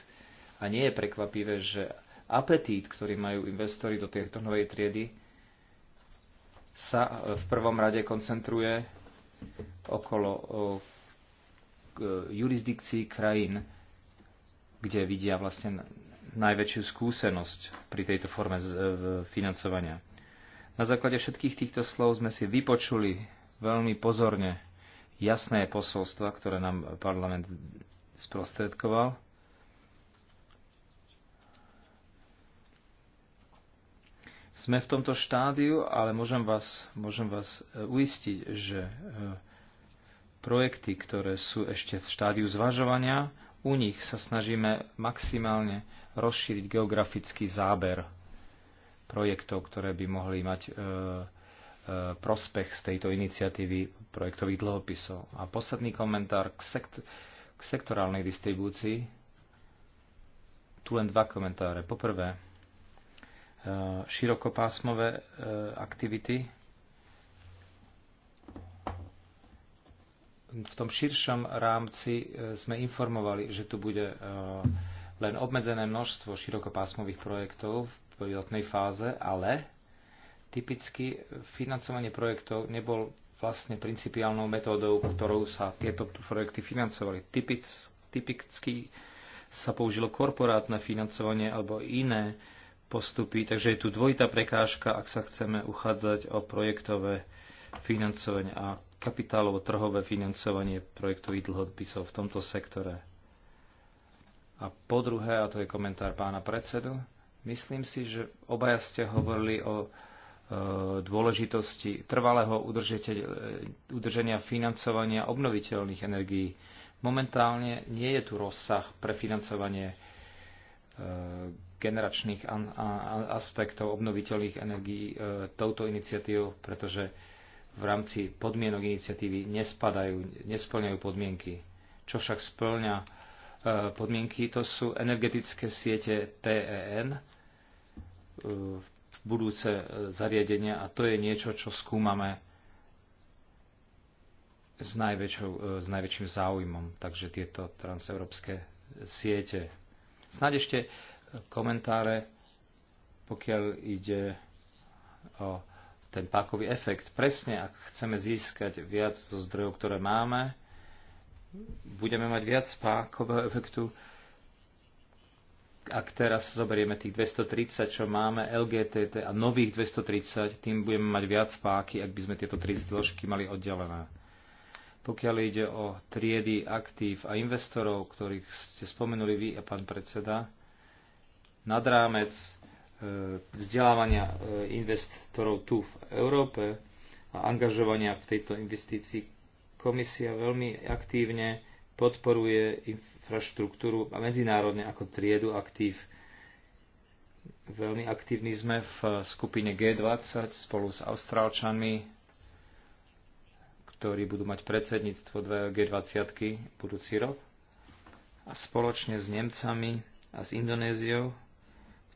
a nie je prekvapivé, že apetít, ktorý majú investori do tejto novej triedy, sa e, v prvom rade koncentruje okolo e, jurisdikcií krajín, kde vidia vlastne najväčšiu skúsenosť pri tejto forme financovania. Na základe všetkých týchto slov sme si vypočuli veľmi pozorne jasné posolstva, ktoré nám parlament sprostredkoval. Sme v tomto štádiu, ale môžem vás, môžem vás e, uistiť, že e, projekty, ktoré sú ešte v štádiu zvažovania, u nich sa snažíme maximálne rozšíriť geografický záber projektov, ktoré by mohli mať e, E, prospech z tejto iniciatívy projektových dlhopisov. A posledný komentár k, sekt- k sektorálnej distribúcii. Tu len dva komentáre. Poprvé, e, širokopásmové e, aktivity. V tom širšom rámci sme informovali, že tu bude len obmedzené množstvo širokopásmových projektov v prírodnej fáze, ale Typicky financovanie projektov nebol vlastne principiálnou metódou, ktorou sa tieto projekty financovali. typicky sa použilo korporátne financovanie alebo iné postupy, takže je tu dvojitá prekážka, ak sa chceme uchádzať o projektové financovanie a kapitálovo-trhové financovanie projektových dlhodpisov v tomto sektore. A po druhé, a to je komentár pána predsedu, myslím si, že obaja ste hovorili o dôležitosti trvalého udrženia financovania obnoviteľných energií. Momentálne nie je tu rozsah pre financovanie e, generačných aspektov obnoviteľných energií e, touto iniciatívou, pretože v rámci podmienok iniciatívy nespadajú, nesplňajú podmienky. Čo však splňa e, podmienky, to sú energetické siete TEN, budúce e, zariadenia a to je niečo, čo skúmame s, e, s najväčším záujmom. Takže tieto transeurópske siete. Snáď ešte e, komentáre, pokiaľ ide o ten pákový efekt. Presne, ak chceme získať viac zo zdrojov, ktoré máme, budeme mať viac pákového efektu ak teraz zoberieme tých 230, čo máme, LGTT a nových 230, tým budeme mať viac páky, ak by sme tieto tri zložky mali oddelené. Pokiaľ ide o triedy aktív a investorov, ktorých ste spomenuli vy a pán predseda, nad rámec e, vzdelávania e, investorov tu v Európe a angažovania v tejto investícii komisia veľmi aktívne podporuje infraštruktúru a medzinárodne ako triedu aktív. Veľmi aktívni sme v skupine G20 spolu s Austrálčanmi, ktorí budú mať predsedníctvo G20 budúci rok a spoločne s Nemcami a s Indonéziou,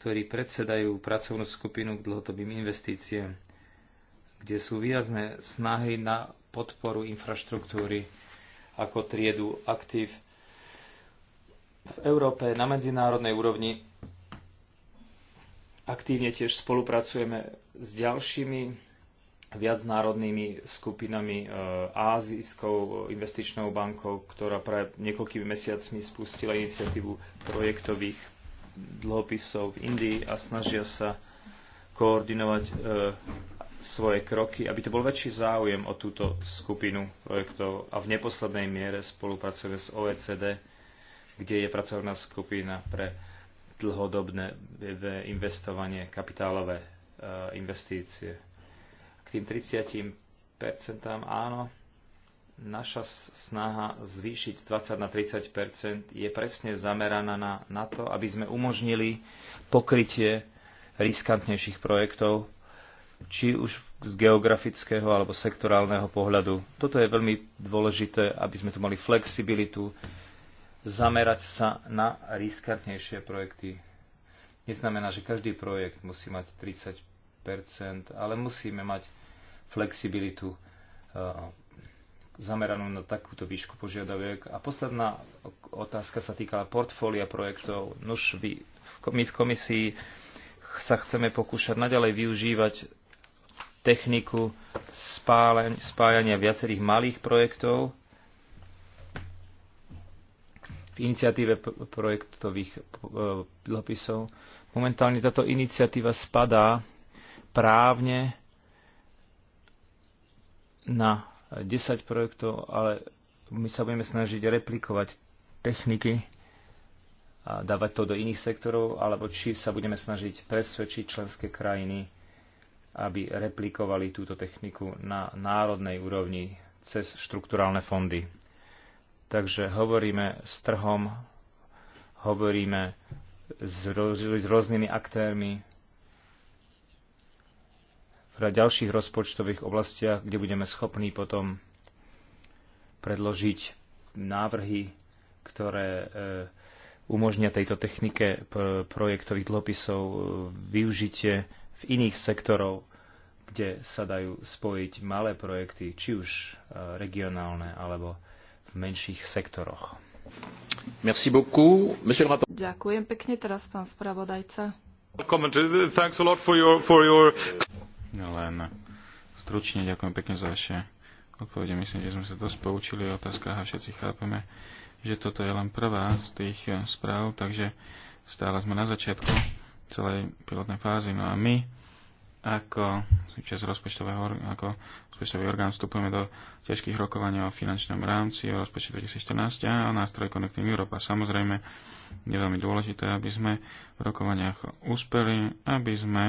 ktorí predsedajú pracovnú skupinu k dlhodobým investíciám, kde sú výrazné snahy na podporu infraštruktúry ako triedu aktív v Európe na medzinárodnej úrovni aktívne tiež spolupracujeme s ďalšími viacnárodnými skupinami e, Ázijskou investičnou bankou, ktorá pre niekoľkými mesiacmi spustila iniciatívu projektových dlhopisov v Indii a snažia sa koordinovať e, svoje kroky, aby to bol väčší záujem o túto skupinu projektov a v neposlednej miere spolupracujeme s OECD kde je pracovná skupina pre dlhodobné investovanie, kapitálové e, investície. K tým 30 áno, naša snaha zvýšiť 20 na 30 je presne zameraná na, na to, aby sme umožnili pokrytie riskantnejších projektov, či už z geografického alebo sektorálneho pohľadu. Toto je veľmi dôležité, aby sme tu mali flexibilitu, zamerať sa na riskantnejšie projekty. Neznamená, že každý projekt musí mať 30%, ale musíme mať flexibilitu e, zameranú na takúto výšku požiadaviek. A posledná otázka sa týkala portfólia projektov. Nuž, vy, my v komisii sa chceme pokúšať naďalej využívať techniku spájania viacerých malých projektov v iniciatíve projektových e, dlhopisov. Momentálne táto iniciatíva spadá právne na 10 projektov, ale my sa budeme snažiť replikovať techniky a dávať to do iných sektorov, alebo či sa budeme snažiť presvedčiť členské krajiny, aby replikovali túto techniku na národnej úrovni cez štrukturálne fondy. Takže hovoríme s trhom, hovoríme s, roz, s rôznymi aktérmi v ďalších rozpočtových oblastiach, kde budeme schopní potom predložiť návrhy, ktoré e, umožnia tejto technike projektových dlhopisov e, využitie v iných sektorov, kde sa dajú spojiť malé projekty, či už e, regionálne alebo v menších sektoroch. Merci beaucoup. Monsieur le rapport... Ďakujem pekne teraz, pán spravodajca. Thanks a lot for your, for your... Len stručne ďakujem pekne za vaše odpovede. Myslím, že sme sa dosť poučili o otázkach a všetci chápeme, že toto je len prvá z tých eh, správ, takže stále sme na začiatku celej pilotnej fázy. No a my ako súčasť rozpočtového, ako rozpočtový orgán vstupujeme do ťažkých rokovania o finančnom rámci, o rozpočte 2014 a o nástroj Connecting Europe. A samozrejme je veľmi dôležité, aby sme v rokovaniach uspeli aby sme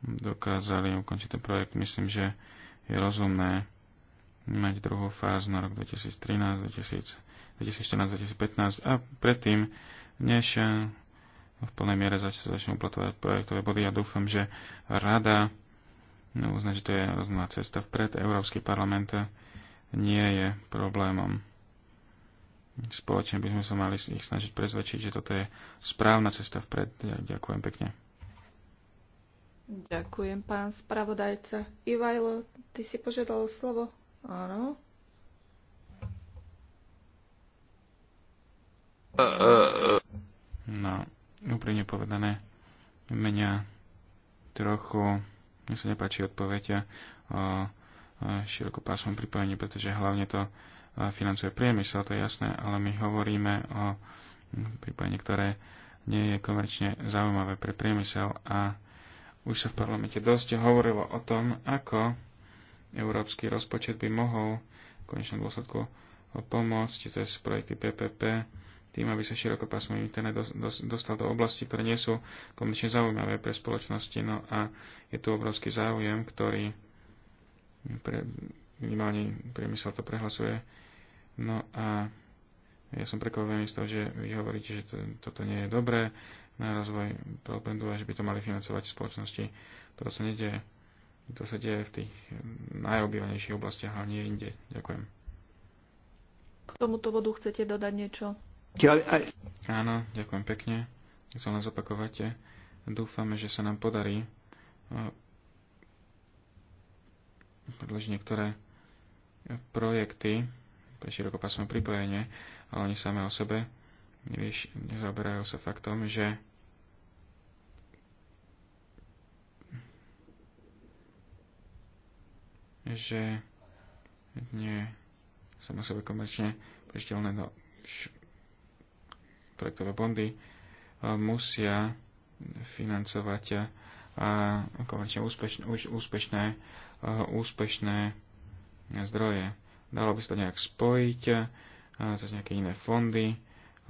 dokázali ukončiť ten projekt. Myslím, že je rozumné mať druhú fázu na rok 2013, 2014, 2015 a predtým, než v plnej miere zač- začne uplatovať projektové body. Ja dúfam, že rada no, uzna, že to je rozumná cesta vpred. Európsky parlament nie je problémom. Spoločne by sme sa mali ich snažiť presvedčiť, že toto je správna cesta vpred. Ja ďakujem pekne. Ďakujem, pán spravodajca. Ivajlo, ty si požiadal slovo? Áno. Uh, uh, uh. No, úprimne povedané, mňa trochu, mi sa nepáči odpoveď o širokopásmom pripojení, pretože hlavne to financuje priemysel, to je jasné, ale my hovoríme o pripojení, ktoré nie je komerčne zaujímavé pre priemysel a už sa v parlamente dosť hovorilo o tom, ako európsky rozpočet by mohol v konečnom dôsledku pomôcť cez projekty PPP, tým, aby sa širokopásmový internet dostal do oblasti, ktoré nie sú komerčne zaujímavé pre spoločnosti. No a je tu obrovský záujem, ktorý pre, minimálne priemysel to prehlasuje. No a ja som prekvapený z toho, že vy hovoríte, že to, toto nie je dobré na rozvoj problému, a že by to mali financovať spoločnosti. To sa nedieje. To sa deje v tých najobývanejších oblastiach, ale nie inde. Ďakujem. K tomuto bodu chcete dodať niečo? Áno, ďakujem pekne. sa len zopakovate, Dúfame, že sa nám podarí e, predložiť niektoré projekty pre širokopásmové pripojenie, ale oni samé o sebe nezaoberajú sa faktom, že že nie samo sebe komerčne prišteľné do projektové bondy e, musia financovať e, komerčne úspešné, úspešné, úspešné zdroje. Dalo by sa to nejak spojiť e, cez nejaké iné fondy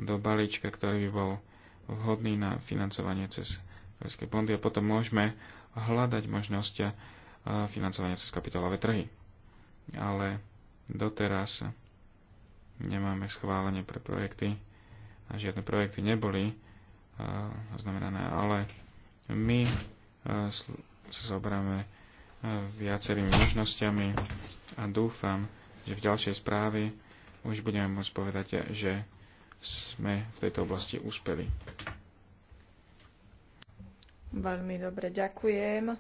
do balíčka, ktorý by bol vhodný na financovanie cez európske bondy a potom môžeme hľadať možnosť financovania cez kapitálové trhy. Ale doteraz nemáme schválenie pre projekty a žiadne projekty neboli eh, znamenané, ale my eh, sa zoberáme eh, viacerými možnosťami a dúfam, že v ďalšej správy už budeme môcť povedať, že sme v tejto oblasti úspeli. Veľmi dobre, ďakujem.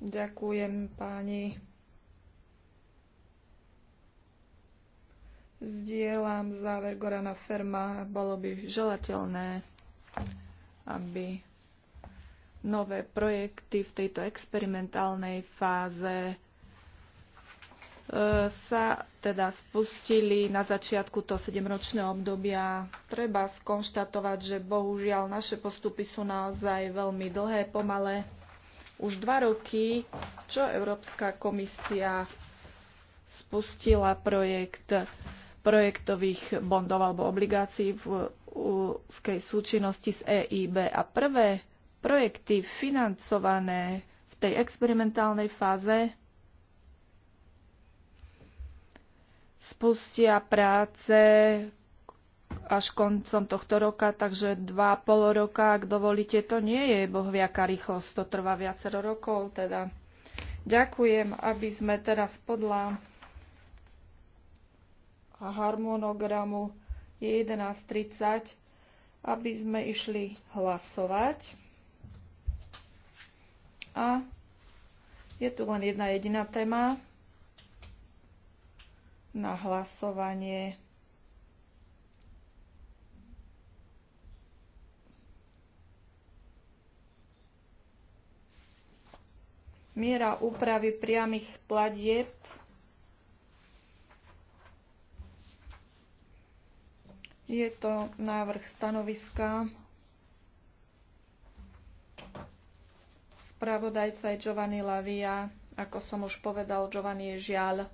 Ďakujem páni Zdieľam záver Gorana Ferma. Bolo by želateľné, aby nové projekty v tejto experimentálnej fáze e, sa teda spustili na začiatku toho 7 obdobia. Treba skonštatovať, že bohužiaľ naše postupy sú naozaj veľmi dlhé, pomalé. Už dva roky, čo Európska komisia spustila projekt projektových bondov alebo obligácií v úzkej súčinnosti s EIB. A prvé projekty financované v tej experimentálnej fáze spustia práce až koncom tohto roka, takže dva pol roka, ak dovolíte, to nie je bohviaká rýchlosť, to trvá viacero rokov. Teda. Ďakujem, aby sme teraz podľa a harmonogramu je 11.30, aby sme išli hlasovať. A je tu len jedna jediná téma na hlasovanie. Miera úpravy priamých platieb Je to návrh stanoviska. Spravodajca je Giovanni Lavia. Ako som už povedal, Giovanni je žiaľ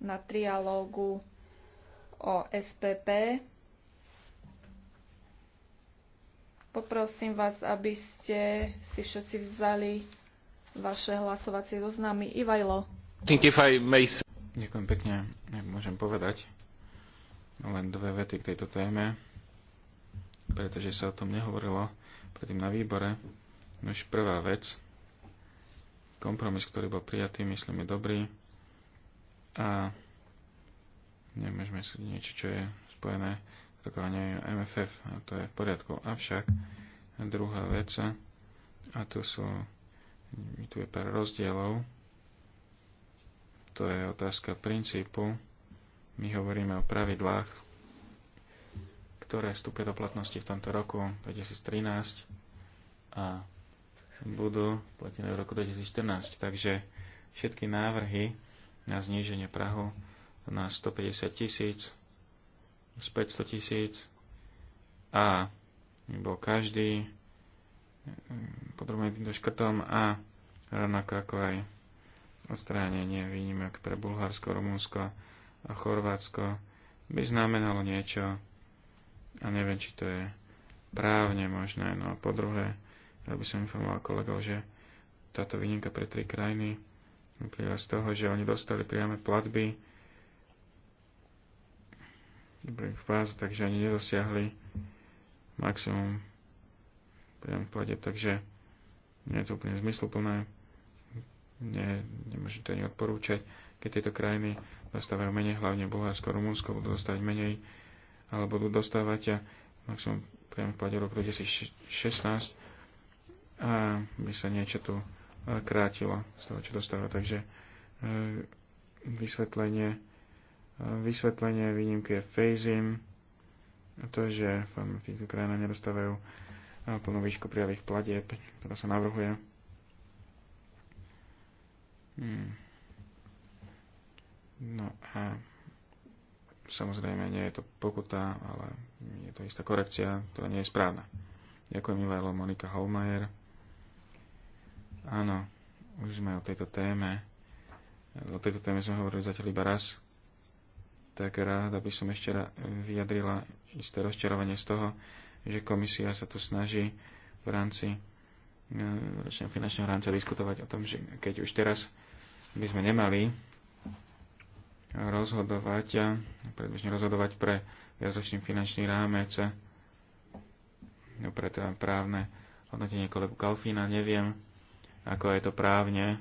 na trialógu o SPP. Poprosím vás, aby ste si všetci vzali vaše hlasovacie zoznamy. Ivajlo. Think if I may Ďakujem pekne. ak môžem povedať len dve vety k tejto téme, pretože sa o tom nehovorilo predtým na výbore. Už prvá vec, kompromis, ktorý bol prijatý, myslím, je dobrý a nemôžeme si niečo, čo je spojené s rokovaním MFF a to je v poriadku. Avšak druhá vec, a tu sú, tu je pár rozdielov, to je otázka princípu. My hovoríme o pravidlách, ktoré vstúpia do platnosti v tomto roku 2013 a budú platené v roku 2014. Takže všetky návrhy na zníženie Prahu na 150 tisíc, z 500 tisíc a bol každý mm, podrobne týmto škrtom a rovnako ako aj odstránenie výnimok pre Bulharsko, Rumunsko a Chorvátsko by znamenalo niečo a neviem, či to je právne možné. No a po druhé, ja by som informoval kolegov, že táto výnimka pre tri krajiny vyplýva z toho, že oni dostali priame platby v fáz, takže ani nedosiahli maximum priamých platieb, takže nie je to úplne zmysluplné ne, nemôžem to ani odporúčať, keď tieto krajiny dostávajú menej, hlavne Bulharsko, Rumunsko budú dostávať menej, alebo budú dostávať maximum priamo v plate roku 2016 a by sa niečo tu e, krátilo z toho, čo dostáva. Takže e, vysvetlenie, e, vysvetlenie výnimky je phasing, to, že v týchto krajinách nedostávajú plnú výšku prijavých platieb, ktorá sa navrhuje Hmm. No a samozrejme nie je to pokuta, ale je to istá korekcia, ktorá nie je správna. Ďakujem Ivajlo Monika Holmajer. Áno, už sme o tejto téme, o tejto téme sme hovorili zatiaľ iba raz, tak rád, aby som ešte vyjadrila isté rozčarovanie z toho, že komisia sa tu snaží v rámci ročného e, finančného rámca diskutovať o tom, že keď už teraz by sme nemali rozhodovať a e, predbežne rozhodovať pre viacročný finančný rámec e, no pre to právne hodnotenie kolegu Kalfína, neviem, ako je to právne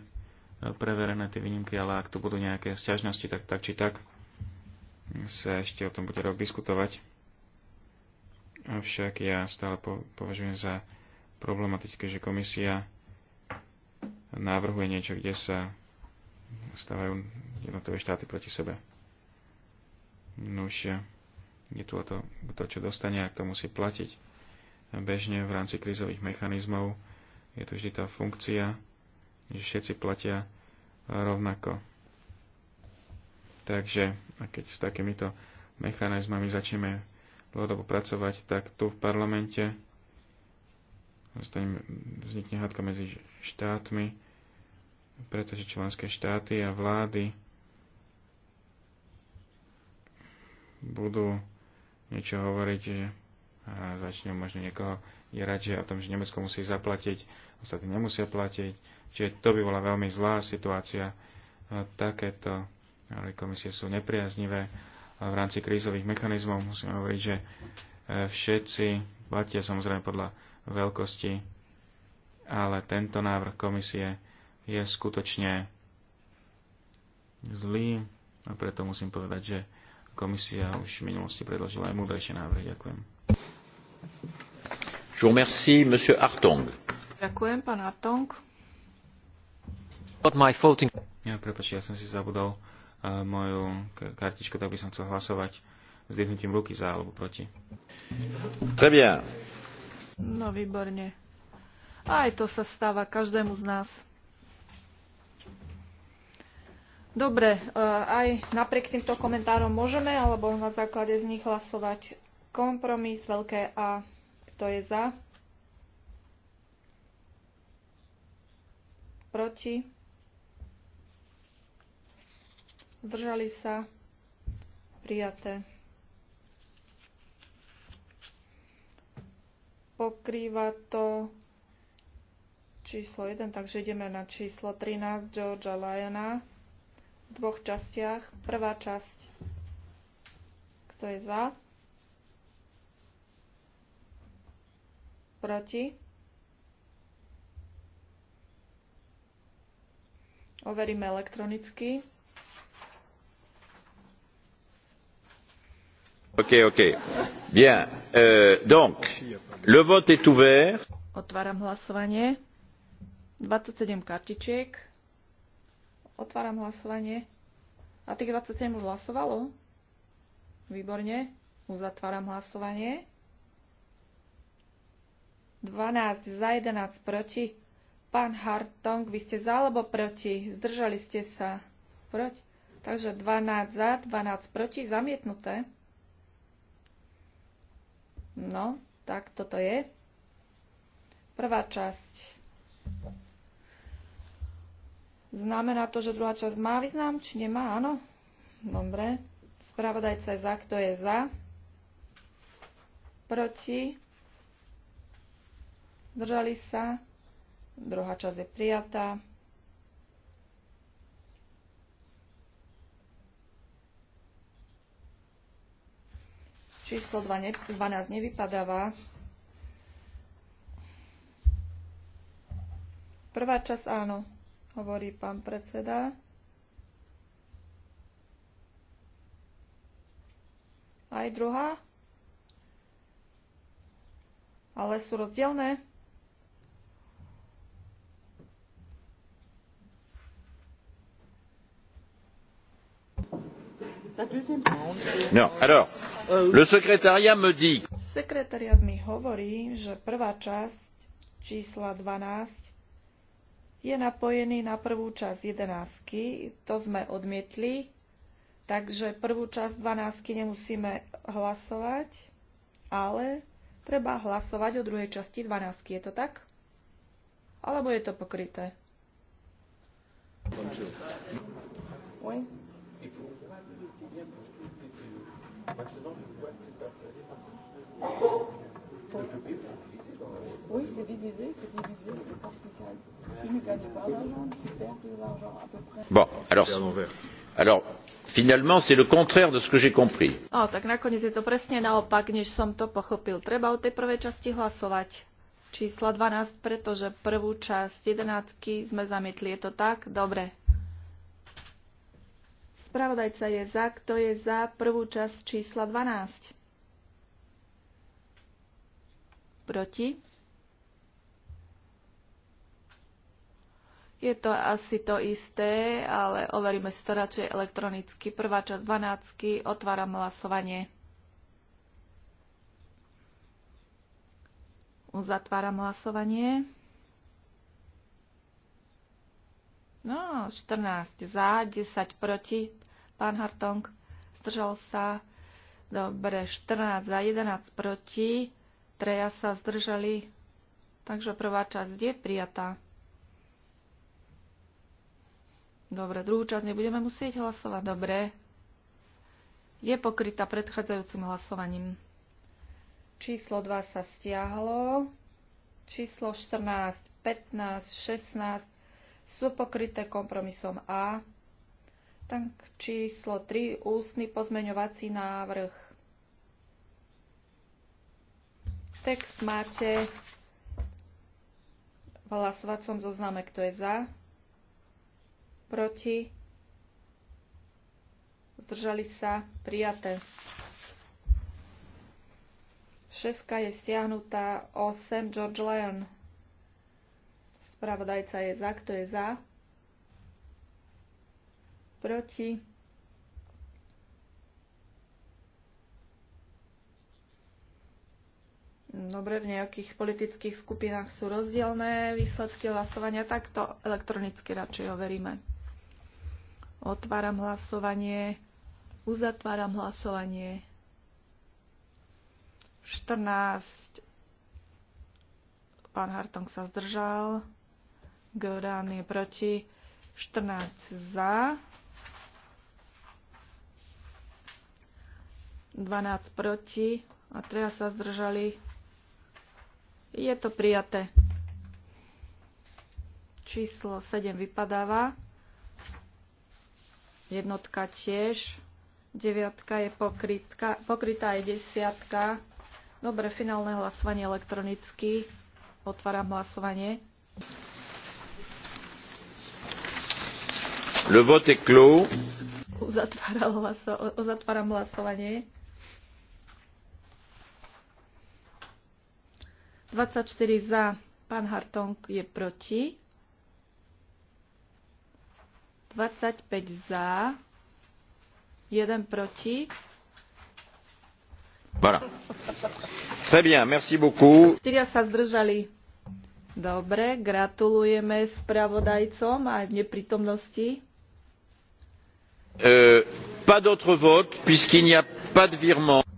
preverené tie výnimky, ale ak tu budú nejaké sťažnosti, tak tak či tak sa ešte o tom bude rok diskutovať. Avšak ja stále považujem za problematické, že komisia návrhuje niečo, kde sa stávajú jednotlivé štáty proti sebe. už je tu o to, to, čo dostane a to musí platiť. Bežne v rámci krízových mechanizmov je to vždy tá funkcia, že všetci platia rovnako. Takže, a keď s takýmito mechanizmami začneme dlhodobo pracovať, tak tu v parlamente Zostane, vznikne hádka medzi štátmi, pretože členské štáty a vlády budú niečo hovoriť, že a začne možno niekoho jerať, že o tom, že Nemecko musí zaplatiť, ostatní nemusia platiť, čiže to by bola veľmi zlá situácia. Takéto ale komisie sú nepriaznivé v rámci krízových mechanizmov. Musíme hovoriť, že e, všetci platia samozrejme podľa veľkosti. Ale tento návrh komisie je skutočne zlý a preto musím povedať, že komisia už v minulosti predložila aj múdrejšie návrhy. Ďakujem. Je vous remercie, monsieur Ďakujem, pán Hartong. Ja, prepáč, ja som si zabudol uh, moju kartičku, tak by som chcel hlasovať s dýchnutím ruky za alebo proti. Très bien. No výborne. Aj to sa stáva každému z nás. Dobre, e, aj napriek týmto komentárom môžeme, alebo na základe z nich hlasovať kompromis veľké A. Kto je za? Proti? Zdržali sa? Prijaté. Pokrýva to číslo 1, takže ideme na číslo 13 Georgia Lyona v dvoch častiach. Prvá časť, kto je za, proti, overíme elektronicky. Euh, Otváram hlasovanie. 27 kartičiek. Otváram hlasovanie. A tých 27 už hlasovalo? Výborne. Uzatváram hlasovanie. 12 za 11 proti. Pán Hartong, vy ste za alebo proti? Zdržali ste sa? Proti? Takže 12 za, 12 proti, zamietnuté. No, tak toto je. Prvá časť. Znamená to, že druhá časť má význam, či nemá? Áno? Dobre. Spravodajca je za, kto je za? Proti? držali sa? Druhá časť je prijatá. Číslo 12 nevypadáva. Prvá časť áno, hovorí pán predseda. Aj druhá? Ale sú rozdielne? No, alors, euh, le secrétariat me dit... Sekretariat mi hovorí, že prvá časť čísla 12 je napojený na prvú časť 11. To sme odmietli, takže prvú časť 12 nemusíme hlasovať, ale treba hlasovať o druhej časti 12. Je to tak? Alebo je to pokryté? Oui. Maintenant, je vois que c'est partagé par divisé Oui, c'est divisé, c'est divisé. C'est compliqué. pas l'argent, de l'argent à peu près. Bon, alors, alors finalement, c'est le contraire de ce que j'ai compris. O, tak nakoniec je to presne naopak, než som to pochopil. Treba o tej prvej časti hlasovať čísla 12, pretože prvú časť jedenátky sme zamietli. Je to tak? Dobre. Spravodajca je za, kto je za prvú časť čísla 12. Proti? Je to asi to isté, ale overíme si to radšej elektronicky. Prvá časť 12. Otváram hlasovanie. Uzatváram hlasovanie. No, 14 za, 10 proti, Pán Hartong zdržal sa. Dobre, 14 za 11 proti. Treja sa zdržali. Takže prvá časť je prijatá. Dobre, druhú časť nebudeme musieť hlasovať. Dobre. Je pokrytá predchádzajúcim hlasovaním. Číslo 2 sa stiahlo. Číslo 14, 15, 16 sú pokryté kompromisom A. Tank číslo 3, ústny pozmeňovací návrh. Text máte v hlasovacom zozname, kto je za, proti, zdržali sa, prijaté. Šeska je stiahnutá, 8 George Lyon. Spravodajca je za, kto je za, proti, Dobre, v nejakých politických skupinách sú rozdielne výsledky hlasovania, tak to elektronicky radšej overíme. Otváram hlasovanie, uzatváram hlasovanie. 14. Pán Hartong sa zdržal. Gordán je proti. 14 za. 12 proti a 3 sa zdržali. Je to prijaté. Číslo 7 vypadáva. Jednotka tiež. Deviatka je pokrytka, pokrytá je desiatka. Dobre, finálne hlasovanie elektronicky. Otváram hlasovanie. Le vote est clos. Uzatváram, hlaso- uzatváram hlasovanie. 24 za, pán Hartong je proti. 25 za, 1 proti. Voilà. Très bien, merci beaucoup. Štyria sa zdržali. Dobre, gratulujeme spravodajcom aj v neprítomnosti. Euh,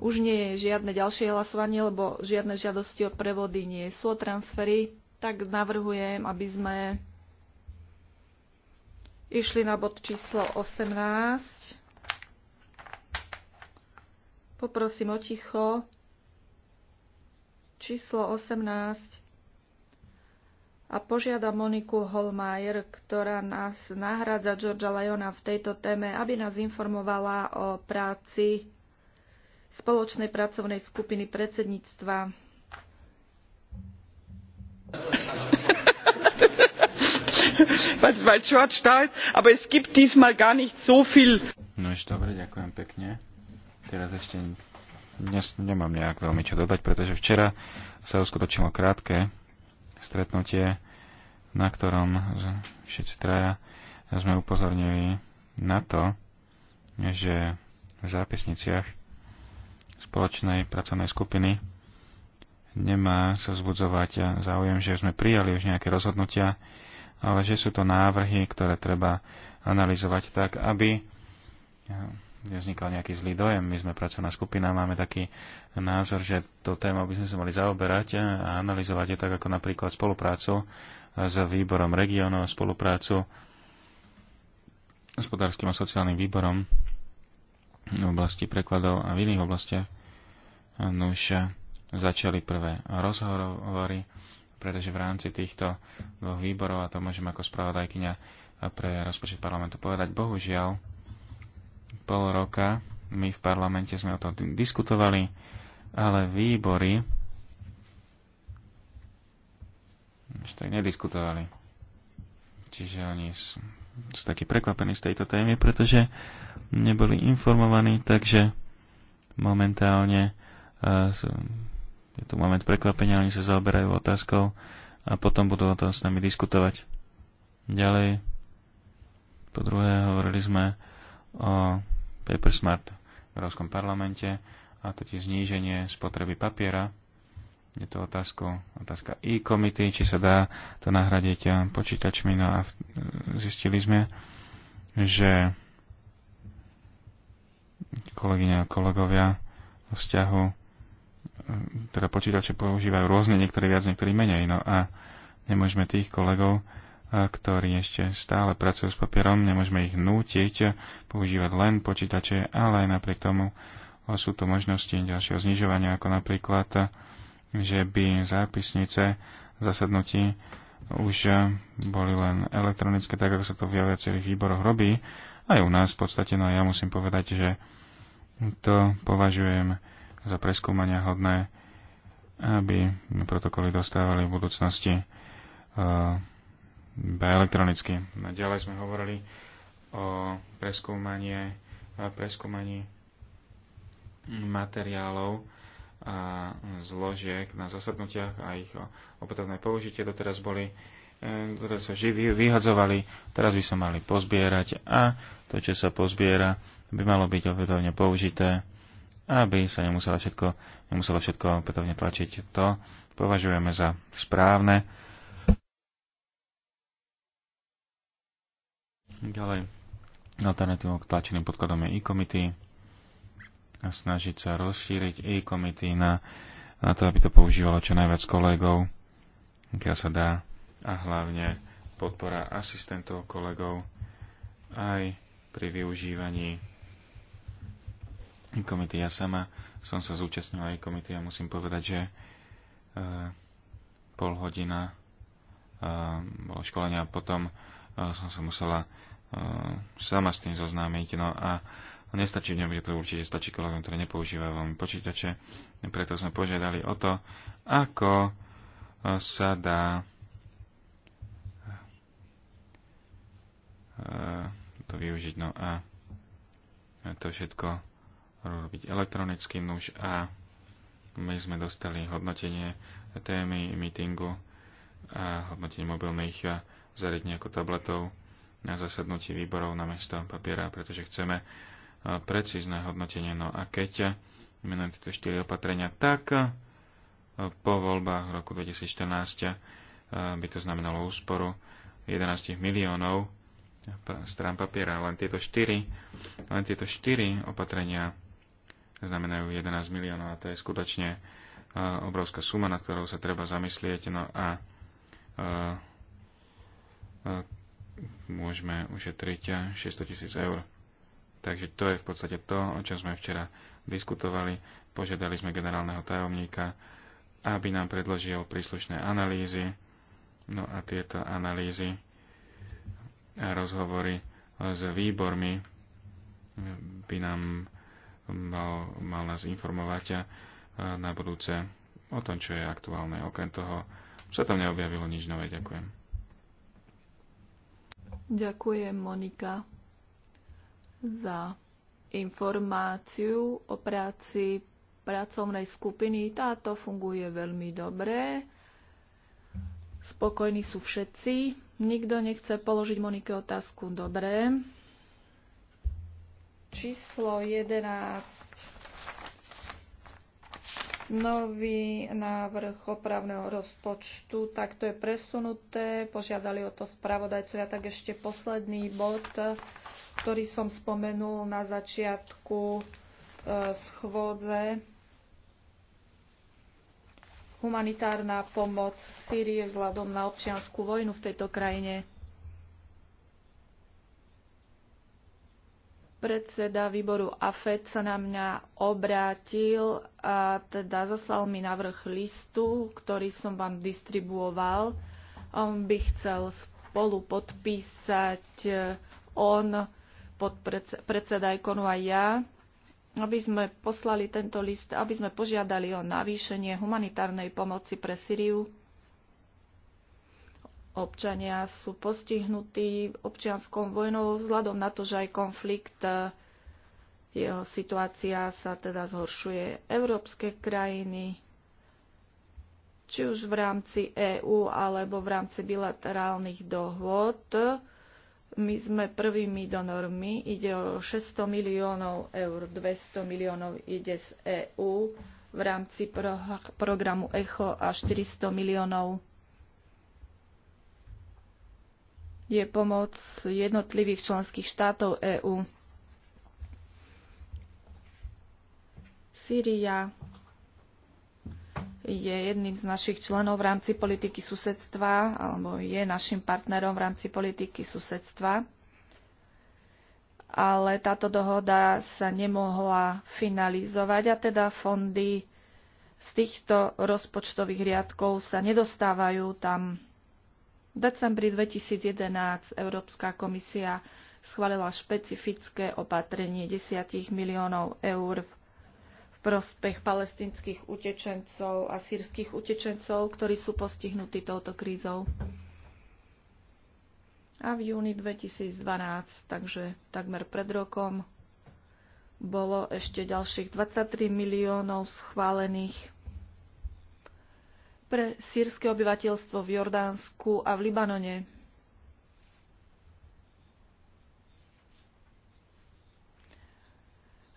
Už nie je žiadne ďalšie hlasovanie, lebo žiadne žiadosti o prevody nie sú o transfery, tak navrhujem, aby sme išli na bod číslo 18. Poprosím o ticho. Číslo 18 a požiada Moniku Holmajer, ktorá nás nahrádza Georgia Lyona v tejto téme, aby nás informovala o práci spoločnej pracovnej skupiny predsedníctva. weil George da ist, aber es gibt diesmal gar nicht so viel. No ešte dobre, ďakujem pekne. Teraz ešte dnes nemám nejak veľmi čo dodať, pretože včera sa uskutočilo krátke stretnutie, na ktorom všetci traja sme upozornili na to, že v zápisniciach spoločnej pracovnej skupiny nemá sa vzbudzovať záujem, že sme prijali už nejaké rozhodnutia, ale že sú to návrhy, ktoré treba analyzovať tak, aby nevznikal nejaký zlý dojem. My sme pracovná skupina, máme taký názor, že to téma by sme sa mali zaoberať a analyzovať je tak ako napríklad spoluprácu s výborom regionov, spoluprácu s hospodárskym a sociálnym výborom v oblasti prekladov a v iných oblastiach. No už začali prvé rozhovory, pretože v rámci týchto dvoch výborov, a to môžem ako spravodajkyňa pre rozpočet parlamentu povedať, bohužiaľ, pol roka my v parlamente sme o tom diskutovali, ale výbory ešte tak nediskutovali. Čiže oni sú, sú takí prekvapení z tejto témy, pretože neboli informovaní, takže momentálne e, je tu moment prekvapenia, oni sa zaoberajú otázkou a potom budú o tom s nami diskutovať. Ďalej, po druhé, hovorili sme o Paper Smart v Európskom parlamente a totiž zníženie spotreby papiera. Je to otázka, otázka e-komity, či sa dá to nahradiť počítačmi. No a zistili sme, že kolegyne a kolegovia vo vzťahu e, teda počítače používajú rôzne, niektorí viac, niektorí menej. No a nemôžeme tých kolegov, ktorí ešte stále pracujú s papierom, nemôžeme ich nútiť používať len počítače, ale aj napriek tomu sú tu možnosti ďalšieho znižovania, ako napríklad, že by zápisnice zasadnutí už boli len elektronické, tak ako sa to v viacerých výboroch robí. Aj u nás v podstate, no a ja musím povedať, že to považujem za preskúmania hodné, aby protokoly dostávali v budúcnosti eh, iba elektronicky. A no, ďalej sme hovorili o preskúmanie, preskúmaní materiálov a zložiek na zasadnutiach a ich opätovné použitie doteraz boli ktoré e, sa živí, vyhadzovali, teraz by sa mali pozbierať a to, čo sa pozbiera, by malo byť opätovne použité, aby sa nemuselo všetko, nemuselo všetko opätovne tlačiť. To považujeme za správne Ďalej, alternatívou k tlačeným podkladom je e-committee a snažiť sa rozšíriť e-committee na, na to, aby to používalo čo najviac kolegov, keď sa dá, a hlavne podpora asistentov kolegov aj pri využívaní e-committee. Ja sama som sa zúčastnila e-committee a musím povedať, že e, pol hodina e, bolo školenia a potom eh, som sa musela sama s tým zoznámiť. No a nestačí, že to určite stačí kolegom, ktoré nepoužíva veľmi počítače, preto sme požiadali o to, ako sa dá to využiť. No a to všetko robiť elektronicky nuž a my sme dostali hodnotenie témy meetingu a hodnotenie mobilných zariadení ako tabletov na zasadnutí výborov na mesto papiera, pretože chceme e, precízne hodnotenie. No a keď menujem tieto štyri opatrenia, tak e, po voľbách roku 2014 e, by to znamenalo úsporu 11 miliónov strán papiera. Len tieto štyri, len tieto štyri opatrenia znamenajú 11 miliónov a to je skutočne obrovská suma, nad ktorou sa treba zamyslieť. No a môžeme ušetriť 600 tisíc eur. Takže to je v podstate to, o čom sme včera diskutovali. Požiadali sme generálneho tajomníka, aby nám predložil príslušné analýzy. No a tieto analýzy a rozhovory s výbormi by nám mal, mal nás informovať eh, na budúce o tom, čo je aktuálne. Okrem toho sa tam neobjavilo nič nové. Ďakujem. Ďakujem, Monika, za informáciu o práci pracovnej skupiny. Táto funguje veľmi dobre. Spokojní sú všetci. Nikto nechce položiť Monike otázku. Dobre. Číslo 11 nový návrh opravného rozpočtu, tak to je presunuté. Požiadali o to spravodajcovia. Tak ešte posledný bod, ktorý som spomenul na začiatku e, schôdze. Humanitárna pomoc Sýrie vzhľadom na občianskú vojnu v tejto krajine. Predseda výboru AFED sa na mňa obrátil a teda zaslal mi navrh listu, ktorý som vám distribuoval. On by chcel spolu podpísať eh, on, podpredseda ikonu a ja, aby sme poslali tento list, aby sme požiadali o navýšenie humanitárnej pomoci pre Syriu občania sú postihnutí občianskou vojnou vzhľadom na to, že aj konflikt, e, jeho situácia sa teda zhoršuje. Európske krajiny, či už v rámci EÚ alebo v rámci bilaterálnych dohôd, my sme prvými donormi, ide o 600 miliónov eur, 200 miliónov ide z EÚ v rámci pro, programu ECHO a 400 miliónov je pomoc jednotlivých členských štátov EÚ. Sýria je jedným z našich členov v rámci politiky susedstva, alebo je našim partnerom v rámci politiky susedstva. Ale táto dohoda sa nemohla finalizovať a teda fondy z týchto rozpočtových riadkov sa nedostávajú tam v decembri 2011 Európska komisia schválila špecifické opatrenie 10 miliónov eur v prospech palestinských utečencov a sírskych utečencov, ktorí sú postihnutí touto krízou. A v júni 2012, takže takmer pred rokom, bolo ešte ďalších 23 miliónov schválených pre sírske obyvateľstvo v Jordánsku a v Libanone.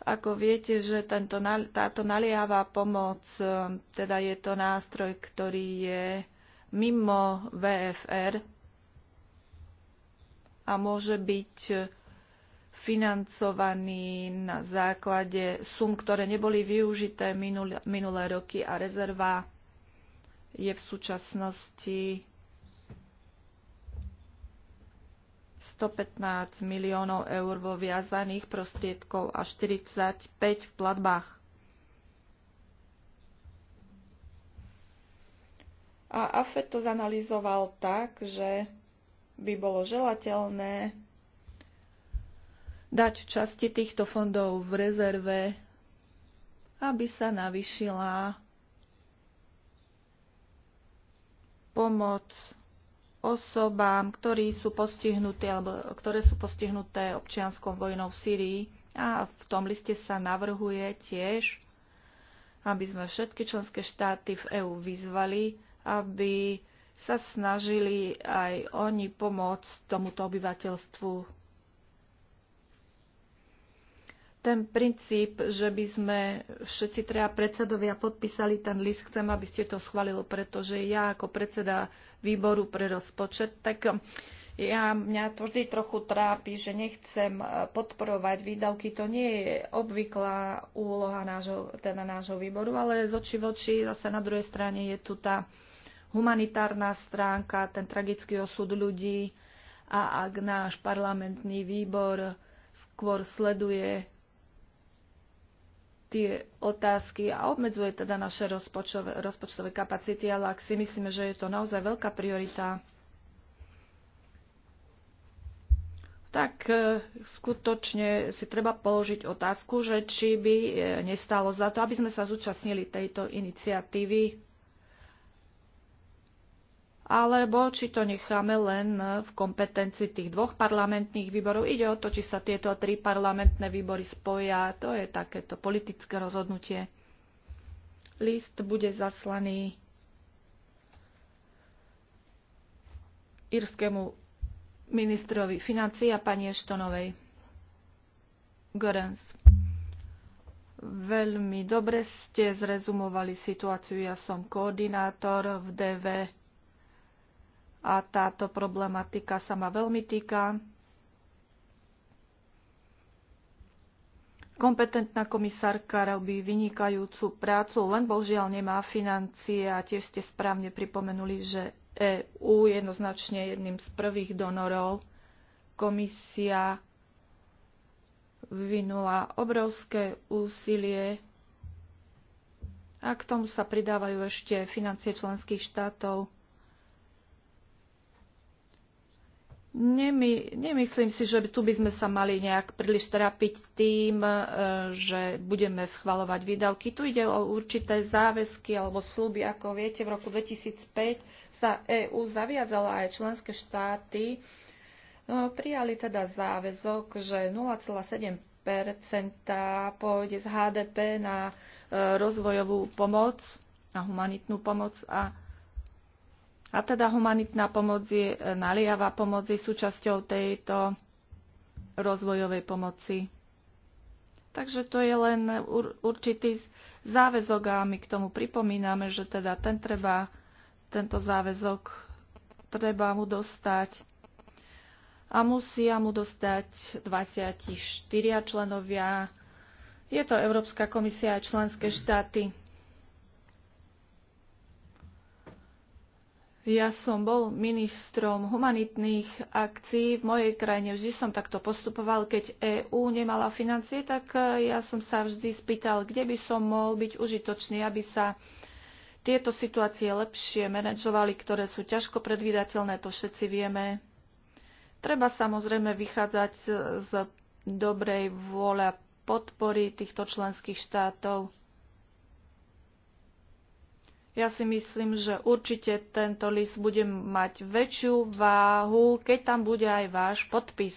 Ako viete, že tento, táto naliehavá pomoc, teda je to nástroj, ktorý je mimo VFR a môže byť financovaný na základe sum, ktoré neboli využité minulé roky a rezerva je v súčasnosti 115 miliónov eur vo viazaných prostriedkov a 45 v platbách. A AFED to zanalizoval tak, že by bolo želateľné dať časti týchto fondov v rezerve, aby sa navyšila pomoc osobám, ktorí sú postihnutí, alebo ktoré sú postihnuté občianskou vojnou v Syrii. A v tom liste sa navrhuje tiež, aby sme všetky členské štáty v EÚ vyzvali, aby sa snažili aj oni pomôcť tomuto obyvateľstvu ten princíp, že by sme všetci treba predsedovia podpísali ten list, chcem, aby ste to schválili, pretože ja ako predseda výboru pre rozpočet, tak um, ja, mňa to vždy trochu trápi, že nechcem uh, podporovať výdavky. To nie je obvyklá úloha nášho, teda nášho výboru, ale z oči v oči zase na druhej strane je tu tá humanitárna stránka, ten tragický osud ľudí a ak náš parlamentný výbor skôr sleduje tie otázky a obmedzuje teda naše rozpočtové, rozpočtové kapacity, ale ak si myslíme, že je to naozaj veľká priorita, tak e, skutočne si treba položiť otázku, že či by e, nestalo za to, aby sme sa zúčastnili tejto iniciatívy alebo či to necháme len v kompetencii tých dvoch parlamentných výborov. Ide o to, či sa tieto tri parlamentné výbory spoja. To je takéto politické rozhodnutie. List bude zaslaný írskému ministrovi financií a pani Eštonovej. Gorens. Veľmi dobre ste zrezumovali situáciu. Ja som koordinátor v DV a táto problematika sa ma veľmi týka. Kompetentná komisárka robí vynikajúcu prácu, len bohužiaľ nemá financie a tiež ste správne pripomenuli, že EU je jednoznačne jedným z prvých donorov. Komisia vyvinula obrovské úsilie a k tomu sa pridávajú ešte financie členských štátov. Nemy, nemyslím si, že tu by sme sa mali nejak príliš trápiť tým, e, že budeme schvalovať výdavky. Tu ide o určité záväzky alebo sluby. Ako viete, v roku 2005 sa EÚ zaviazala aj členské štáty. E, prijali teda záväzok, že 0,7 pôjde z HDP na e, rozvojovú pomoc, na humanitnú pomoc a a teda humanitná pomoc je, e, naliava pomoc je súčasťou tejto rozvojovej pomoci. Takže to je len určitý záväzok a my k tomu pripomíname, že teda ten treba, tento záväzok treba mu dostať a musia mu dostať 24 členovia. Je to Európska komisia a členské štáty. Ja som bol ministrom humanitných akcií v mojej krajine. Vždy som takto postupoval. Keď EÚ nemala financie, tak e, ja som sa vždy spýtal, kde by som mohol byť užitočný, aby sa tieto situácie lepšie manažovali, ktoré sú ťažko predvídateľné, to všetci vieme. Treba samozrejme vychádzať z dobrej vôle a podpory týchto členských štátov. Ja si myslím, že určite tento list bude mať väčšiu váhu, keď tam bude aj váš podpis.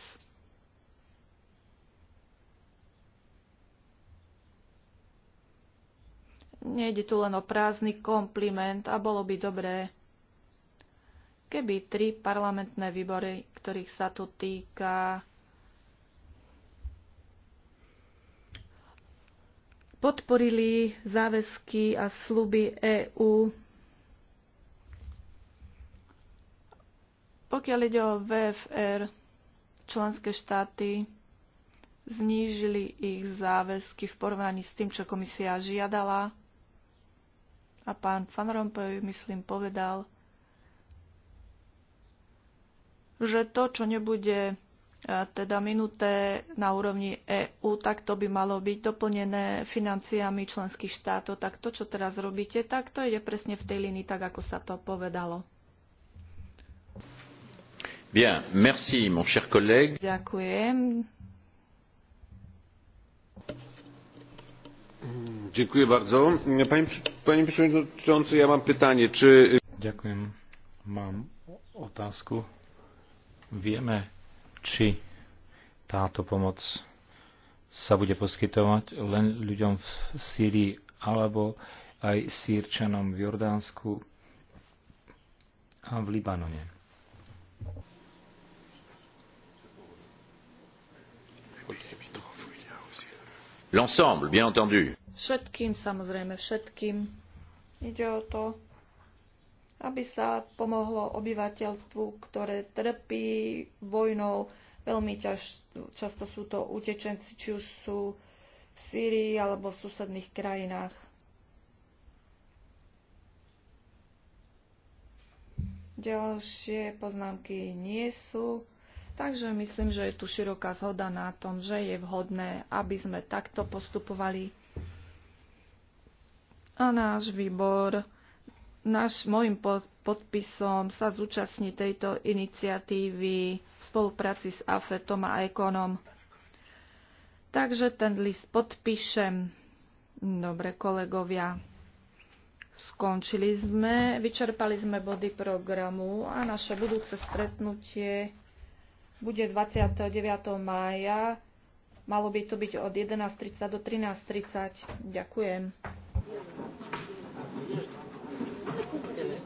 Nejde tu len o prázdny kompliment a bolo by dobré, keby tri parlamentné výbory, ktorých sa tu týka, podporili záväzky a sluby EÚ. Pokiaľ ide o VFR, členské štáty znížili ich záväzky v porovnaní s tým, čo komisia žiadala. A pán Van Rompuy, myslím, povedal, že to, čo nebude teda minuté na úrovni EÚ, tak to by malo byť doplnené financiami členských štátov. Tak to, čo teraz robíte, tak to ide presne v tej línii, tak ako sa to povedalo. Bien, merci, mon cher collègue. Ďakujem. Dziękuję bardzo. Panie, panie przewodniczący, ja mam pytanie, czy... Dziękuję. Mam otázku. Wiemy, či táto pomoc sa bude poskytovať len ľuďom v Sýrii alebo aj Sýrčanom v Jordánsku a v Libanone. L'ensemble, bien entendu. Všetkým, samozrejme, všetkým. Ide o to, aby sa pomohlo obyvateľstvu, ktoré trpí vojnou. Veľmi ťaž, často sú to utečenci, či už sú v Sýrii alebo v susedných krajinách. Ďalšie poznámky nie sú, takže myslím, že je tu široká zhoda na tom, že je vhodné, aby sme takto postupovali. A náš výbor Náš, môjim podpisom sa zúčastní tejto iniciatívy v spolupráci s AFETom a Ekonom. Takže ten list podpíšem. Dobre, kolegovia. Skončili sme, vyčerpali sme body programu a naše budúce stretnutie bude 29. mája. Malo by to byť od 11.30 do 13.30. Ďakujem.